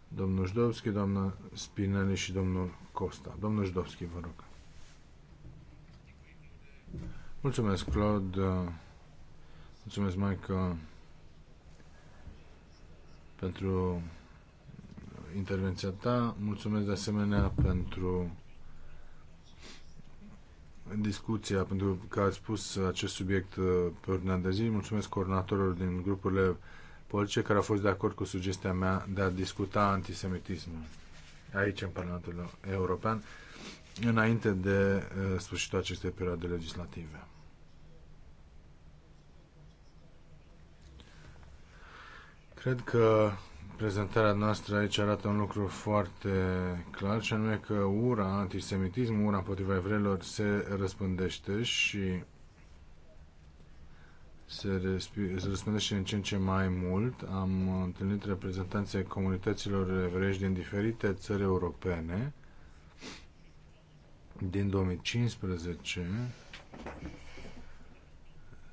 domnul Jdovski, doamna Spinelli și domnul Costa. Domnul Jdovski, vă rog. Mulțumesc, Claude. Mulțumesc, Michael pentru intervenția ta. Mulțumesc de asemenea pentru discuția, pentru că ați spus acest subiect uh, pe ordinea de zi. Mulțumesc coordonatorilor din grupurile politice care au fost de acord cu sugestia mea de a discuta antisemitismul aici în Parlamentul European înainte de uh, sfârșitul acestei perioade legislative. Cred că prezentarea noastră aici arată un lucru foarte clar, și anume că ura, antisemitismul, ura împotriva evreilor se răspândește și se, se răspândește în ce în ce mai mult. Am întâlnit reprezentanții comunităților evreiești din diferite țări europene din 2015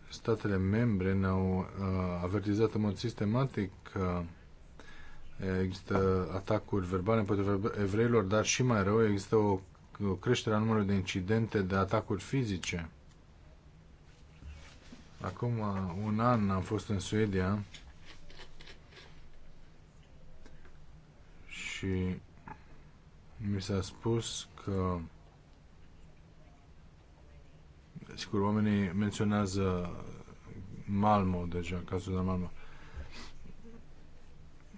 statele membre ne-au uh, avertizat în mod sistematic că există atacuri verbale împotriva evreilor, dar și mai rău există o, o creștere a numărului de incidente de atacuri fizice. Acum uh, un an am fost în Suedia și mi s-a spus că Sigur, oamenii menționează Malmo deja, cazul de Malmo.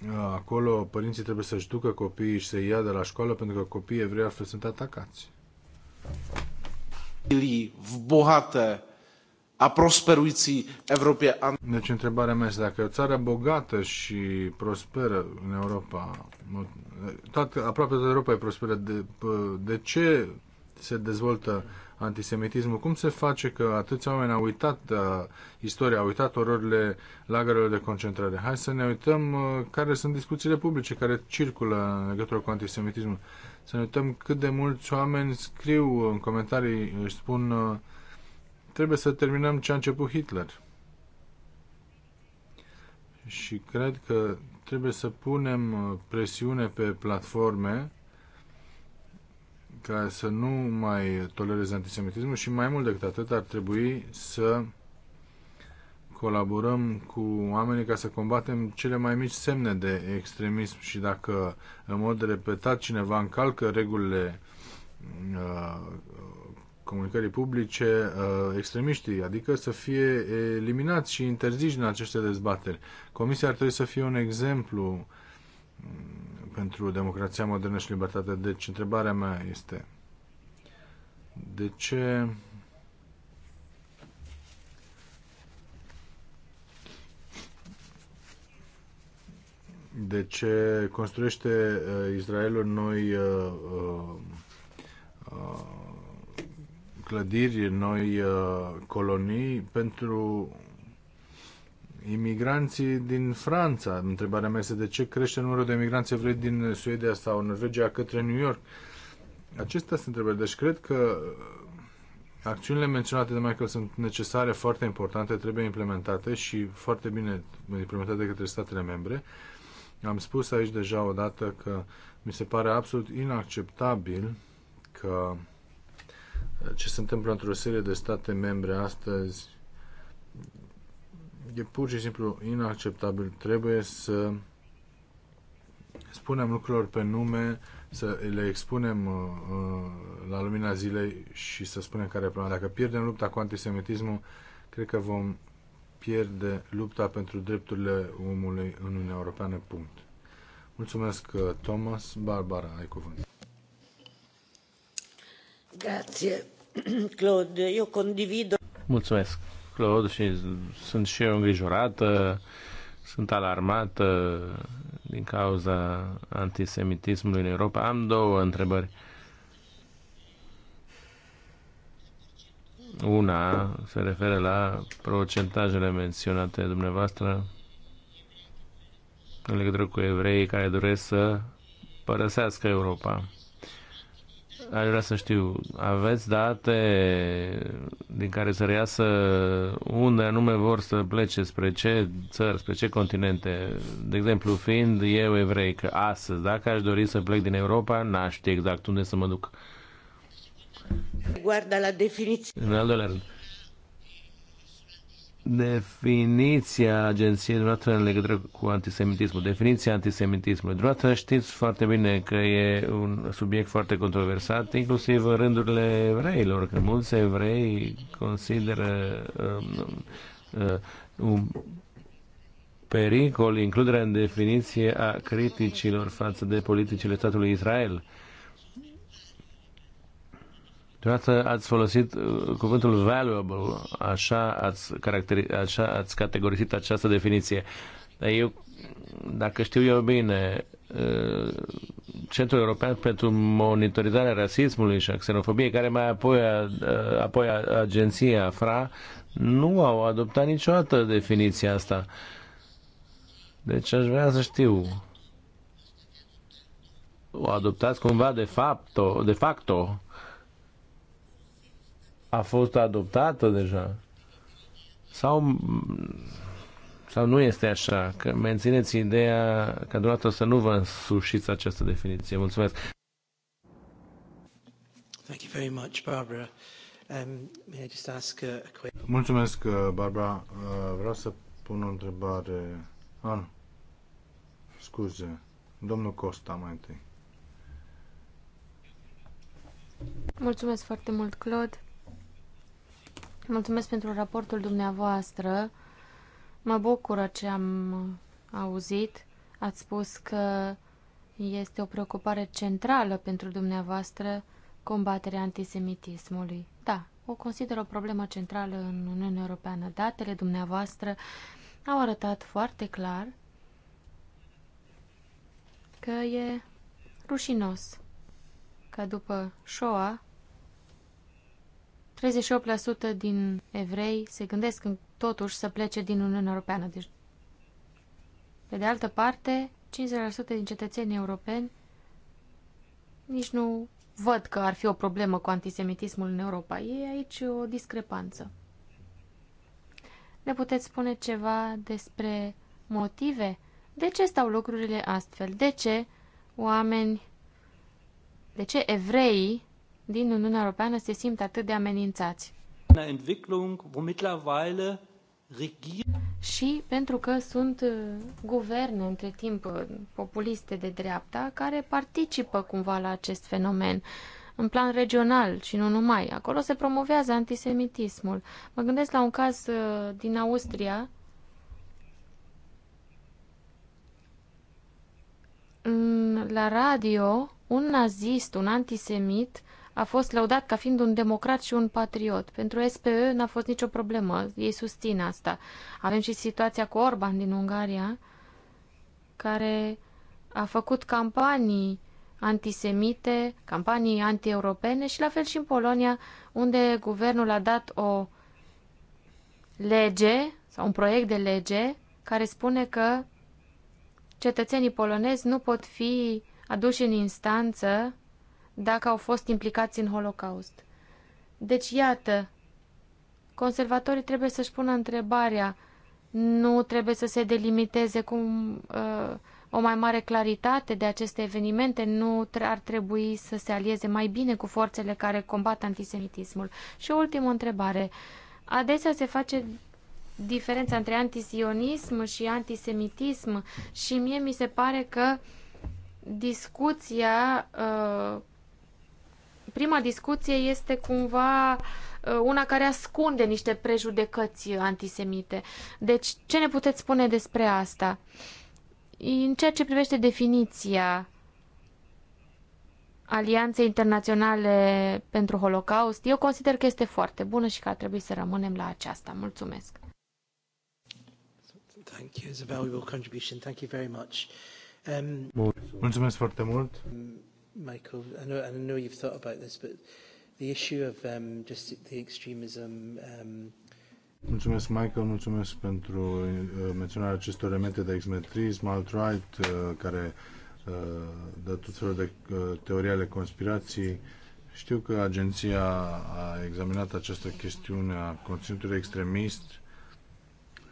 Uh, acolo părinții trebuie să-și ducă copiii și să-i ia de la școală pentru că copiii evrei altfel sunt atacați. v bohate a prosperuiții Evropě. Deci întrebarea mea este dacă e o țară bogată și prosperă în Europa, toată, aproape toată Europa e prosperă, de, de ce se dezvoltă antisemitismul. Cum se face că atâți oameni au uitat uh, istoria, au uitat ororile lagărelor de concentrare? Hai să ne uităm uh, care sunt discuțiile publice care circulă în legătură cu antisemitismul. Să ne uităm cât de mulți oameni scriu în comentarii, își spun uh, trebuie să terminăm ce a început Hitler. Și cred că trebuie să punem uh, presiune pe platforme ca să nu mai tolereze antisemitismul și mai mult decât atât ar trebui să colaborăm cu oamenii ca să combatem cele mai mici semne de extremism și dacă în mod repetat cineva încalcă regulile uh, comunicării publice, uh, extremiștii, adică să fie eliminați și interziși în aceste dezbateri. Comisia ar trebui să fie un exemplu pentru democrația modernă și libertate. Deci, întrebarea mea este de ce de ce construiește uh, Israelul noi uh, uh, uh clădiri, noi uh, colonii pentru imigranții din Franța. Întrebarea mea este de ce crește numărul de imigranți evrei din Suedia sau Norvegia către New York? Acestea sunt întrebări. Deci cred că uh, acțiunile menționate de Michael sunt necesare, foarte importante, trebuie implementate și foarte bine implementate de către statele membre. Am spus aici deja odată că mi se pare absolut inacceptabil că uh, ce se întâmplă într-o serie de state membre astăzi e pur și simplu inacceptabil. Trebuie să spunem lucrurilor pe nume, să le expunem uh, uh, la lumina zilei și să spunem care e problema. Dacă pierdem lupta cu antisemitismul, cred că vom pierde lupta pentru drepturile omului în Uniunea Europeană. Punct. Mulțumesc, uh, Thomas. Barbara, ai cuvânt. Grazie, Claude. Eu condivido. Mulțumesc. Claude, și sunt și eu îngrijorată, sunt alarmată din cauza antisemitismului în Europa. Am două întrebări. Una se referă la procentajele menționate dumneavoastră în legătură cu evreii care doresc să părăsească Europa aș vrea să știu, aveți date din care să reiasă unde anume vor să plece, spre ce țări, spre ce continente? De exemplu, fiind eu evrei, că astăzi, dacă aș dori să plec din Europa, n-aș ști exact unde să mă duc. Guarda la definiție. În al doilea rând, definiția agenției dumneavoastră în legătură cu antisemitismul, definiția antisemitismului. Dumneavoastră știți foarte bine că e un subiect foarte controversat, inclusiv în rândurile evreilor, că mulți evrei consideră um, uh, un pericol includerea în definiție a criticilor față de politicile statului Israel. Uh, Dumneavoastră ați folosit uh, cuvântul valuable, așa ați, caracteri- așa ați categorisit această definiție. Dar eu, dacă știu eu bine, uh, Centrul European pentru Monitorizarea Rasismului și a Xenofobiei, care mai apoi, uh, apoi agenția FRA, nu au adoptat niciodată definiția asta. Deci aș vrea să știu. O adoptați cumva de facto, de facto a fost adoptată deja? Sau, sau nu este așa? Că mențineți ideea că deodată să nu vă însușiți această definiție. Mulțumesc! Thank you very much, Barbara. Um, may I just ask a quick... Mulțumesc, uh, Barbara. Uh, vreau să pun o întrebare. Ah, nu. Scuze. Domnul Costa mai întâi. Mulțumesc foarte mult, Claude. Mulțumesc pentru raportul dumneavoastră. Mă bucură ce am auzit. Ați spus că este o preocupare centrală pentru dumneavoastră combaterea antisemitismului. Da, o consider o problemă centrală în Uniunea Europeană. Datele dumneavoastră au arătat foarte clar că e rușinos că după Shoah 38% din evrei se gândesc în, totuși să plece din Uniunea Europeană. Deci, pe de altă parte, 50% din cetățenii europeni nici nu văd că ar fi o problemă cu antisemitismul în Europa. E aici o discrepanță. Ne puteți spune ceva despre motive? De ce stau lucrurile astfel? De ce oameni, de ce evreii din Uniunea Europeană se simt atât de amenințați. Și pentru că sunt uh, guverne între timp uh, populiste de dreapta care participă cumva la acest fenomen în plan regional și nu numai. Acolo se promovează antisemitismul. Mă gândesc la un caz uh, din Austria, la radio un nazist, un antisemit, a fost lăudat ca fiind un democrat și un patriot. Pentru SPE n-a fost nicio problemă, ei susțin asta. Avem și situația cu Orban din Ungaria, care a făcut campanii antisemite, campanii antieuropene și la fel și în Polonia, unde guvernul a dat o lege sau un proiect de lege care spune că cetățenii polonezi nu pot fi aduși în instanță dacă au fost implicați în Holocaust. Deci, iată, conservatorii trebuie să-și pună întrebarea, nu trebuie să se delimiteze cu uh, o mai mare claritate de aceste evenimente, nu ar trebui să se alieze mai bine cu forțele care combat antisemitismul. Și o ultimă întrebare. Adesea se face diferența între antisionism și antisemitism și mie mi se pare că discuția uh, prima discuție este cumva uh, una care ascunde niște prejudecăți antisemite. Deci, ce ne puteți spune despre asta? În ceea ce privește definiția Alianței Internaționale pentru Holocaust, eu consider că este foarte bună și că ar trebui să rămânem la aceasta. Mulțumesc! Thank you. It's a valuable contribution. Thank you very much. Um, Mulțumesc foarte mult. Um, Michael, I know, I know you've thought about this, but the issue of um, just the extremism. Um... Mulțumesc, Michael, mulțumesc pentru uh, menționarea acestor elemente de extremism, alt-right, uh, care uh, dă tot felul de uh, teorii ale conspirației. Știu că agenția a examinat această chestiune a conținutului extremist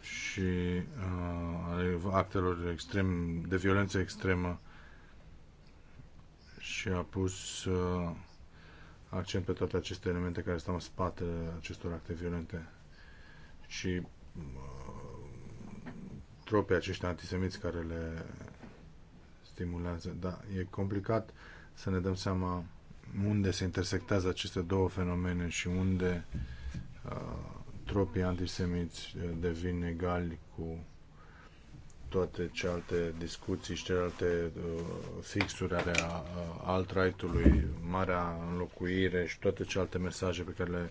și uh, actelor extrem, de violență extremă și a pus uh, accent pe toate aceste elemente care stau în spatele acestor acte violente și uh, tropii aceștia antisemiți care le stimulează. Da, e complicat să ne dăm seama unde se intersectează aceste două fenomene și unde uh, tropii antisemiți uh, devin egali cu toate celelalte discuții și celelalte uh, fixuri ale uh, alt-right-ului, marea înlocuire și toate celelalte mesaje pe care le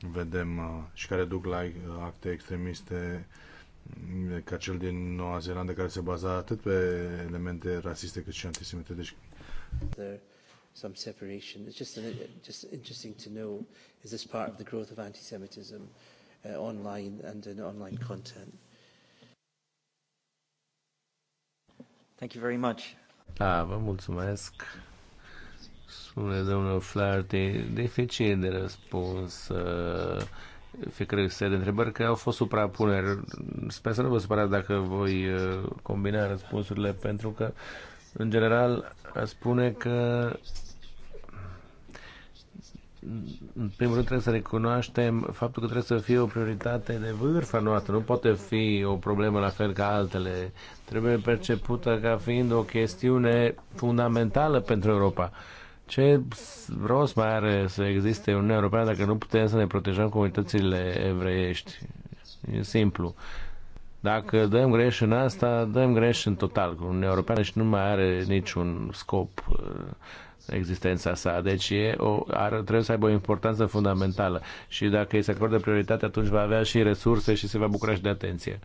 vedem uh, și care duc la uh, acte extremiste mm, ca cel din Noua Zeelandă care se baza atât pe elemente rasiste cât și antisemite. Deci... There, some separation. It's just, an, uh, just interesting to know is this part of the growth of antisemitism uh, online and in online content? Thank you very much. Da, vă mulțumesc. Spune domnul Flaherty, dificil de răspuns uh, fiecare set de întrebări, că au fost suprapuneri. Sper să nu vă supărați dacă voi uh, combina răspunsurile, pentru că, în general, spune că în primul rând trebuie să recunoaștem faptul că trebuie să fie o prioritate de vârf a noastră, nu poate fi o problemă la fel ca altele. Trebuie percepută ca fiind o chestiune fundamentală pentru Europa. Ce rost mai are să existe Uniunea Europeană dacă nu putem să ne protejăm comunitățile evreiești? E simplu. Dacă dăm greș în asta, dăm greș în total cu Uniunea Europeană și nu mai are niciun scop uh, existența sa. Deci e o, ar, trebuie să aibă o importanță fundamentală și dacă îi se acordă prioritate, atunci va avea și resurse și se va bucura și de atenție.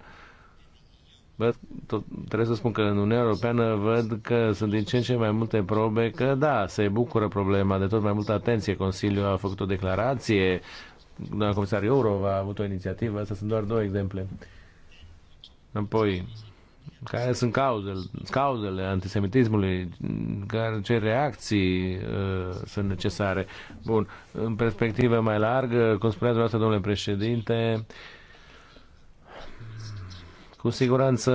Bă, tot, trebuie să spun că în Uniunea Europeană văd că sunt din ce în ce mai multe probe că da, se bucură problema de tot mai multă atenție. Consiliul a făcut o declarație, doamna comisar Iorov a avut o inițiativă, astea sunt doar două exemple. Apoi, care sunt cauzele, cauzele antisemitismului, care, ce reacții uh, sunt necesare. Bun, în perspectivă mai largă, cum spunea dumneavoastră, domnule președinte, cu siguranță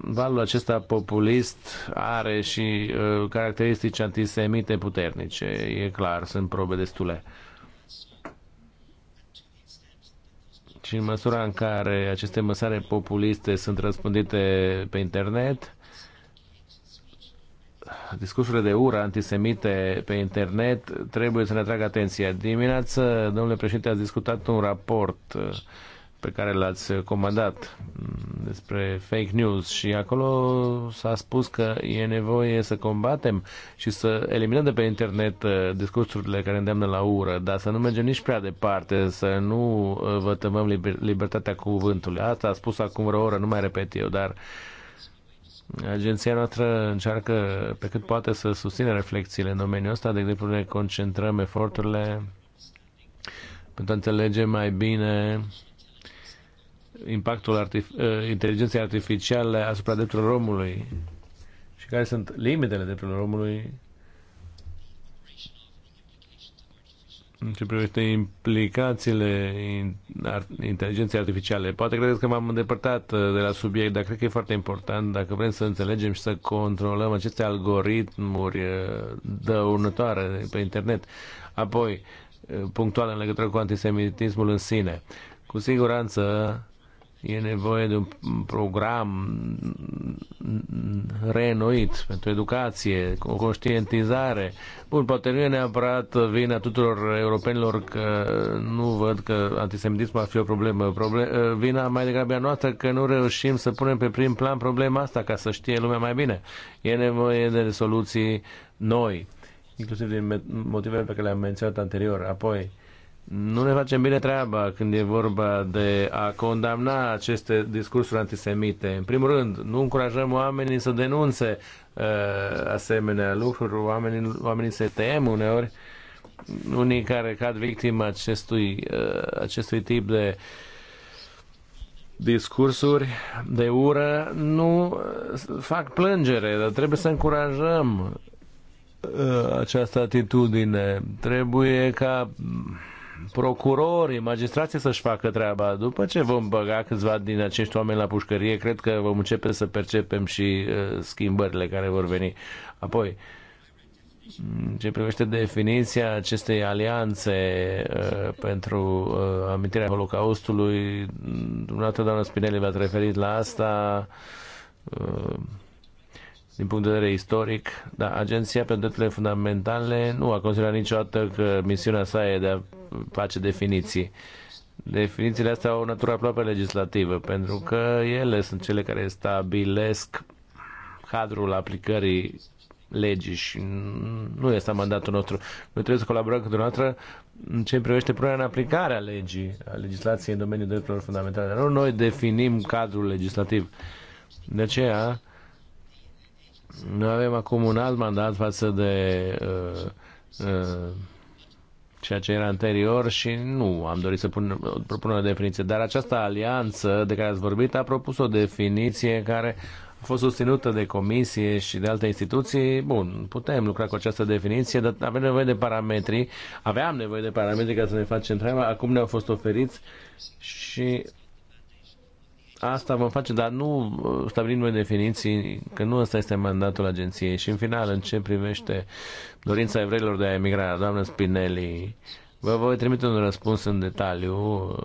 valul acesta populist are și uh, caracteristici antisemite puternice, e clar, sunt probe destule. Uh, Și deci, în măsura în care aceste măsare populiste sunt răspândite pe internet, discursurile de ură antisemite pe internet trebuie să ne atragă atenția. Dimineață, domnule președinte, ați discutat un raport pe care l-ați comandat despre fake news și acolo s-a spus că e nevoie să combatem și să eliminăm de pe internet uh, discursurile care îndeamnă la ură, dar să nu mergem nici prea departe, să nu uh, vă tămăm liber- libertatea cuvântului. Asta a spus acum vreo oră, nu mai repet eu, dar Agenția noastră încearcă pe cât poate să susține reflexiile în domeniul ăsta, de exemplu ne concentrăm eforturile pentru a înțelege mai bine impactul artif- uh, inteligenței artificiale asupra drepturilor omului și care sunt limitele drepturilor omului în ce privește implicațiile inteligenței artificiale. Poate credeți că m-am îndepărtat uh, de la subiect, dar cred că e foarte important dacă vrem să înțelegem și să controlăm aceste algoritmuri uh, dăunătoare pe internet. Apoi, punctual în legătură cu antisemitismul în sine. Cu siguranță E nevoie de un program reînnoit pentru educație, o conștientizare. Bun, poate nu e neapărat vina tuturor europenilor că nu văd că antisemitismul ar fi o problemă. Proble- vina mai degrabă a noastră că nu reușim să punem pe prim plan problema asta ca să știe lumea mai bine. E nevoie de soluții noi, inclusiv din motivele pe care le-am menționat anterior. Apoi, nu ne facem bine treaba când e vorba de a condamna aceste discursuri antisemite. În primul rând, nu încurajăm oamenii să denunțe uh, asemenea lucruri, oamenii, oamenii se tem uneori, unii care cad victima acestui, uh, acestui tip de discursuri de ură nu uh, fac plângere, dar trebuie să încurajăm uh, această atitudine. Trebuie ca procurorii, magistrații să-și facă treaba. După ce vom băga câțiva din acești oameni la pușcărie, cred că vom începe să percepem și uh, schimbările care vor veni. Apoi, ce privește definiția acestei alianțe uh, pentru uh, amintirea Holocaustului, dumneavoastră, doamna Spinelli, v-ați referit la asta. Uh, din punct de vedere istoric, dar Agenția pentru Drepturile Fundamentale nu a considerat niciodată că misiunea sa e de a face definiții. Definițiile astea au o natură aproape legislativă, pentru că ele sunt cele care stabilesc cadrul aplicării legii și nu este mandatul nostru. Noi trebuie să colaborăm cu dumneavoastră în ce privește punerea în aplicarea legii, a legislației în domeniul drepturilor fundamentale. Dar nu noi definim cadrul legislativ. De aceea, noi avem acum un alt mandat față de uh, uh, ceea ce era anterior și nu am dorit să pun, propun o definiție. Dar această alianță de care ați vorbit a propus o definiție care a fost susținută de comisie și de alte instituții. Bun, putem lucra cu această definiție, dar avem nevoie de parametri. Aveam nevoie de parametri ca să ne facem treaba. Acum ne-au fost oferiți și Asta vom face, dar nu uh, stabilim noi definiții, că nu ăsta este mandatul agenției. Și în final, în ce privește dorința evreilor de a emigra, doamnă Spinelli, vă voi trimite un răspuns în detaliu uh,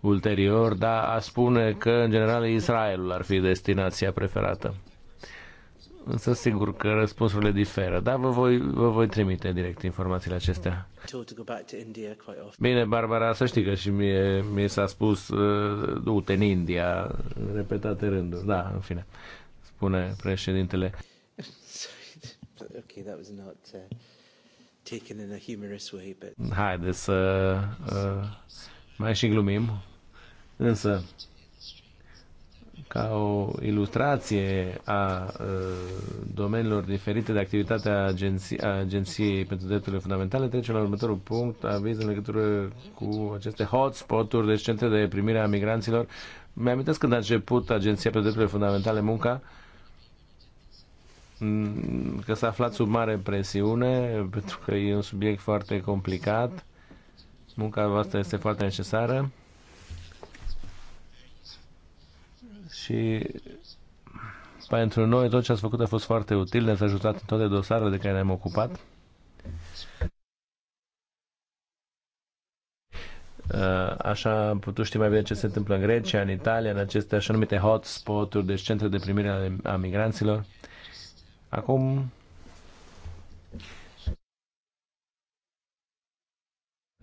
ulterior, dar a spune că, în general, Israelul ar fi destinația preferată. Însă sigur că răspunsurile diferă, dar vă voi, vă voi trimite direct informațiile acestea. Bine, Barbara, să știi că și mie mi s-a spus uh, du-te în India, repetate rânduri. Da, în fine, spune președintele. okay, that was not uh, taken in a humorous way, but... Haideți să uh, mai și glumim. Însă, ca o ilustrație a domeniilor diferite de activitatea a, agenții, a Agenției pentru Drepturile Fundamentale, trecem la următorul punct, aviz în legătură cu aceste hotspot-uri, deci centre de primire a migranților. Mi-am când a început Agenția pentru Drepturile Fundamentale munca, mm, că s-a aflat sub mare presiune, pentru că e un subiect foarte complicat. Munca voastră este foarte necesară și păi, pentru noi tot ce ați făcut a fost foarte util, ne-ați ajutat în toate dosarele de care ne-am ocupat. Uh, așa am putut ști mai bine ce se întâmplă în Grecia, în Italia, în aceste așa numite hotspot-uri, deci centre de primire a migranților. Acum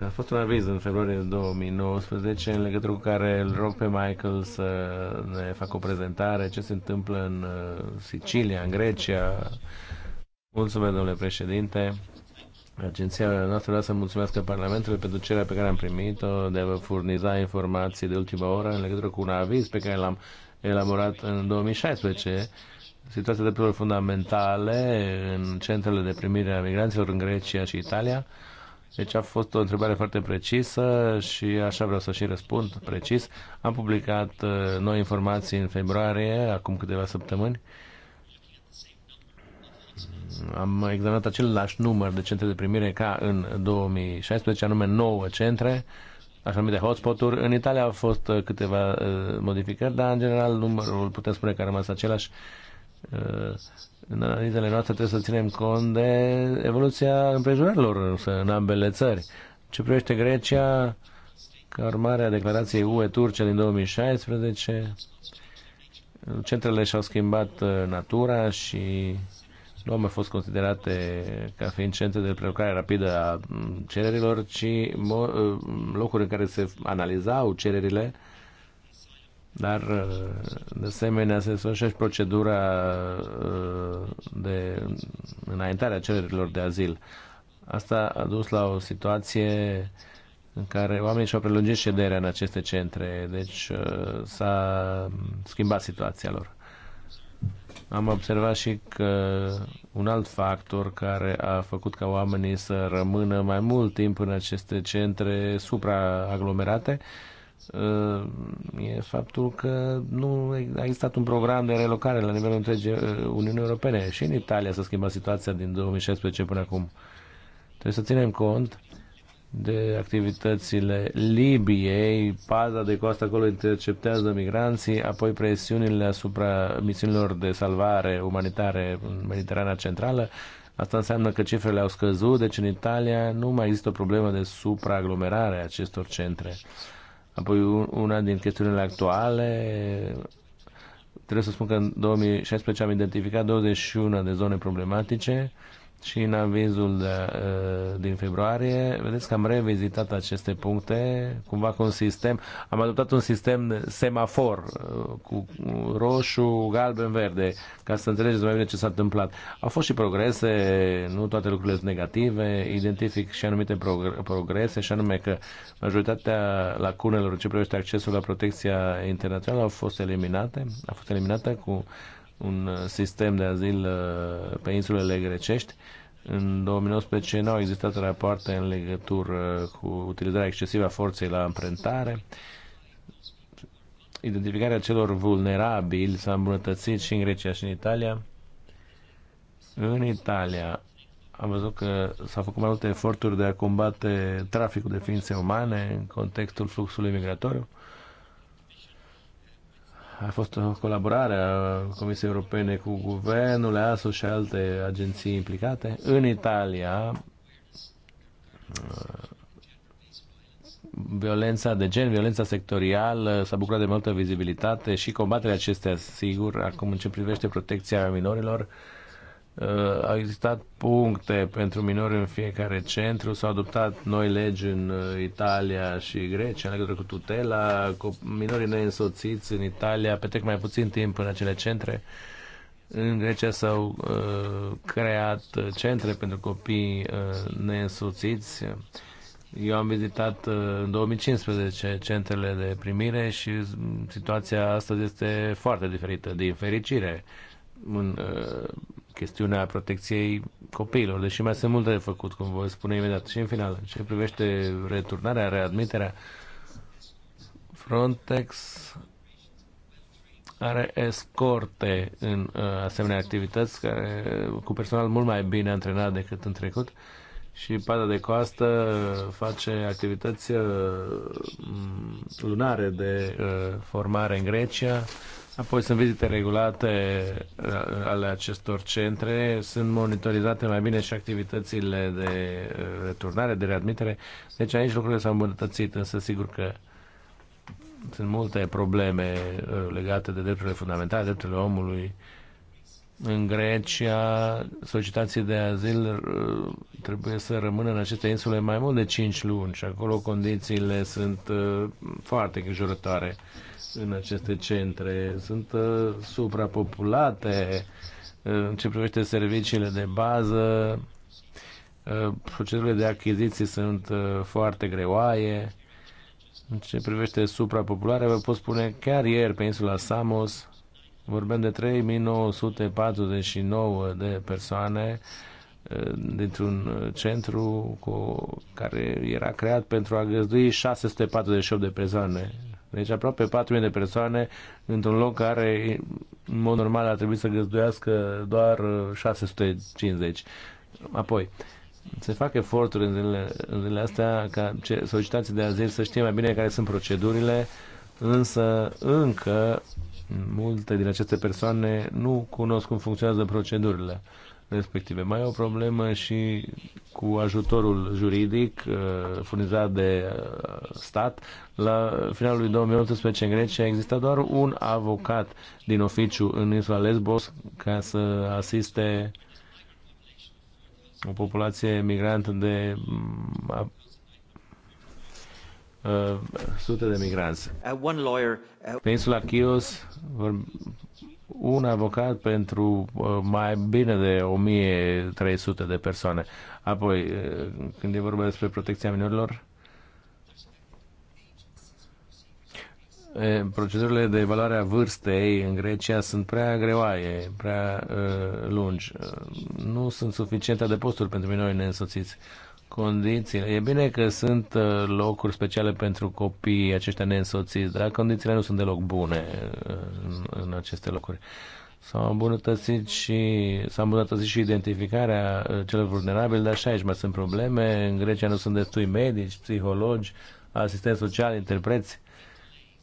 A fost un aviz în februarie 2019 în legătură cu care îl rog pe Michael să ne facă o prezentare ce se întâmplă în uh, Sicilia, în Grecia. Mulțumesc, domnule președinte. Agenția noastră vrea să mulțumească Parlamentului pentru cererea pe care am primit-o de a vă furniza informații de ultima oră în legătură cu un aviz pe care l-am elaborat în 2016 situația de fundamentale în centrele de primire a migranților în Grecia și Italia deci a fost o întrebare foarte precisă și așa vreau să și răspund precis. Am publicat uh, noi informații în februarie, acum câteva săptămâni. Am examinat același număr de centre de primire ca în 2016, anume 9 centre, așa numite hotspot-uri. În Italia au fost uh, câteva uh, modificări, dar în general numărul putem spune că a rămas același în analizele noastre trebuie să ținem cont de evoluția împrejurărilor în ambele țări. Ce privește Grecia, ca urmare a declarației UE Turcia din 2016, centrele și-au schimbat uh, natura și nu au mai fost considerate ca fiind centre de prelucrare rapidă a mm, cererilor, ci uh, locuri în care se analizau cererile dar, uh, de asemenea, se sfârșește procedura uh, de înaintare a cererilor de azil. Asta a dus la o situație în care oamenii și-au prelungit șederea în aceste centre, deci uh, s-a schimbat situația lor. Am observat și că un alt factor care a făcut ca oamenii să rămână mai mult timp în aceste centre supraaglomerate Uh, e faptul că nu a existat un program de relocare la nivelul întregii uh, Uniunii Europene. Și în Italia s-a schimbat situația din 2016 până acum. Trebuie să ținem cont de activitățile Libiei, paza de coastă acolo interceptează migranții, apoi presiunile asupra misiunilor de salvare umanitare în Mediterana Centrală. Asta înseamnă că cifrele au scăzut, deci în Italia nu mai există o problemă de supraaglomerare a acestor centre. Apoi una din chestiunile actuale, trebuie să spun că în 2016 am identificat 21 de zone problematice și în avizul de, din februarie, vedeți că am revizitat aceste puncte, cumva cu un sistem, am adoptat un sistem semafor cu roșu, galben, verde, ca să înțelegeți mai bine ce s-a întâmplat. Au fost și progrese, nu toate lucrurile sunt negative, identific și anumite progrese, și anume că majoritatea lacunelor ce privește accesul la protecția internațională au fost eliminate, a fost eliminată cu un uh, sistem de azil uh, pe insulele grecești. În 2019 nu au existat rapoarte în legătură uh, cu utilizarea excesivă a forței la amprentare. Identificarea celor vulnerabili s-a îmbunătățit și în Grecia și în Italia. În Italia am văzut că s-au făcut mai multe eforturi de a combate traficul de ființe umane în contextul fluxului migratoriu a fost o colaborare a Comisiei Europene cu guvernul, ASO și alte agenții implicate. În Italia, violența de gen, violența sectorială s-a bucurat de multă vizibilitate și combaterea acestea, sigur, acum în ce privește protecția minorilor, uh, Uh, au existat puncte pentru minori în fiecare centru, s-au adoptat noi legi în uh, Italia și Grecia în legătură cu tutela, cu minorii neînsoțiți în Italia petrec mai puțin timp în acele centre. În Grecia s-au uh, creat uh, centre pentru copii uh, neînsoțiți. Eu am vizitat uh, în 2015 centrele de primire și situația astăzi este foarte diferită, din fericire. În, uh, chestiunea protecției copiilor, deși mai sunt multe de făcut, cum vă spune imediat. Și în final, în ce privește returnarea, readmiterea, Frontex are escorte în uh, asemenea activități care, cu personal mult mai bine antrenat decât în trecut și pada de coastă face activități uh, lunare de uh, formare în Grecia Apoi sunt vizite regulate uh, ale acestor centre, sunt monitorizate mai bine și activitățile de uh, returnare, de readmitere. Deci aici lucrurile s-au îmbunătățit, însă sigur că sunt multe probleme uh, legate de drepturile fundamentale, drepturile omului. În Grecia, solicitații de azil trebuie să rămână în aceste insule mai mult de 5 luni și acolo condițiile sunt foarte îngrijorătoare în aceste centre. Sunt uh, suprapopulate uh, în ce privește serviciile de bază. Uh, procedurile de achiziții sunt foarte greoaie. În ce privește suprapopularea, vă pot spune chiar ieri pe insula Samos vorbim de 3949 de persoane dintr-un centru cu, care era creat pentru a găzdui 648 de persoane deci aproape 4.000 de persoane într-un loc care în mod normal ar trebui să găzduiască doar 650. Apoi, se fac eforturi în zilele, în zilele astea ca solicitații de azil să știe mai bine care sunt procedurile, însă încă multe din aceste persoane nu cunosc cum funcționează procedurile. Uh, respective. Mai e o problemă și cu ajutorul juridic uh, furnizat de uh, stat. La finalul lui 2018 în Grecia exista doar un avocat din oficiu în insula Lesbos ca să asiste o populație migrantă de mm, uh, sute de migranți. Pe insula Chios un avocat pentru uh, mai bine de 1300 de persoane. Apoi, uh, când e vorba despre protecția minorilor, procedurile de evaluare a vârstei în Grecia sunt prea greoaie, prea uh, lungi. Uh, nu sunt suficiente de posturi pentru minori neînsoțiți. Uh, condițiile. E bine că sunt uh, locuri speciale pentru copii aceștia neînsoțiți, dar condițiile nu sunt deloc bune uh, în, în aceste locuri. s au îmbunătățit și, s-a îmbunătățit și identificarea uh, celor vulnerabili, dar și aici mai sunt probleme. În Grecia nu sunt destui medici, psihologi, asistenți sociali, interpreți.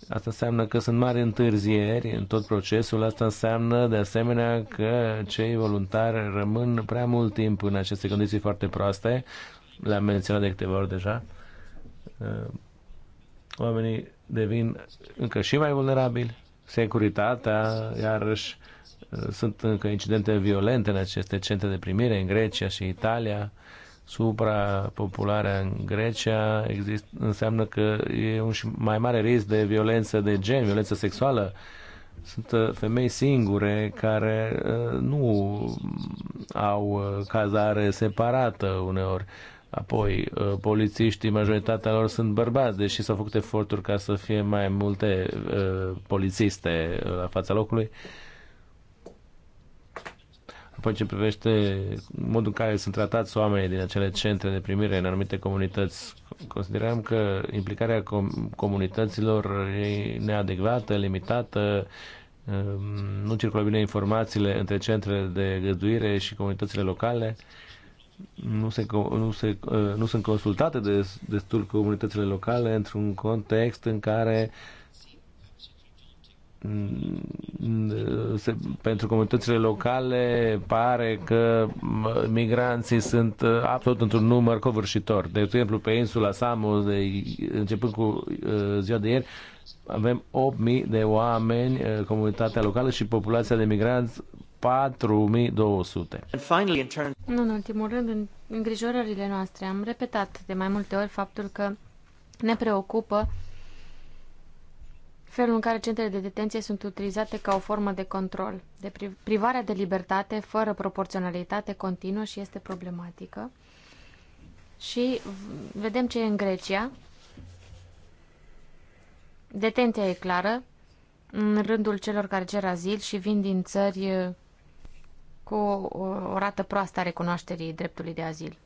Asta înseamnă că sunt mari întârzieri în tot procesul, asta înseamnă de asemenea că cei voluntari rămân prea mult timp în aceste condiții foarte proaste le-am menționat de câteva ori deja, uh, oamenii devin încă și mai vulnerabili, securitatea, iarăși, uh, sunt încă incidente violente în aceste centre de primire în Grecia și Italia, suprapopularea în Grecia exist, înseamnă că e un și mai mare risc de violență de gen, violență sexuală. Sunt uh, femei singure care nu au cazare separată uneori. Apoi, uh, polițiștii, majoritatea lor sunt bărbați, deși s-au făcut eforturi ca să fie mai multe uh, polițiste la fața locului. Apoi, ce privește modul în care sunt tratați oamenii din acele centre de primire în anumite comunități, considerăm că implicarea com- comunităților e neadecvată, limitată, um, nu circulă bine informațiile între centrele de găduire și comunitățile locale. Uh, nu, se, nu, se, uh, nu sunt consultate de, destul comunitățile locale într-un context în care mm, se, pentru comunitățile locale pare că migranții sunt uh, absolut într-un număr covârșitor. De exemplu, pe insula Samos, de, începând cu uh, ziua de ieri, avem 8.000 de oameni, comunitatea locală și populația de migranți 4200. Nu, în ultimul rând, îngrijorările noastre. Am repetat de mai multe ori faptul că ne preocupă felul în care centrele de detenție sunt utilizate ca o formă de control. De privarea de libertate fără proporționalitate continuă și este problematică. Și vedem ce e în Grecia. Detenția e clară în rândul celor care cer azil și vin din țări cu o rată proastă a recunoașterii dreptului de azil.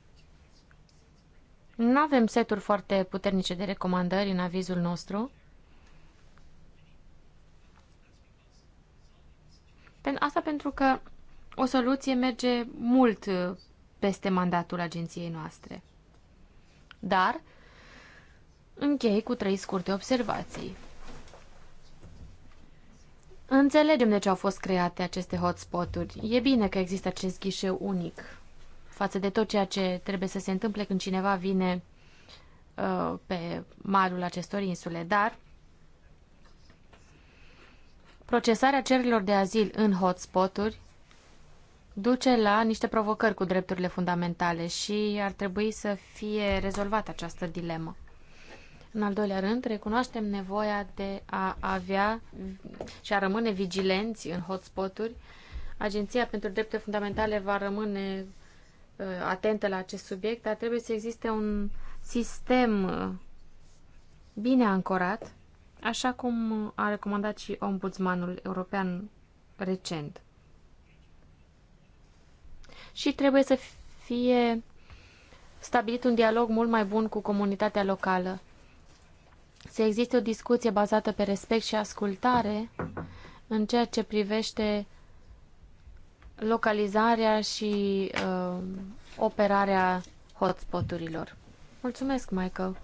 Nu avem seturi foarte puternice de recomandări în avizul nostru. Asta pentru că o soluție merge mult uh, peste mandatul agenției noastre. Dar închei cu trei scurte observații. Înțelegem de ce au fost create aceste hotspot-uri. E bine că există acest ghișeu unic față de tot ceea ce trebuie să se întâmple când cineva vine uh, pe malul acestor insule, dar procesarea cererilor de azil în hotspot-uri duce la niște provocări cu drepturile fundamentale și ar trebui să fie rezolvată această dilemă. În al doilea rând, recunoaștem nevoia de a avea și a rămâne vigilenți în hotspoturi. Agenția pentru drepte Fundamentale va rămâne uh, atentă la acest subiect, dar trebuie să existe un sistem uh, bine ancorat, așa cum a recomandat și ombudsmanul european recent. Și trebuie să fie stabilit un dialog mult mai bun cu comunitatea locală să existe o discuție bazată pe respect și ascultare în ceea ce privește localizarea și uh, operarea hotspoturilor. Mulțumesc, Michael.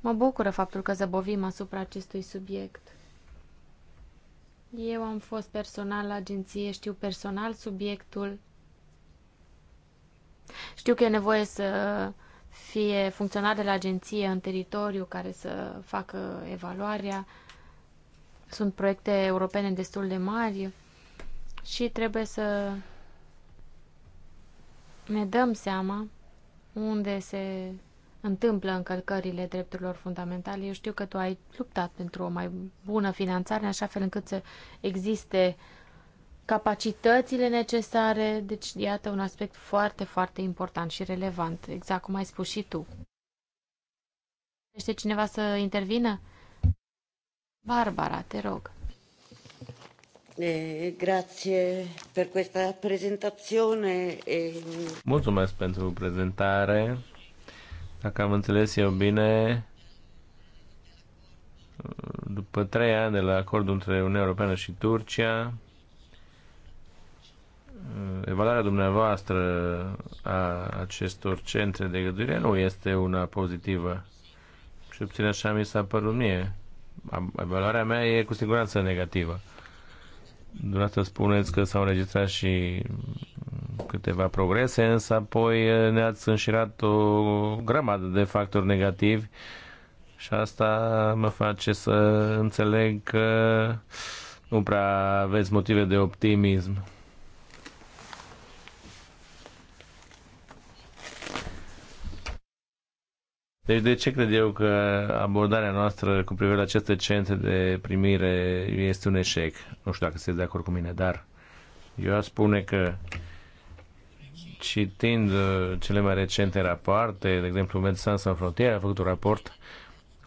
Mă bucură faptul că zăbovim asupra acestui subiect. Eu am fost personal la agenție, știu personal subiectul. Știu că e nevoie să fie funcționar de la agenție în teritoriu care să facă evaluarea. Sunt proiecte europene destul de mari și trebuie să ne dăm seama unde se întâmplă încălcările drepturilor fundamentale. Eu știu că tu ai luptat pentru o mai bună finanțare, așa fel încât să existe uh, capacitățile necesare. Deci, iată un aspect foarte, foarte important și relevant, exact cum ai spus și tu. Este cineva să intervină? Barbara, te rog. Eh, grazie per questa presentazione. Mulțumesc pentru prezentare. Dacă am înțeles eu bine, după trei ani de la acordul între Uniunea Europeană și Turcia, evaluarea dumneavoastră a acestor centre de găduire nu este una pozitivă. Și puțin așa mi s-a părut mie. Evaluarea mea e cu siguranță negativă. Dumneavoastră spuneți că s-au înregistrat și câteva progrese, însă apoi ne-ați înșirat o grămadă de factori negativi și asta mă face să înțeleg că nu prea aveți motive de optimism. Deci de ce cred eu că abordarea noastră cu privire la aceste centre de primire este un eșec? Nu știu dacă sunteți de acord cu mine, dar eu aș spune că citind uh, cele mai recente rapoarte, de exemplu Medecins Sans Frontier a făcut un raport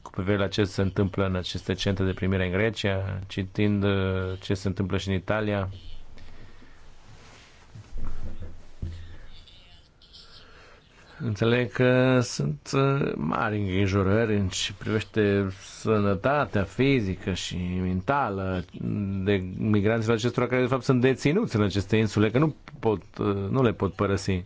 cu privire la ce se întâmplă în aceste centre de primire în Grecia, citind uh, ce se întâmplă și în Italia, Înțeleg că sunt uh, mari îngrijorări în ce privește sănătatea fizică și mentală de migranților acestora care de fapt sunt deținuți în aceste insule, că nu, pot, uh, nu le pot părăsi.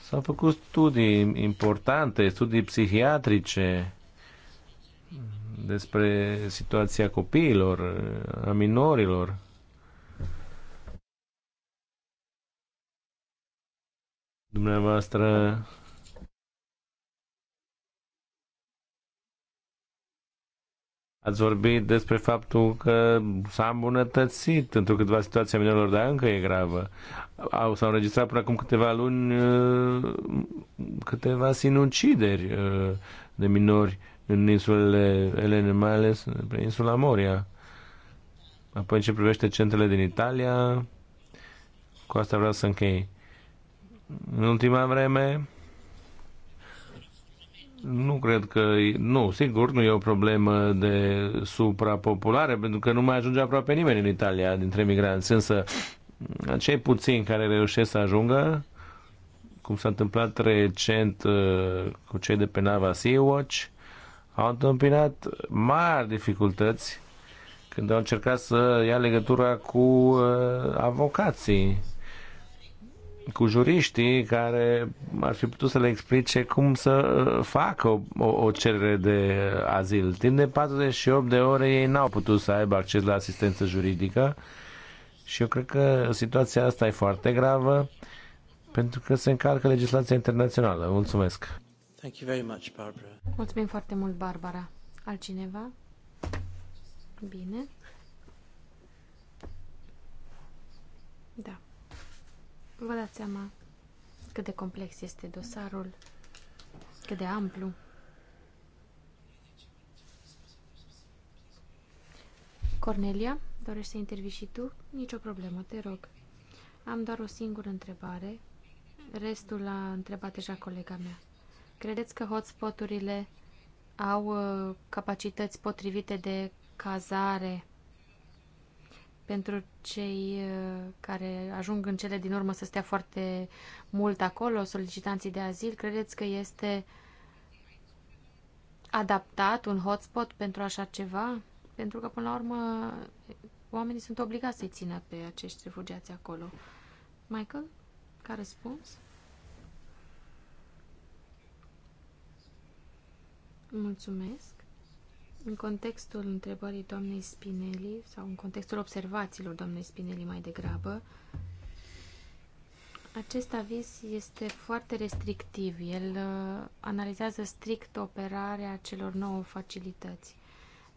S-au făcut studii importante, studii psihiatrice despre situația copiilor, a minorilor. Dumneavoastră Ați vorbit despre faptul că s-a îmbunătățit într-o câteva situații a minorilor, dar încă e gravă. Au, s-au înregistrat până acum câteva luni uh, câteva sinucideri uh, de minori în insulele Elene, mai ales pe insula Moria. Apoi în ce privește centrele din Italia, cu asta vreau să închei în ultima vreme. Nu cred că... Nu, sigur, nu e o problemă de suprapopulare, pentru că nu mai ajunge aproape nimeni în Italia dintre migranți, însă cei puțini care reușesc să ajungă, cum s-a întâmplat recent uh, cu cei de pe nava Sea-Watch, au întâmpinat mari dificultăți când au încercat să ia legătura cu uh, avocații cu juriștii care ar fi putut să le explice cum să uh, facă o, o, o cerere de uh, azil. Timp de 48 de ore ei n-au putut să aibă acces la asistență juridică și eu cred că situația asta e foarte gravă pentru că se încarcă legislația internațională. Mulțumesc! Thank you very much, Barbara. Mulțumim foarte mult, Barbara. Altcineva? Bine. Da. Vă dați seama cât de complex este dosarul, cât de amplu. Cornelia, dorești să intervii și tu? Nicio problemă, te rog. Am doar o singură întrebare. Restul a întrebat deja colega mea. Credeți că hotspoturile au uh, capacități potrivite de cazare pentru cei uh, care ajung în cele din urmă să stea foarte mult acolo, solicitanții de azil, credeți că este adaptat un hotspot pentru așa ceva? Pentru că, până la urmă, oamenii sunt obligați să-i țină pe acești refugiați acolo. Michael, ca răspuns? Mulțumesc. În contextul întrebării doamnei Spinelli, sau în contextul observațiilor doamnei Spinelli mai degrabă, acest aviz este foarte restrictiv. El uh, analizează strict operarea celor nouă facilități.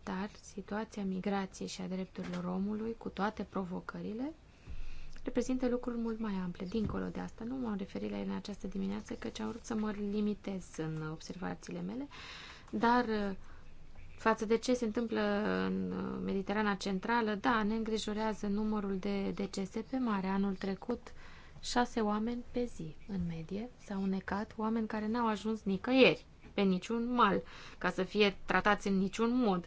Dar situația migrației și a drepturilor omului, cu toate provocările, reprezintă lucruri mult mai ample. Dincolo de asta, nu m-am referit la ele în această dimineață, căci am vrut să mă limitez în observațiile mele, dar uh, Față de ce se întâmplă în Mediterana Centrală, da, ne îngrijorează numărul de decese pe mare. Anul trecut, șase oameni pe zi, în medie, s-au necat, oameni care n-au ajuns nicăieri, pe niciun mal, ca să fie tratați în niciun mod.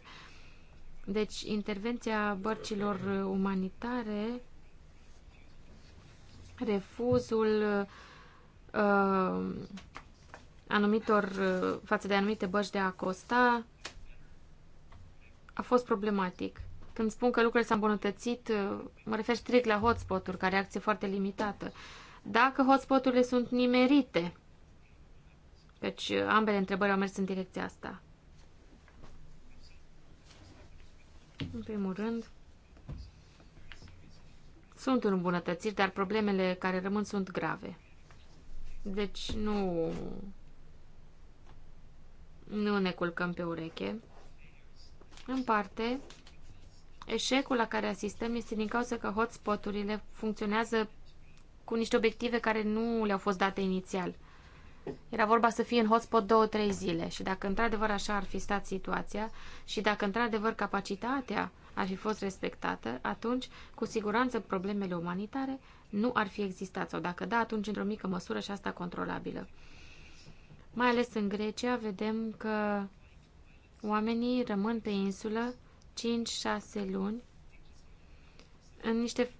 Deci, intervenția bărcilor umanitare, refuzul uh, anumitor, uh, față de anumite bărci de a costa, a fost problematic. Când spun că lucrurile s-au îmbunătățit, uh, mă refer strict la hotspot-uri, care reacție foarte limitată. Dacă hotspot-urile sunt nimerite, deci uh, ambele întrebări au mers în direcția asta. În primul rând, sunt îmbunătățiri, dar problemele care rămân sunt grave. Deci nu, nu ne culcăm pe ureche. În parte, eșecul la care asistăm este din cauza că hotspoturile funcționează cu niște obiective care nu le-au fost date inițial. Era vorba să fie în hotspot două-trei zile și dacă într-adevăr așa ar fi stat situația și dacă într-adevăr capacitatea ar fi fost respectată, atunci cu siguranță problemele umanitare nu ar fi existat sau dacă da, atunci într-o mică măsură și asta controlabilă. Mai ales în Grecia vedem că Oamenii rămân pe insulă 5-6 luni în niște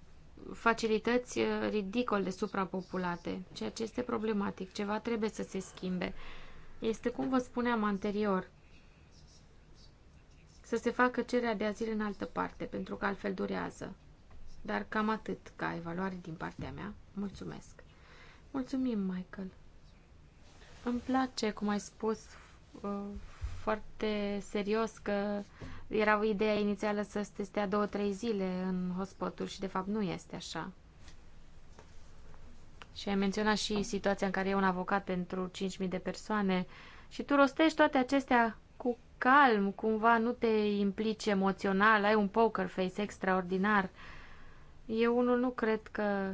facilități uh, ridicol de suprapopulate, ceea ce este problematic. Ceva trebuie să se schimbe. Este, cum vă spuneam anterior, să se facă cererea de azil în altă parte, pentru că altfel durează. Dar cam atât ca evaluare din partea mea. Mulțumesc. Mulțumim, Michael. Îmi place cum ai spus uh, foarte serios că era ideea inițială să stea două, trei zile în hotspot și de fapt nu este așa. Și ai menționat și situația în care e un avocat pentru 5.000 de persoane și tu rostești toate acestea cu calm, cumva nu te implici emoțional, ai un poker face extraordinar. Eu unul nu cred că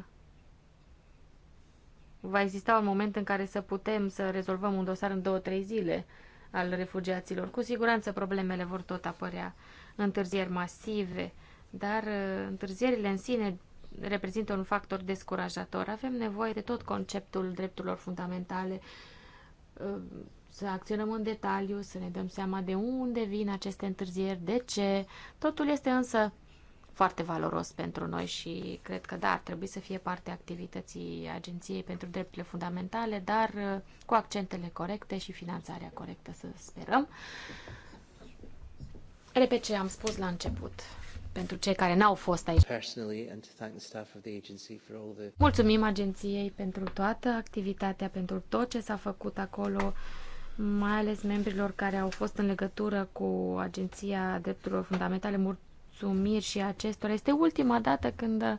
va exista un moment în care să putem să rezolvăm un dosar în două, trei zile al refugiaților. Cu siguranță problemele vor tot apărea, întârzieri masive, dar uh, întârzierile în sine reprezintă un factor descurajator. Avem nevoie de tot conceptul drepturilor fundamentale, uh, să acționăm în detaliu, să ne dăm seama de unde vin aceste întârzieri, de ce. Totul este însă foarte valoros pentru noi și cred că da, ar trebui să fie parte a activității Agenției pentru Drepturile Fundamentale, dar uh, cu accentele corecte și finanțarea corectă, să sperăm. Repet ce am spus la început pentru cei care n-au fost aici. Mulțumim agenției pentru toată activitatea, pentru tot ce s-a făcut acolo, mai ales membrilor care au fost în legătură cu Agenția Drepturilor Fundamentale mulțumiri și acestora. Este ultima dată când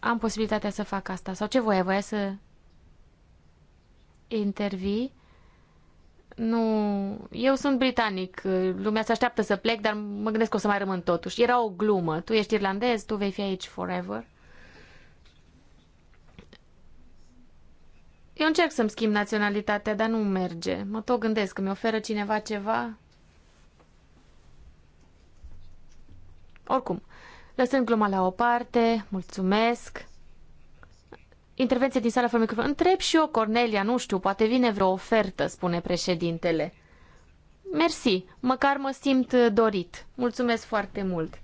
am posibilitatea să fac asta. Sau ce voia? Voia să intervii? Nu, eu sunt britanic, lumea se așteaptă să plec, dar mă gândesc că o să mai rămân totuși. Era o glumă. Tu ești irlandez, tu vei fi aici forever. Eu încerc să-mi schimb naționalitatea, dar nu merge. Mă tot gândesc că mi oferă cineva ceva, Oricum, lăsând gluma la o parte, mulțumesc. Intervenție din sala fără microfon. Întreb și eu, Cornelia, nu știu, poate vine vreo ofertă, spune președintele. Mersi, măcar mă simt dorit. Mulțumesc foarte mult.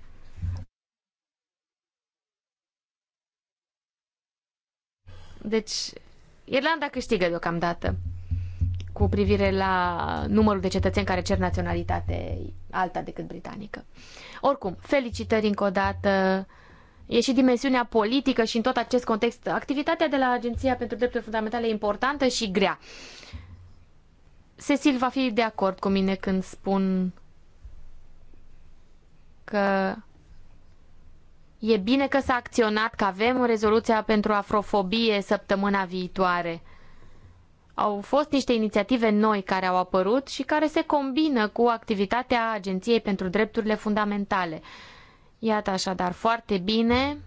Deci, Irlanda câștigă deocamdată cu privire la numărul de cetățeni care cer naționalitate alta decât britanică. Oricum, felicitări încă o dată. E și dimensiunea politică și în tot acest context activitatea de la Agenția pentru Drepturi Fundamentale e importantă și grea. Cecil va fi de acord cu mine când spun că e bine că s-a acționat, că avem o rezoluție pentru afrofobie săptămâna viitoare – au fost niște inițiative noi care au apărut și care se combină cu activitatea Agenției pentru Drepturile Fundamentale. Iată așadar foarte bine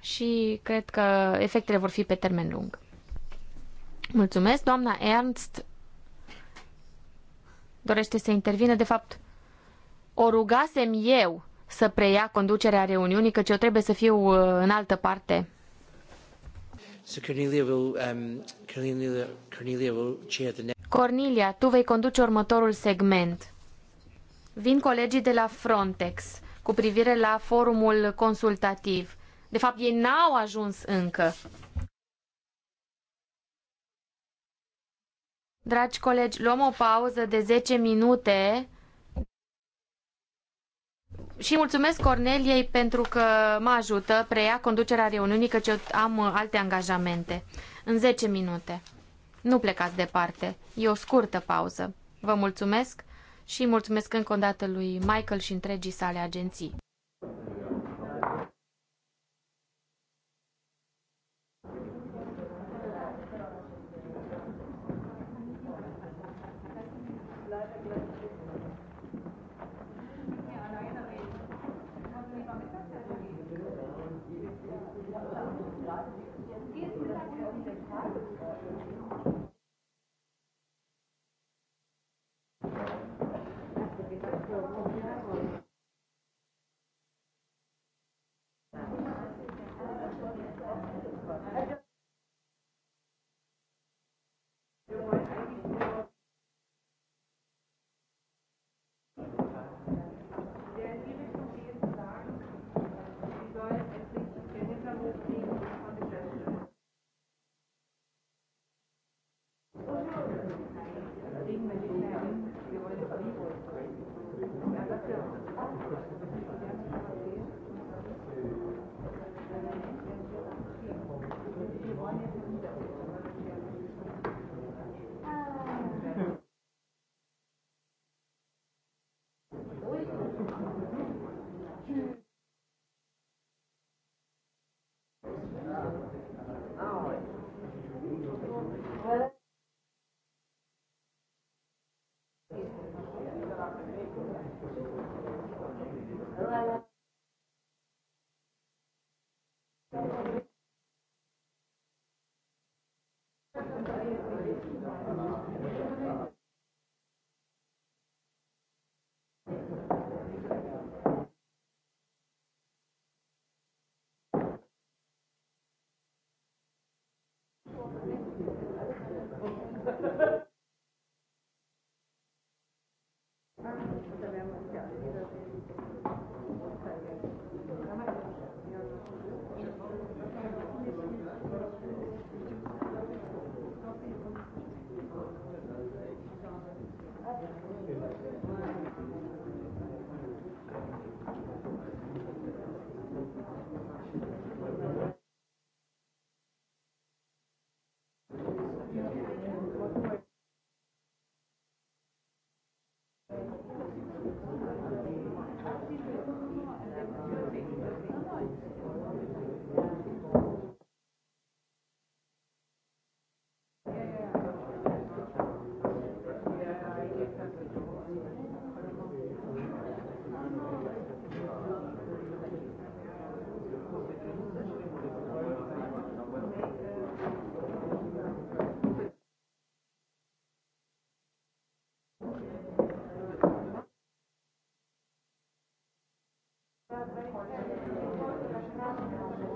și cred că efectele vor fi pe termen lung. Mulțumesc, doamna Ernst dorește să intervină. De fapt, o rugasem eu să preia conducerea reuniunii, căci eu trebuie să fiu uh, în altă parte. Cornelia um, Cornelia, tu vei conduce următorul segment. Vin colegii de la Frontex cu privire la forumul consultativ. De fapt, ei n-au ajuns încă. Dragi colegi, luăm o pauză de 10 minute și mulțumesc Corneliei pentru că mă ajută, preia conducerea reuniunii, căci eu am uh, alte angajamente. În 10 minute. Nu plecați departe. E o scurtă pauză. Vă mulțumesc și mulțumesc încă o dată lui Michael și întregii sale agenții. Thank you.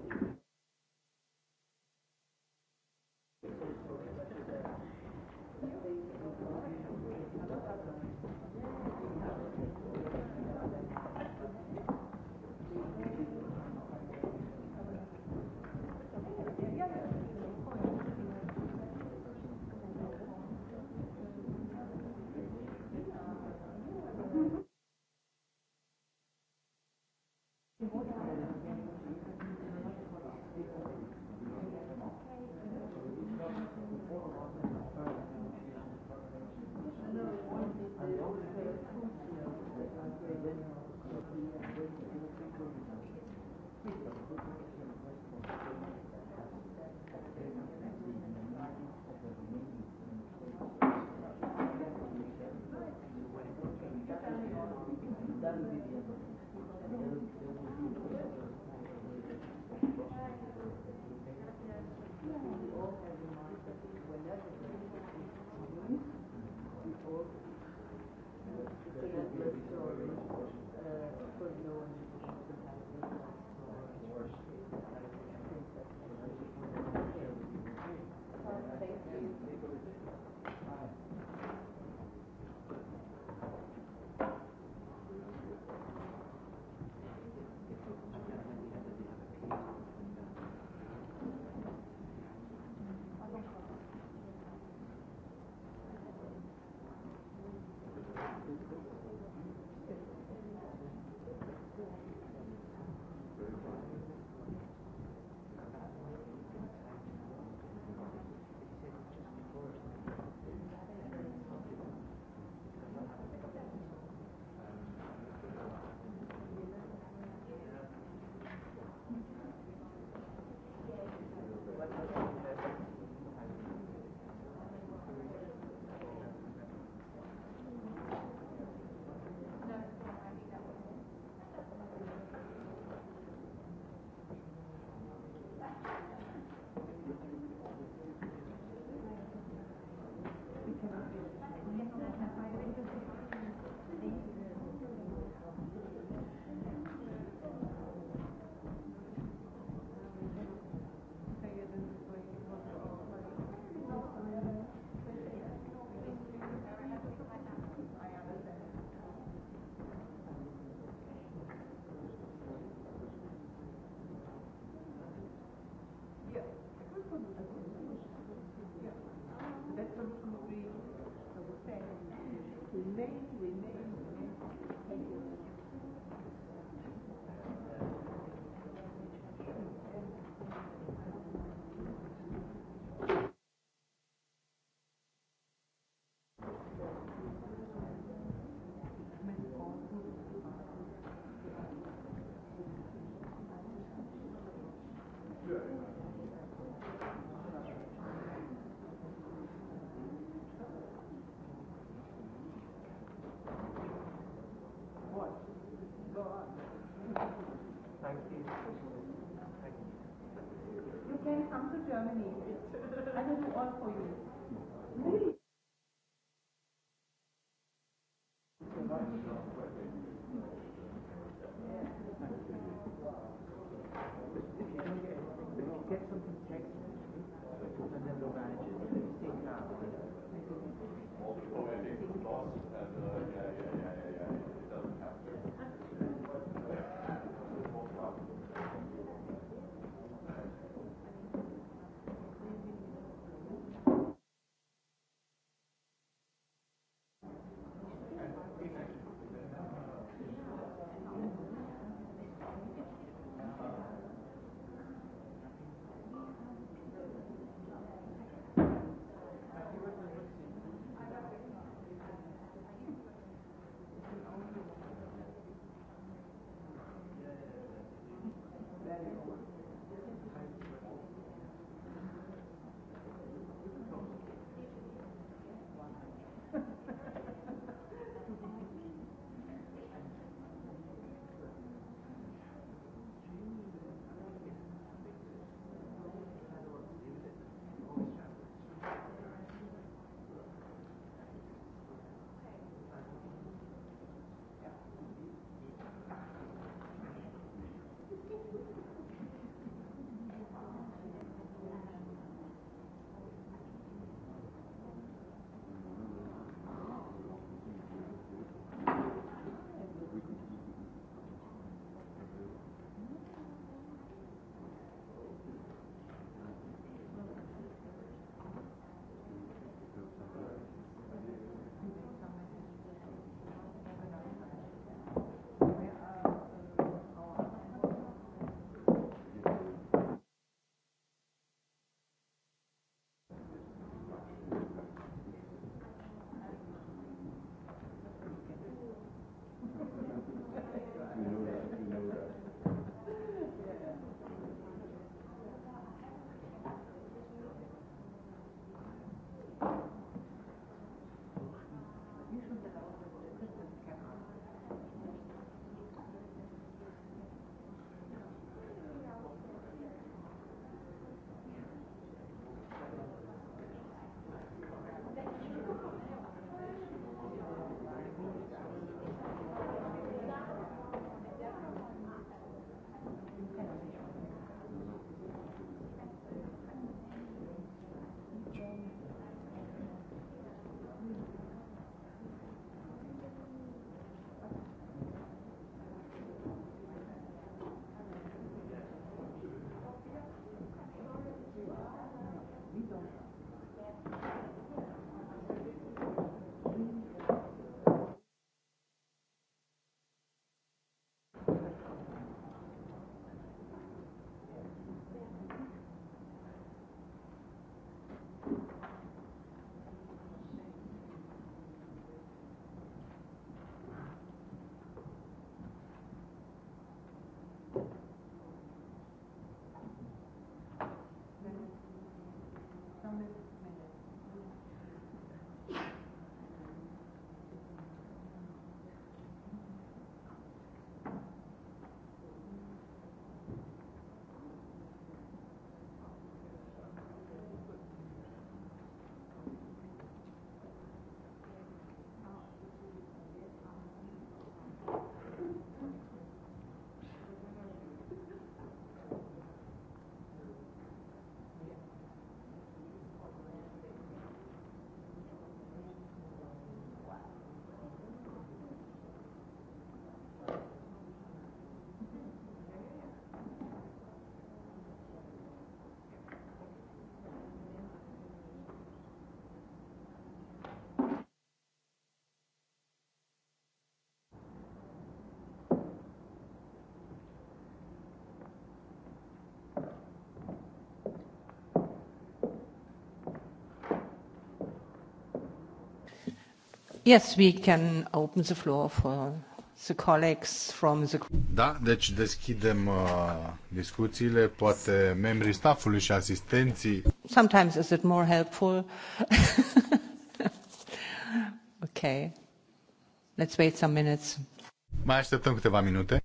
to Germany. I will do all for you. Yes, we can open the floor for the colleagues from the... Da, deci deschidem uh, discuțiile, poate membrii staffului și asistenții. Sometimes is it more helpful? okay. Let's wait some minutes. Mai așteptăm câteva minute.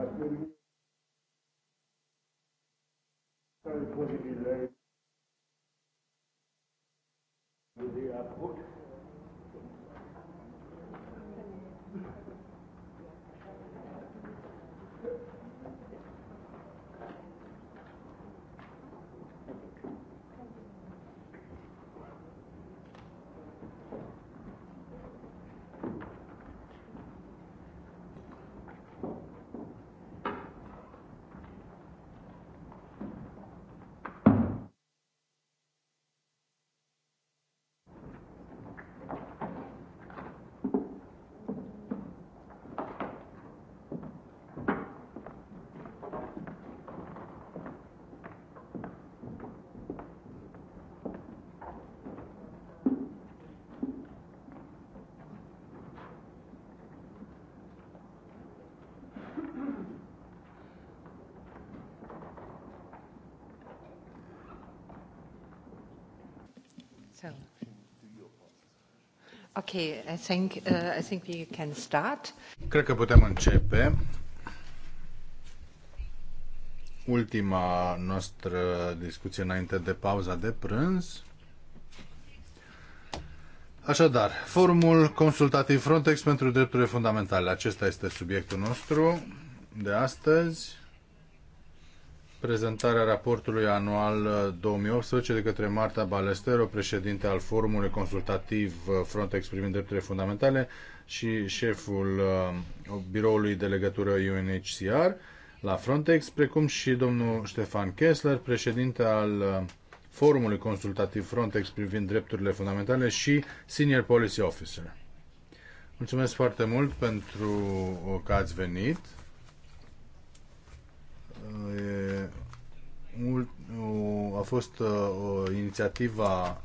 Thank you. So. Okay, I think, uh, I think we can start. Cred că putem începe. Ultima noastră discuție înainte de pauza de prânz. Așadar, forumul consultativ Frontex pentru drepturile fundamentale. Acesta este subiectul nostru de astăzi prezentarea raportului anual 2018 uh, de către Marta Balestero, președinte al Forumului Consultativ uh, Frontex privind drepturile fundamentale și șeful uh, biroului de legătură UNHCR la Frontex, precum și domnul Ștefan Kessler, președinte al Forumului Consultativ Frontex privind drepturile fundamentale și Senior Policy Officer. Mulțumesc foarte mult pentru că ați venit. E a fost uh, o inițiativa uh,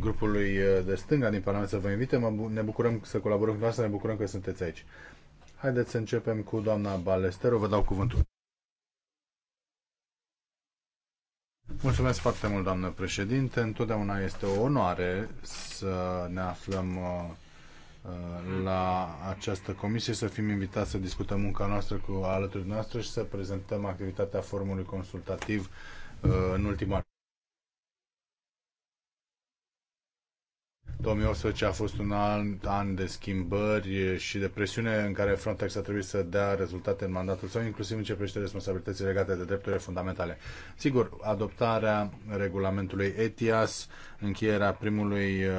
grupului uh, de stânga din Parlament să vă invite. ne bucurăm să colaborăm cu dumneavoastră, ne bucurăm că sunteți aici. Haideți să începem cu doamna Balestero, vă dau cuvântul. Mulțumesc foarte mult, doamnă președinte. Întotdeauna este o onoare să ne aflăm Uh, la această comisie, să fim invitați să discutăm munca noastră cu alături noastră și să prezentăm activitatea formului consultativ uh, în ultima 2018 a fost un an, an de schimbări și de presiune în care Frontex a trebuit să dea rezultate în mandatul său, inclusiv în ce privește responsabilității legate de drepturile fundamentale. Sigur, adoptarea regulamentului ETIAS, încheierea primului uh,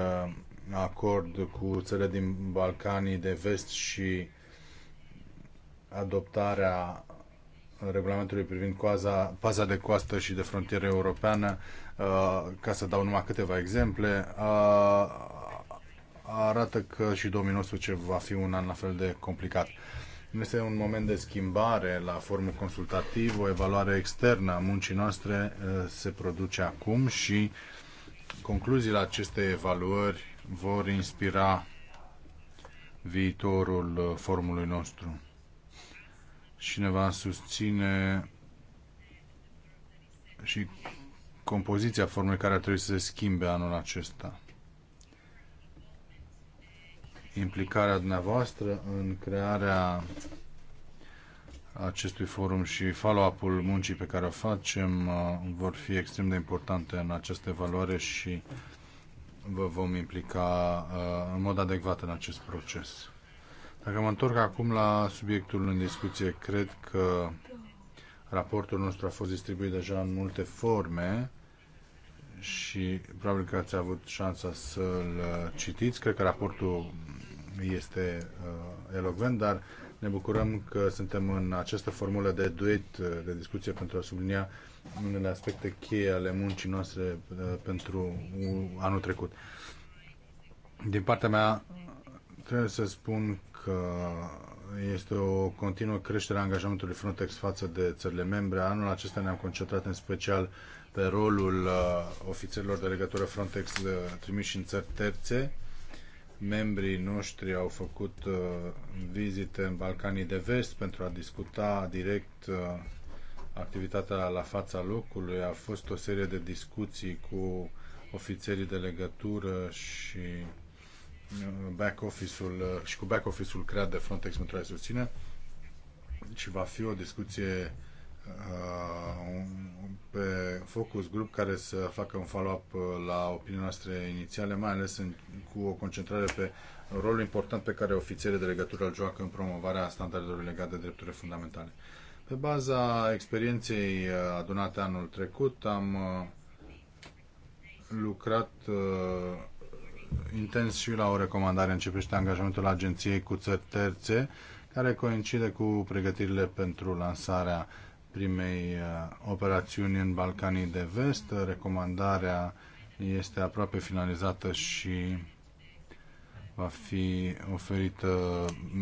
acord cu țările din Balcanii de vest și adoptarea regulamentului privind coaza, paza de coastă și de frontieră europeană, uh, ca să dau numai câteva exemple, uh, arată că și 2019 va fi un an la fel de complicat. Este un moment de schimbare la formă consultativ, o evaluare externă a muncii noastre uh, se produce acum și concluziile acestei evaluări vor inspira viitorul formului nostru și ne va susține și compoziția formei care ar trebui să se schimbe anul acesta. Implicarea dumneavoastră în crearea acestui forum și follow-up-ul muncii pe care o facem uh, vor fi extrem de importante în această evaluare și vă vom implica uh, în mod adecvat în acest proces. Dacă mă întorc acum la subiectul în discuție, cred că raportul nostru a fost distribuit deja în multe forme și probabil că ați avut șansa să-l uh, citiți. Cred că raportul este uh, dar ne bucurăm că suntem în această formulă de duet uh, de discuție pentru a sublinia uh, unele aspecte cheie ale muncii noastre uh, pentru anul trecut. Din partea mea, trebuie să spun că este o continuă creștere a angajamentului Frontex față de țările membre. Anul acesta ne-am concentrat în special pe rolul uh, ofițerilor de legătură Frontex uh, trimiși în țări terțe. Membrii noștri au făcut vizite în Balcanii de Vest pentru a discuta direct activitatea la fața locului. A fost o serie de discuții cu ofițerii de legătură și uh, back office-ul uh, și cu back office-ul creat de Frontex pentru a-i susține și va fi o discuție uh, pe focus grup care să facă un follow-up la opiniile noastre inițiale, mai ales în, cu o concentrare pe rolul important pe care ofițerii de legătură îl joacă în promovarea standardelor legate de drepturile fundamentale. Pe baza experienței uh, adunate anul trecut, am uh, lucrat uh, intens și la o recomandare în ce privește angajamentul agenției cu țări terțe, care coincide cu pregătirile pentru lansarea primei operațiuni în Balcanii de Vest. Recomandarea este aproape finalizată și va fi oferită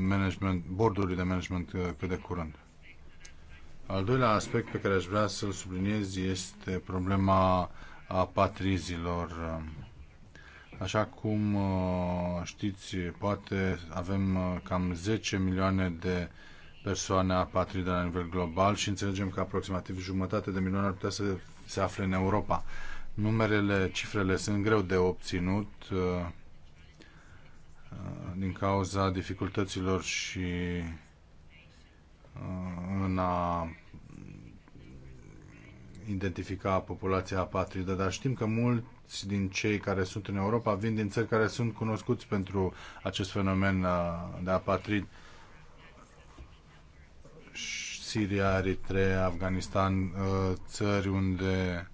management, bordului de management cât de curând. Al doilea aspect pe care aș vrea să-l subliniez este problema a patrizilor. Așa cum uh, știți, poate avem uh, cam 10 milioane de persoane apatride la nivel global și înțelegem că aproximativ jumătate de milioane ar putea să se afle în Europa. Numerele, cifrele sunt greu de obținut uh, din cauza dificultăților și în a identifica populația apatridă, dar știm că mulți din cei care sunt în Europa vin din țări care sunt cunoscuți pentru acest fenomen uh, de apatrid. Siria, Eritrea, Afganistan, uh, țări unde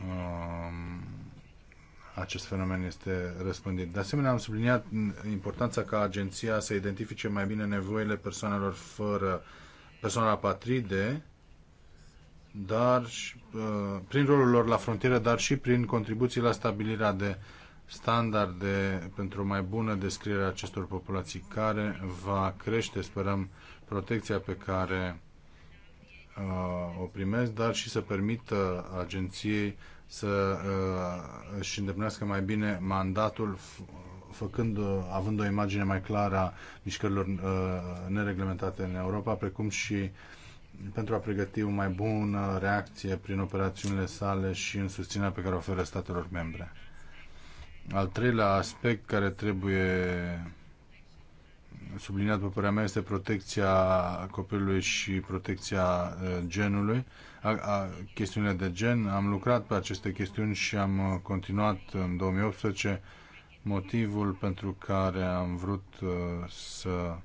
um, acest fenomen este răspândit. De asemenea, am subliniat importanța ca agenția să identifice mai bine nevoile persoanelor fără persoana patride, dar și, uh, prin rolul lor la frontieră, dar și prin contribuții la stabilirea de standarde pentru o mai bună descriere a acestor populații, care va crește, sperăm, protecția pe care uh, o primesc, dar și să permită agenției să uh, își îndeplinească mai bine mandatul făcând, uh, având o imagine mai clară a mișcărilor uh, nereglementate în Europa, precum și pentru a pregăti o mai bună reacție prin operațiunile sale și în susținerea pe care o oferă statelor membre. Al treilea aspect care trebuie subliniat, pe părerea mea, este protecția copilului și protecția uh, genului. Uh, a, a, chestiunile de gen. Am lucrat pe aceste chestiuni și am uh, continuat în 2018 motivul pentru care am vrut uh, să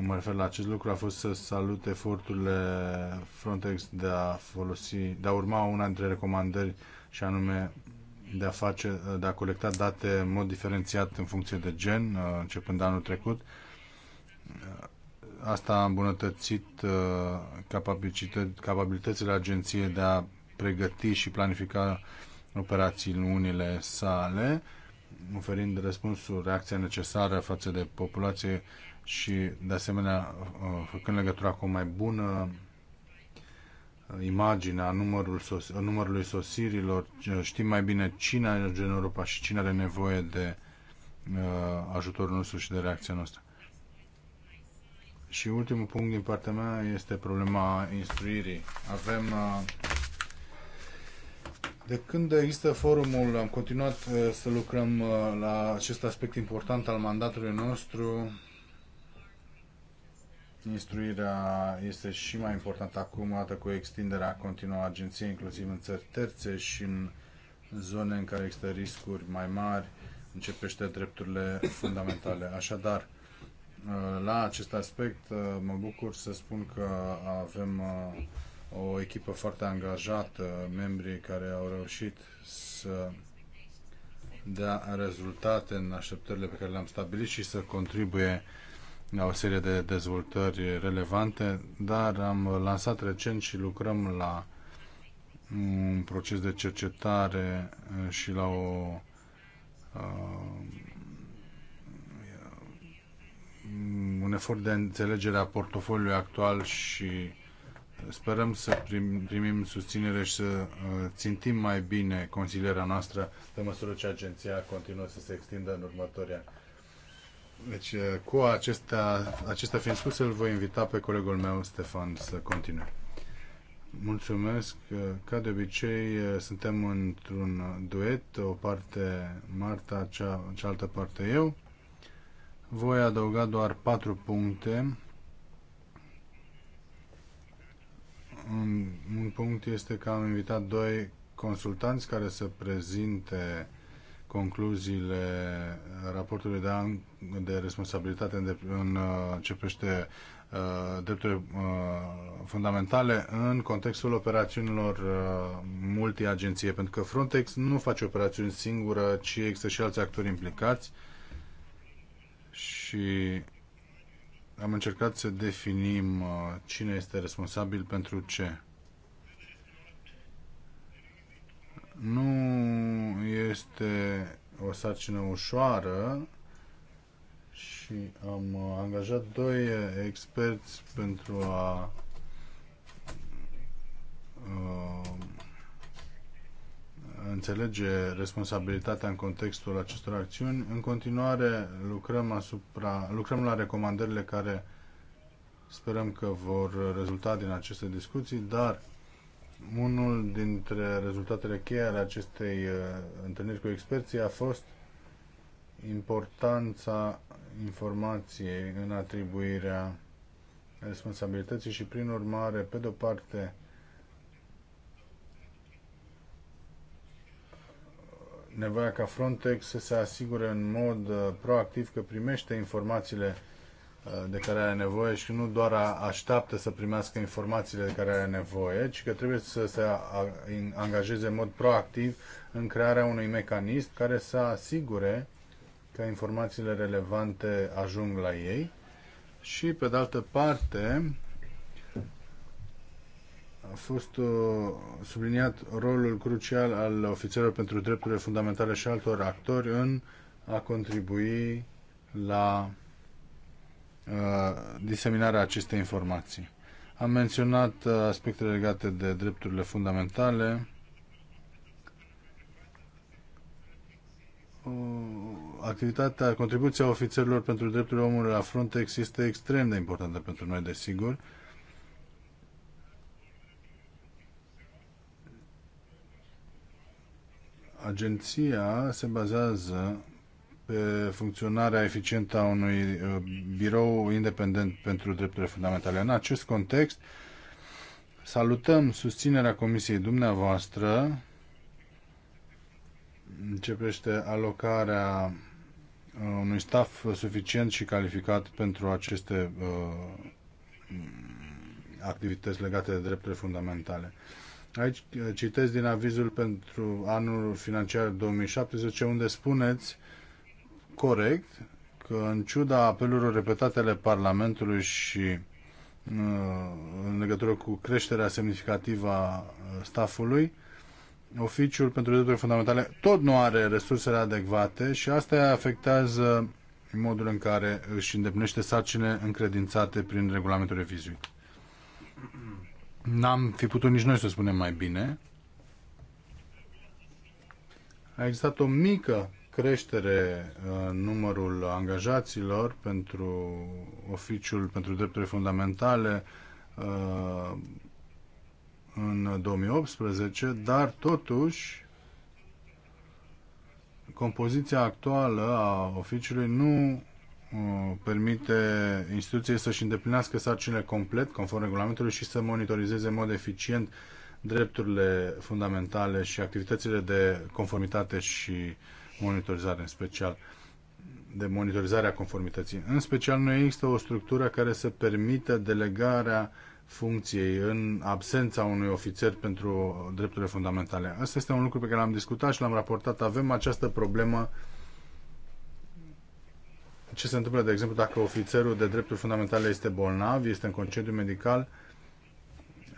mă refer la acest lucru a fost să salut eforturile Frontex de a folosi, de a urma una dintre recomandări și anume de a face, de a colecta date în mod diferențiat în funcție de gen, uh, începând de anul trecut Asta a îmbunătățit uh, capabilitățile agenției de a pregăti și planifica operațiunile sale, oferind răspunsul, reacția necesară față de populație și, de asemenea, uh, făcând legătura cu o mai bună uh, imagine a numărul sos- numărului sosirilor, știm mai bine cine ajunge în Europa și cine are nevoie de ajutorul nostru și de reacția noastră. Și ultimul punct din partea mea este problema instruirii. Avem de când există forumul, am continuat să lucrăm la acest aspect important al mandatului nostru. Instruirea este și mai importantă acum, odată cu extinderea continuă a agenției, inclusiv în țări terțe și în zone în care există riscuri mai mari, începește drepturile fundamentale. Așadar, Uh, la acest aspect uh, mă bucur să spun că avem uh, o echipă foarte angajată, membrii care au reușit să dea rezultate în așteptările pe care le-am stabilit și să contribuie la o serie de dezvoltări relevante, dar am lansat recent și lucrăm la un proces de cercetare și la o uh, un efort de înțelegere a portofoliului actual și sperăm să prim, primim susținere și să uh, țintim mai bine consilierea noastră pe măsură ce agenția continuă să se extindă în următoarea. Deci, uh, cu acestea, acestea fiind spuse, îl voi invita pe colegul meu, Stefan, să continue. Mulțumesc. Uh, ca de obicei, suntem într-un duet, o parte Marta, cea, cealaltă parte eu. Voi adăuga doar patru puncte. Un, un punct este că am invitat doi consultanți care să prezinte concluziile raportului de, an, de responsabilitate în, în uh, ce privește uh, drepturile uh, fundamentale în contextul operațiunilor uh, multiagenție, pentru că Frontex nu face operațiuni singură, ci există și alți actori implicați. Uh, și am încercat să definim uh, cine este responsabil pentru ce. Nu este o sarcină ușoară și am uh, angajat doi experți pentru a uh, înțelege responsabilitatea în contextul acestor acțiuni. În continuare lucrăm, asupra, lucrăm la recomandările care sperăm că vor rezulta din aceste discuții, dar unul dintre rezultatele cheie ale acestei uh, întâlniri cu experții a fost importanța informației în atribuirea responsabilității și, prin urmare, pe de-o parte, nevoia ca Frontex să se asigure în mod uh, proactiv că primește informațiile uh, de care are nevoie și nu doar așteaptă să primească informațiile de care are nevoie, ci că trebuie să se angajeze în mod proactiv în crearea unui mecanism care să asigure că informațiile relevante ajung la ei și, pe de altă parte, a fost uh, subliniat rolul crucial al ofițerilor pentru drepturile fundamentale și altor actori în a contribui la uh, diseminarea acestei informații. Am menționat uh, aspectele legate de drepturile fundamentale. Activitatea, contribuția ofițerilor pentru drepturile omului la Frontex este extrem de importantă pentru noi, desigur. agenția se bazează pe funcționarea eficientă a unui uh, birou independent pentru drepturile fundamentale. În acest context, salutăm susținerea Comisiei dumneavoastră începește alocarea uh, unui staff suficient și calificat pentru aceste uh, activități legate de drepturile fundamentale. Aici uh, citesc din avizul pentru anul financiar 2017, unde spuneți corect că în ciuda apelurilor repetate ale Parlamentului și uh, în legătură cu creșterea semnificativă a uh, stafului, oficiul pentru drepturi fundamentale tot nu are resursele adecvate și asta afectează modul în care își îndeplinește sarcine încredințate prin regulamentul revizuit. N-am fi putut nici noi să spunem mai bine. A existat o mică creștere uh, în numărul angajaților pentru oficiul pentru drepturi fundamentale uh, în 2018, dar totuși compoziția actuală a oficiului nu Uh, permite instituției să-și îndeplinească sarcinile complet, conform regulamentului, și să monitorizeze în mod eficient drepturile fundamentale și activitățile de conformitate și monitorizare în special de monitorizarea conformității. În special, nu există o structură care să permită delegarea funcției în absența unui ofițer pentru drepturile fundamentale. Asta este un lucru pe care l-am discutat și l-am raportat. Avem această problemă uh, ce se întâmplă, de exemplu, dacă ofițerul de drepturi fundamentale este bolnav, este în concediu medical,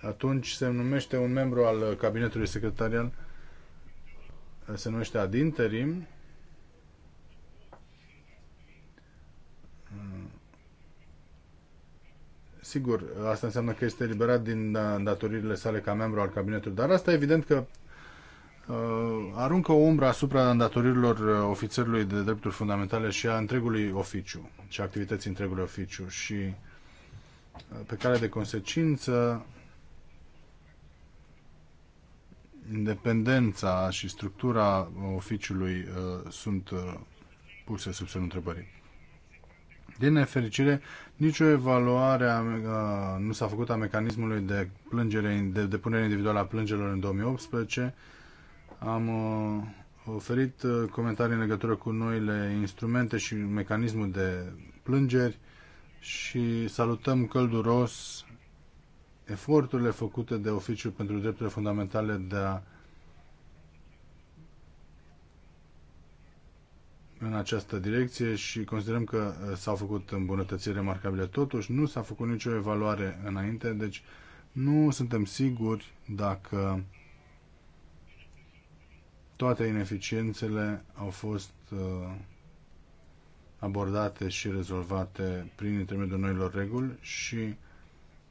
atunci se numește un membru al cabinetului secretarial, se numește ad interim, Sigur, asta înseamnă că este eliberat din da, datoririle sale ca membru al cabinetului, dar asta evident că Uh, aruncă o umbră asupra îndatoririlor uh, ofițerului de drepturi fundamentale și a întregului oficiu și a activității întregului oficiu și uh, pe care de consecință independența și structura oficiului uh, sunt uh, puse sub semnul întrebării. Din nefericire, nicio evaluare a, uh, nu s-a făcut a mecanismului de plângere, de depunere individuală a plângerilor în 2018 am uh, oferit uh, comentarii în legătură cu noile instrumente și mecanismul de plângeri și salutăm călduros eforturile făcute de Oficiul pentru Drepturile Fundamentale de a în această direcție și considerăm că uh, s-au făcut îmbunătățiri remarcabile. Totuși, nu s-a făcut nicio evaluare înainte, deci nu suntem siguri dacă toate ineficiențele au fost uh, abordate și rezolvate prin intermediul noilor reguli și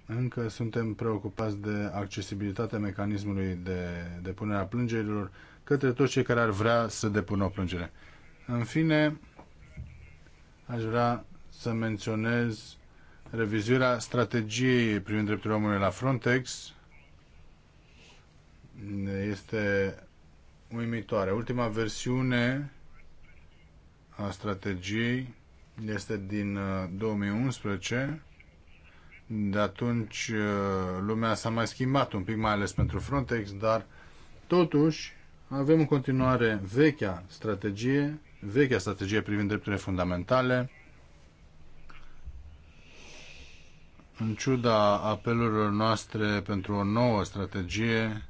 încă suntem preocupați de accesibilitatea mecanismului de depunere a plângerilor către toți cei care ar vrea să depună o plângere. În fine, aș vrea să menționez revizuirea strategiei privind drepturile omului la Frontex. Este uimitoare. Ultima versiune a strategiei este din 2011. Uh, De atunci uh, lumea s-a mai schimbat un pic, mai ales pentru Frontex, dar totuși avem în continuare vechea strategie, vechea strategie privind drepturile fundamentale, în ciuda apelurilor noastre pentru o nouă strategie,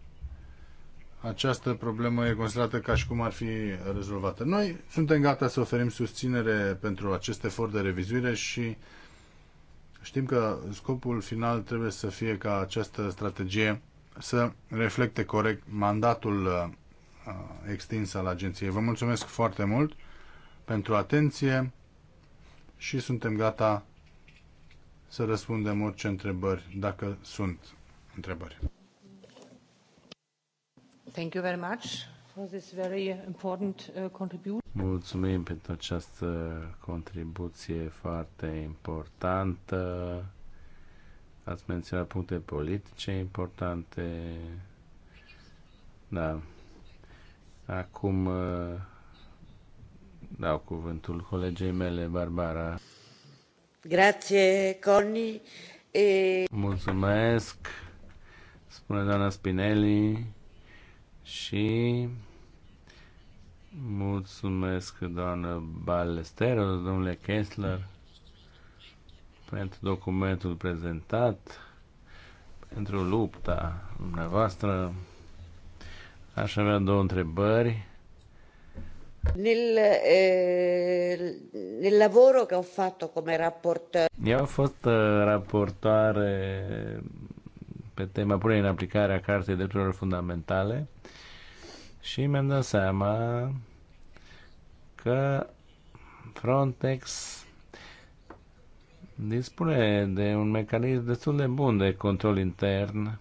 această problemă e considerată ca și cum ar fi rezolvată. Noi suntem gata să oferim susținere pentru acest efort de revizuire și știm că scopul final trebuie să fie ca această strategie să reflecte corect mandatul uh, uh, extins al agenției. Vă mulțumesc foarte mult pentru atenție și suntem gata să răspundem orice întrebări, dacă sunt întrebări. Thank you very much for this very important uh, contribution. Mulțumim pentru această contribuție foarte importantă. Ați menționat puncte politice importante. Da. Acum uh, dau cuvântul colegei mele, Barbara. Grazie, Connie. E... Mulțumesc, spune doamna Spinelli și mulțumesc doamnă Balesteros, domnule Kessler, pentru documentul prezentat, pentru lupta dumneavoastră. Aș avea două întrebări. Nel, eh, nel lavoro che ho fatto come rapporto. Io ho fost eh, rapportare pe tema punerii în aplicare a Cartei Drepturilor Fundamentale și mi-am dat seama că Frontex dispune de un mecanism destul de bun de control intern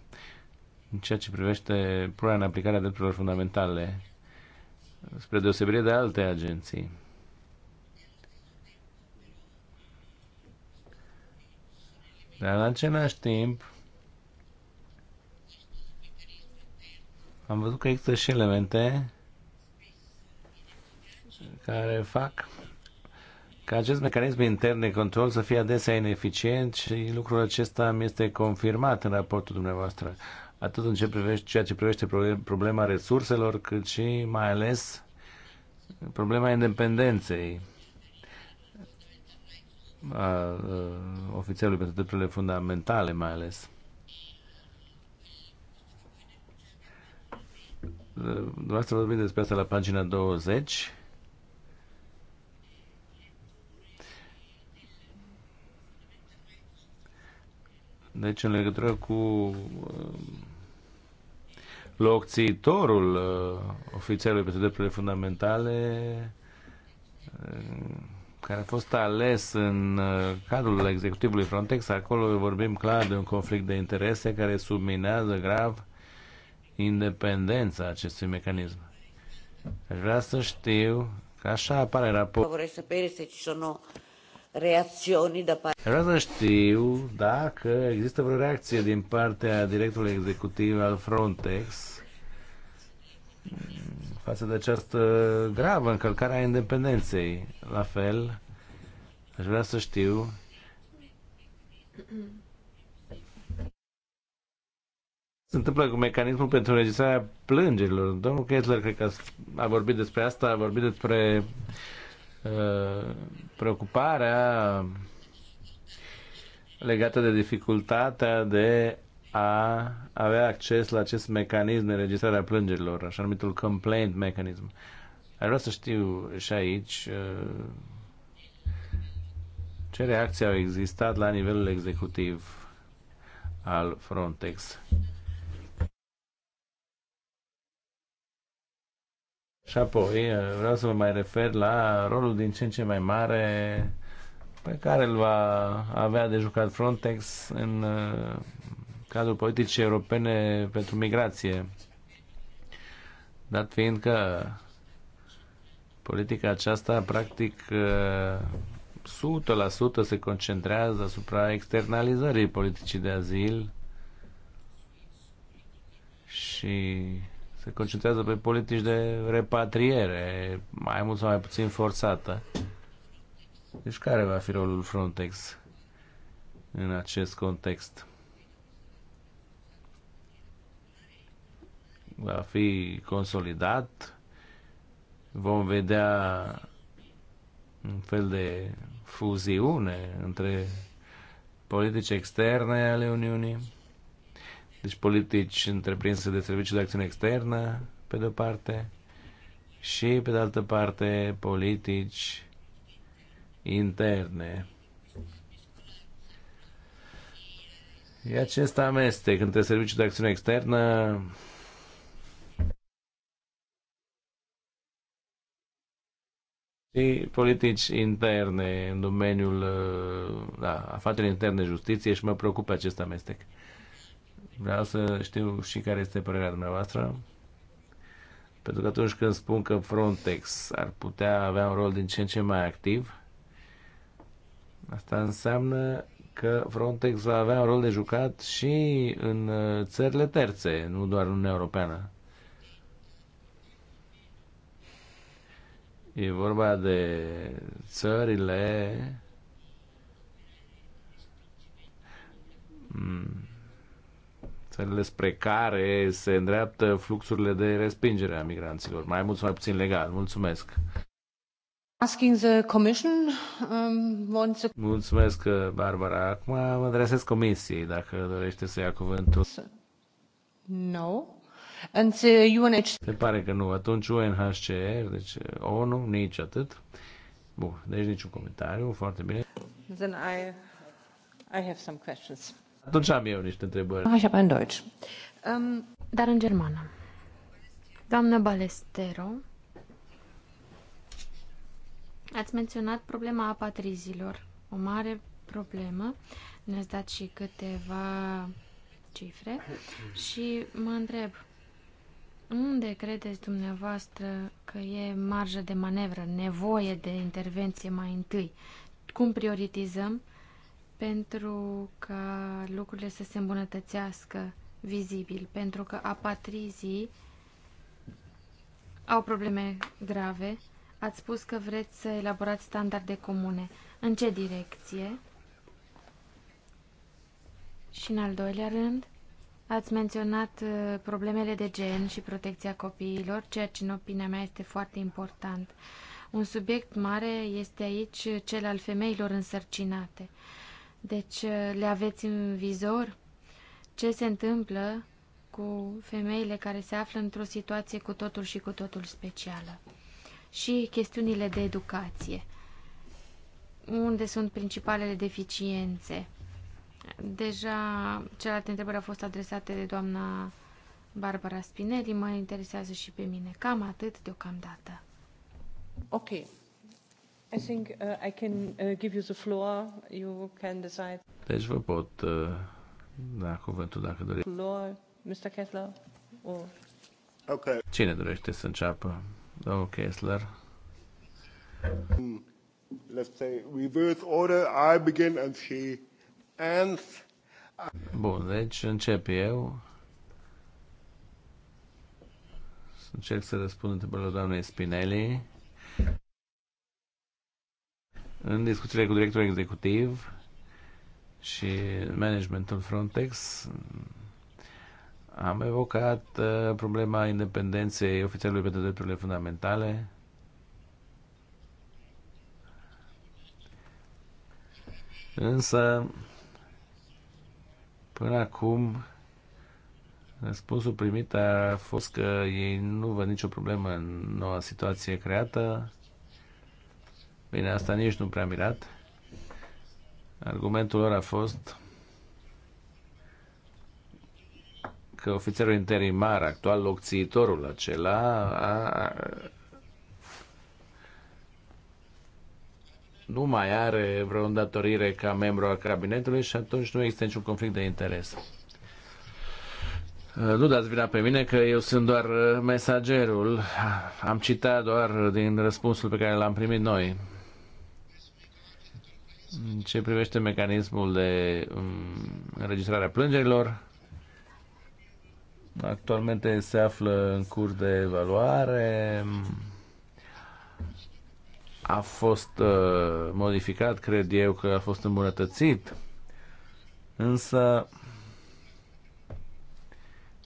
în ceea ce privește punerea în aplicare a drepturilor fundamentale, spre deosebire de alte agenții. Dar în același timp, am văzut că există și elemente care fac ca acest mecanism intern de control să fie adesea ineficient și lucrul acesta mi este confirmat în raportul dumneavoastră, atât în ce privește, ceea ce privește problema resurselor, cât și mai ales problema independenței a, a ofițerului pentru drepturile fundamentale mai ales. Dumneavoastră vorbim despre asta la pagina 20. Deci în legătură cu uh, locțitorul uh, ofițerului pentru drepturile fundamentale uh, care a fost ales în cadrul executivului Frontex, acolo vorbim clar de un conflict de interese care subminează grav independența acestui mecanism. Aș vrea să știu că așa apare raportul. Vreau să reacțiuni parte. Vreau să știu dacă există vreo reacție din partea directorului executiv al Frontex față de această gravă încălcare a independenței. La fel, aș vrea să știu se întâmplă cu mecanismul pentru înregistrarea plângerilor. Domnul Kessler, cred că a vorbit despre asta, a vorbit despre uh, preocuparea legată de dificultatea de a avea acces la acest mecanism de înregistrare a plângerilor, așa numitul complaint mechanism. Ar vrea să știu și aici uh, ce reacții au existat la nivelul executiv al Frontex Și apoi eh, vreau să vă mai refer la rolul din ce în ce mai mare pe care îl va avea de jucat Frontex în eh, cadrul politicii europene pentru migrație. Dat fiind că politica aceasta practic eh, 100% se concentrează asupra externalizării politicii de azil și se concentrează pe politici de repatriere, mai mult sau mai puțin forțată. Deci care va fi rolul Frontex în acest context? Va fi consolidat? Vom vedea un fel de fuziune între politici externe ale Uniunii deci politici întreprinse de serviciu de acțiune externă, pe de-o parte, și pe de altă parte politici interne. E acest amestec între serviciul de acțiune externă și politici interne în domeniul da, afaceri interne, justiție și mă preocupă acest amestec. Vreau să știu și care este părerea dumneavoastră. Pentru că atunci când spun că Frontex ar putea avea un rol din ce în ce mai activ, asta înseamnă că Frontex va avea un rol de jucat și în uh, țările terțe, nu doar în Uniunea Europeană. E vorba de țările mm, țările spre care se îndreaptă fluxurile de respingere a migranților, mai mult sau mai puțin legal. Mulțumesc! Asking the commission, um, wants to... Mulțumesc, Barbara. Acum mă adresez comisiei, dacă dorește să ia cuvântul. No. And the UNH... Se pare că nu. Atunci UNHCR, deci ONU, nici atât. Bun, deci niciun comentariu, foarte bine. Then I, I have some questions. Atunci am eu niște întrebări. Așa pe în Deutsch. Um, dar în germană. Doamnă Balestero, ați menționat problema apatrizilor, o mare problemă. Ne-ați dat și câteva cifre și mă întreb, unde credeți dumneavoastră că e marjă de manevră, nevoie de intervenție mai întâi? Cum prioritizăm? pentru ca lucrurile să se îmbunătățească vizibil, pentru că apatrizii au probleme grave. Ați spus că vreți să elaborați standarde comune. În ce direcție? Și în al doilea rând, ați menționat uh, problemele de gen și protecția copiilor, ceea ce în opinia mea este foarte important. Un subiect mare este aici cel al femeilor însărcinate. Deci uh, le aveți în vizor ce se întâmplă cu femeile care se află într-o situație cu totul și cu totul specială. Și chestiunile de educație. Unde sunt principalele deficiențe? Deja celelalte întrebări au fost adresate de doamna Barbara Spinelli, mă interesează și pe mine. Cam atât deocamdată. Ok. I think uh, I can uh, give you the floor. You can decide. Deci vă pot uh, da cuvântul dacă doriți. Floor, Mr. Kessler, or... Okay. Cine dorește să înceapă? Domnul Kessler. Mm, let's say reverse order. I begin and she ends. Bun, deci încep eu. Să încerc să răspund întrebările doamnei Spinelli. În discuțiile cu directorul executiv și managementul Frontex am evocat uh, problema independenței oficialului pentru drepturile fundamentale, Însă, până acum, răspunsul primit a fost că ei nu văd nicio problemă în noua situație creată Bine, asta nici nu prea mirat. Argumentul lor a fost că ofițerul interimar actual, locțiitorul acela, a, nu mai are vreo îndatorire ca membru al cabinetului și atunci nu există niciun conflict de interes. Nu dați vina pe mine că eu sunt doar mesagerul. Am citat doar din răspunsul pe care l-am primit noi ce privește mecanismul de mm, înregistrare a plângerilor, actualmente se află în curs de evaluare. A fost uh, modificat, cred eu că a fost îmbunătățit, însă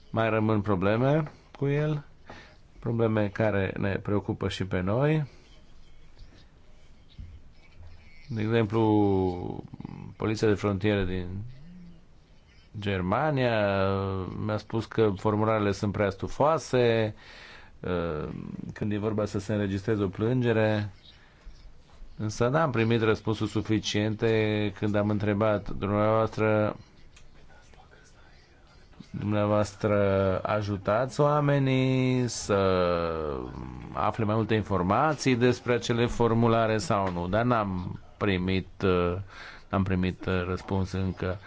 mai rămân probleme cu el, probleme care ne preocupă și pe noi. De exemplu, Poliția de Frontieră din Germania mi-a spus că formularele sunt prea stufoase, uh, când e vorba să se înregistreze o plângere, însă n-am primit răspunsul suficiente când am întrebat dumneavoastră dumneavoastră ajutați oamenii să afle mai multe informații despre acele formulare sau nu, dar n-am primit, n-am uh, primit uh, răspuns încă.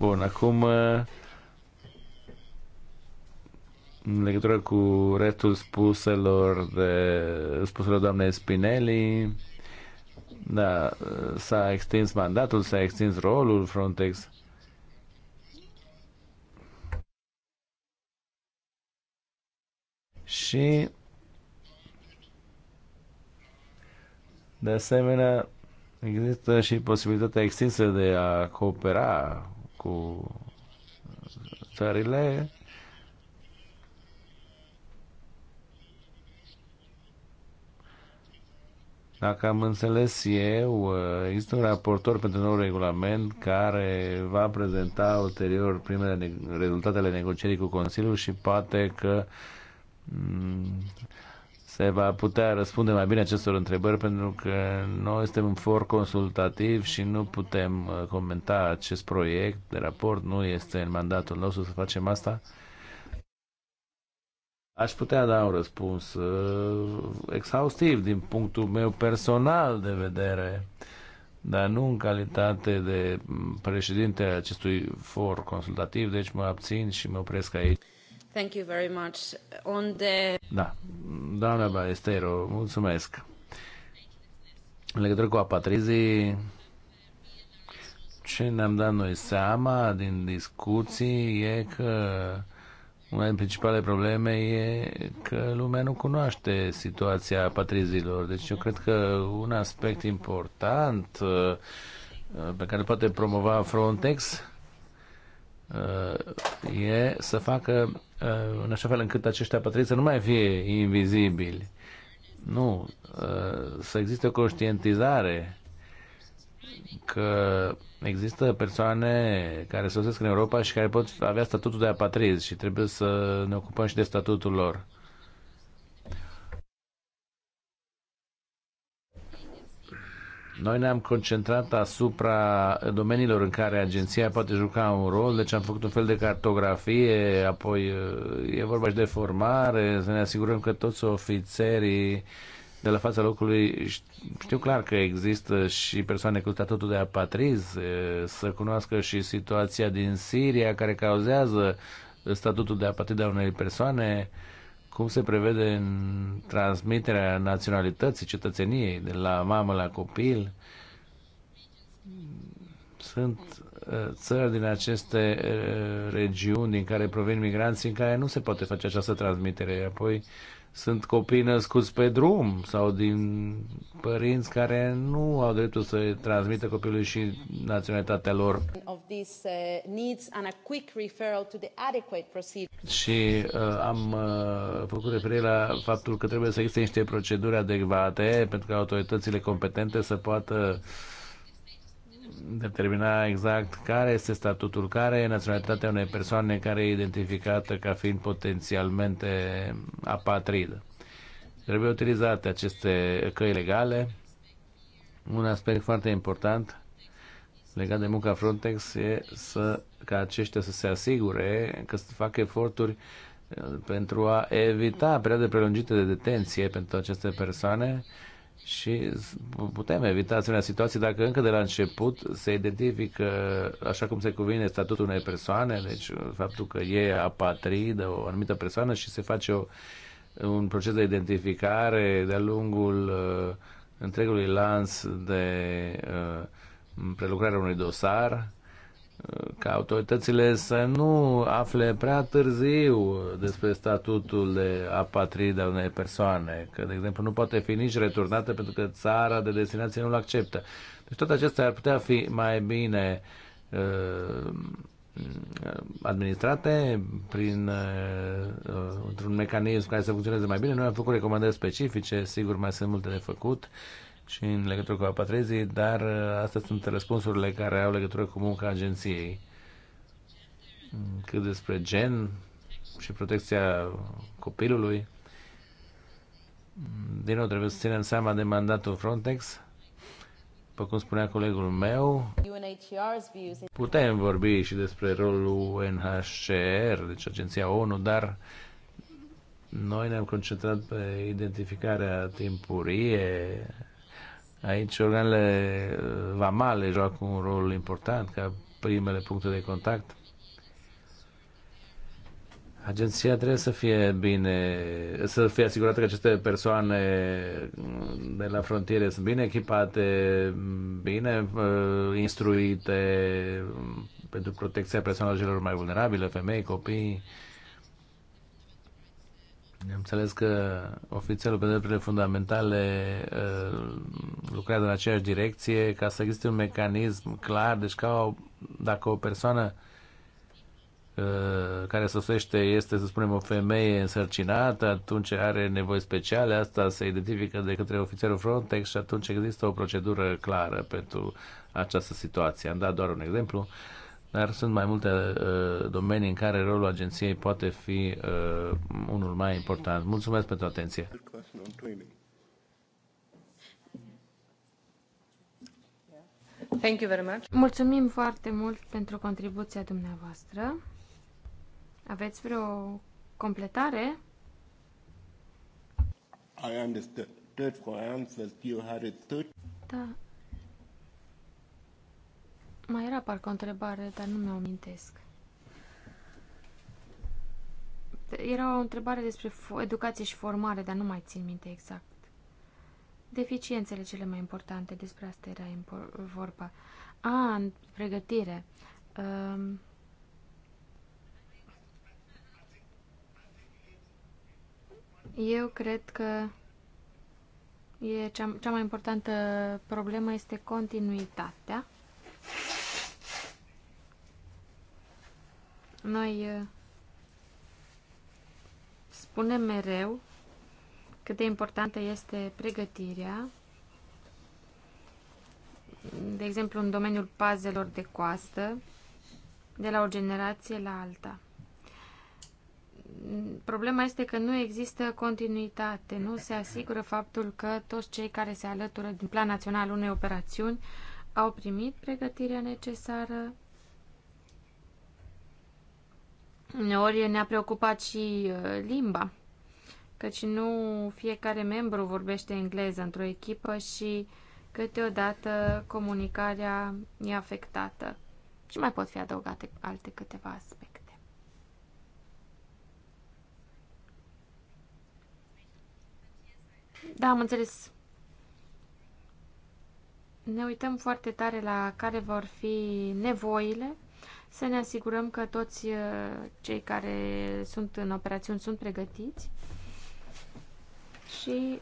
Bun, acum uh, în legătură cu restul spuselor de spuselor doamnei Spinelli, da, s-a extins mandatul, s-a extins rolul Frontex. și de asemenea există și posibilitatea extinsă de a coopera cu țările Dacă am înțeles eu, există un raportor pentru nou regulament care va prezenta ulterior primele rezultatele negocierii cu Consiliul și poate că uh, Mm. se va putea răspunde mai bine acestor întrebări pentru că noi suntem un for consultativ și nu putem uh, comenta acest proiect de raport, nu este în mandatul nostru să facem asta. Aș putea da un răspuns uh, exhaustiv din punctul meu personal de vedere, dar nu în calitate de mm, președinte acestui for consultativ, deci mă abțin și mă opresc aici. Thank you very much. On the... Da, doamna Balestero, mulțumesc. În legătură cu apatrizii, ce ne-am dat noi seama din discuții e că una din principalele probleme e că lumea nu cunoaște situația patrizilor. Deci eu cred că un aspect important uh, pe care poate promova Frontex uh, e să facă Uh, în așa fel încât aceștia pătriți să nu mai fie invizibili. Nu, uh, să existe o conștientizare că există persoane care se în Europa și care pot avea statutul de apatriz și trebuie să ne ocupăm și de statutul lor. Noi ne-am concentrat asupra domeniilor în care agenția poate juca un rol, deci am făcut un fel de cartografie, apoi e vorba și de formare, să ne asigurăm că toți ofițerii de la fața locului știu clar că există și persoane cu statutul de apatriz, să cunoască și situația din Siria care cauzează statutul de apatriz a unei persoane, cum se prevede în transmiterea naționalității, cetățeniei, de la mamă la copil. Sunt uh, țări din aceste uh, regiuni din care provin migranții în care nu se poate face această transmitere. Apoi sunt copii născuți pe drum sau din părinți care nu au dreptul să transmită copilului și naționalitatea lor. Uh, și uh, am uh, făcut referire la faptul că trebuie să existe niște proceduri adecvate pentru ca autoritățile competente să poată uh, determina exact care este statutul, care e naționalitatea unei persoane care e identificată ca fiind potențialmente apatridă. Trebuie utilizate aceste căi legale. Un aspect foarte important legat de munca Frontex e să, ca aceștia să se asigure că să facă eforturi uh, pentru a evita perioade prelungite de detenție pentru aceste persoane și putem evita asemenea situații dacă încă de la început se identifică, așa cum se cuvine, statutul unei persoane, deci uh, faptul că e apatridă o anumită persoană și se face o, un proces de identificare de-a lungul uh, întregului lans de uh, prelucrare unui dosar ca autoritățile să nu afle prea târziu despre statutul de apatrid a unei persoane, că, de exemplu, nu poate fi nici returnată pentru că țara de destinație nu-l acceptă. Deci toate acestea ar putea fi mai bine uh, administrate prin uh, uh un mecanism care să funcționeze mai bine. Noi am făcut recomandări specifice, sigur mai sunt multe de făcut. Uh, și în legătură cu apatrezii, dar uh, astea sunt răspunsurile care au legătură cu munca agenției. Cât despre gen și protecția copilului, din nou trebuie să ținem seama de mandatul Frontex, după cum spunea colegul meu, putem vorbi și despre rolul UNHCR, deci Agenția ONU, dar noi ne-am concentrat pe identificarea timpurie Aici organele uh, vamale joacă un rol important ca primele puncte de contact. Agenția trebuie să fie bine, să fie asigurată că aceste persoane mm, de la frontiere sunt bine echipate, mm, bine uh, instruite mm, pentru protecția persoanelor mai vulnerabile, femei, copii am înțeles că ofițerul pe drepturile fundamentale uh, lucrează în aceeași direcție ca să existe un mecanism clar, deci ca o, dacă o persoană uh, care sosește este, să spunem, o femeie însărcinată, atunci are nevoi speciale, asta se identifică de către ofițerul Frontex și atunci există o procedură clară pentru această situație. Am dat doar un exemplu. Uh, dar sunt mai multe uh, domenii în care rolul agenției poate fi uh, unul mai important. Mulțumesc pentru atenție. Thank you very much. Mulțumim foarte mult pentru contribuția dumneavoastră. Aveți vreo completare? I understood for answers you had it. Da, mai era parcă o întrebare, dar nu mi-o amintesc. Era o întrebare despre educație și formare, dar nu mai țin minte exact. Deficiențele cele mai importante, despre asta era vorba. A, în pregătire. Um... Eu cred că e cea, cea mai importantă problemă este continuitatea Noi uh, spunem mereu cât de importantă este pregătirea, de exemplu în domeniul pazelor de coastă, de la o generație la alta. Problema este că nu există continuitate, nu se asigură faptul că toți cei care se alătură din plan național unei operațiuni au primit pregătirea necesară Uneori ne-a preocupat și uh, limba, căci nu fiecare membru vorbește engleză într-o echipă și câteodată comunicarea e afectată. Și mai pot fi adăugate alte câteva aspecte. Da, am înțeles. Ne uităm foarte tare la care vor fi nevoile să ne asigurăm că toți uh, cei care sunt în operațiuni sunt pregătiți și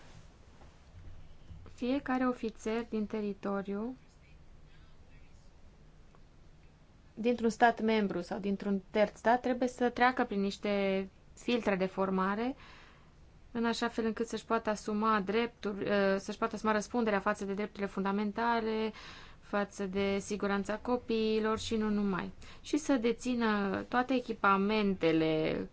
fiecare ofițer din teritoriu dintr-un stat membru sau dintr-un terț stat trebuie să treacă prin niște filtre de formare în așa fel încât să-și poată asuma drepturi, uh, să-și poată asuma răspunderea față de drepturile fundamentale, față de siguranța copiilor și nu numai. Și să dețină toate echipamentele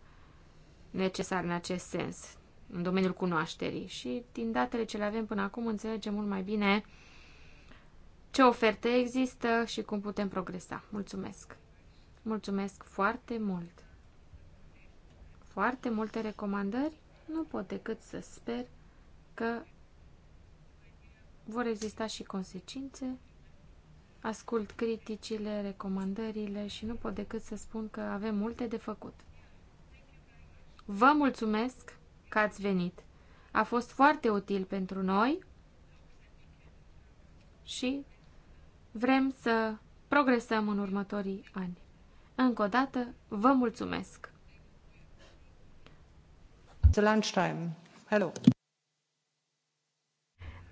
necesare în acest sens, în domeniul cunoașterii. Și din datele ce le avem până acum înțelegem mult mai bine ce oferte există și cum putem progresa. Mulțumesc! Mulțumesc foarte mult! Foarte multe recomandări? Nu pot decât să sper că vor exista și consecințe ascult criticile, recomandările și nu pot decât să spun că avem multe de făcut. Vă mulțumesc că ați venit. A fost foarte util pentru noi și vrem să progresăm în următorii ani. Încă o dată, vă mulțumesc! It's lunchtime. Hello!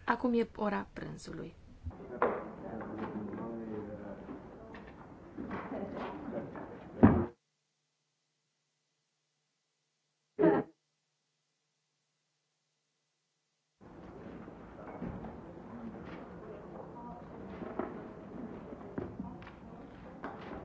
Acum e ora prânzului.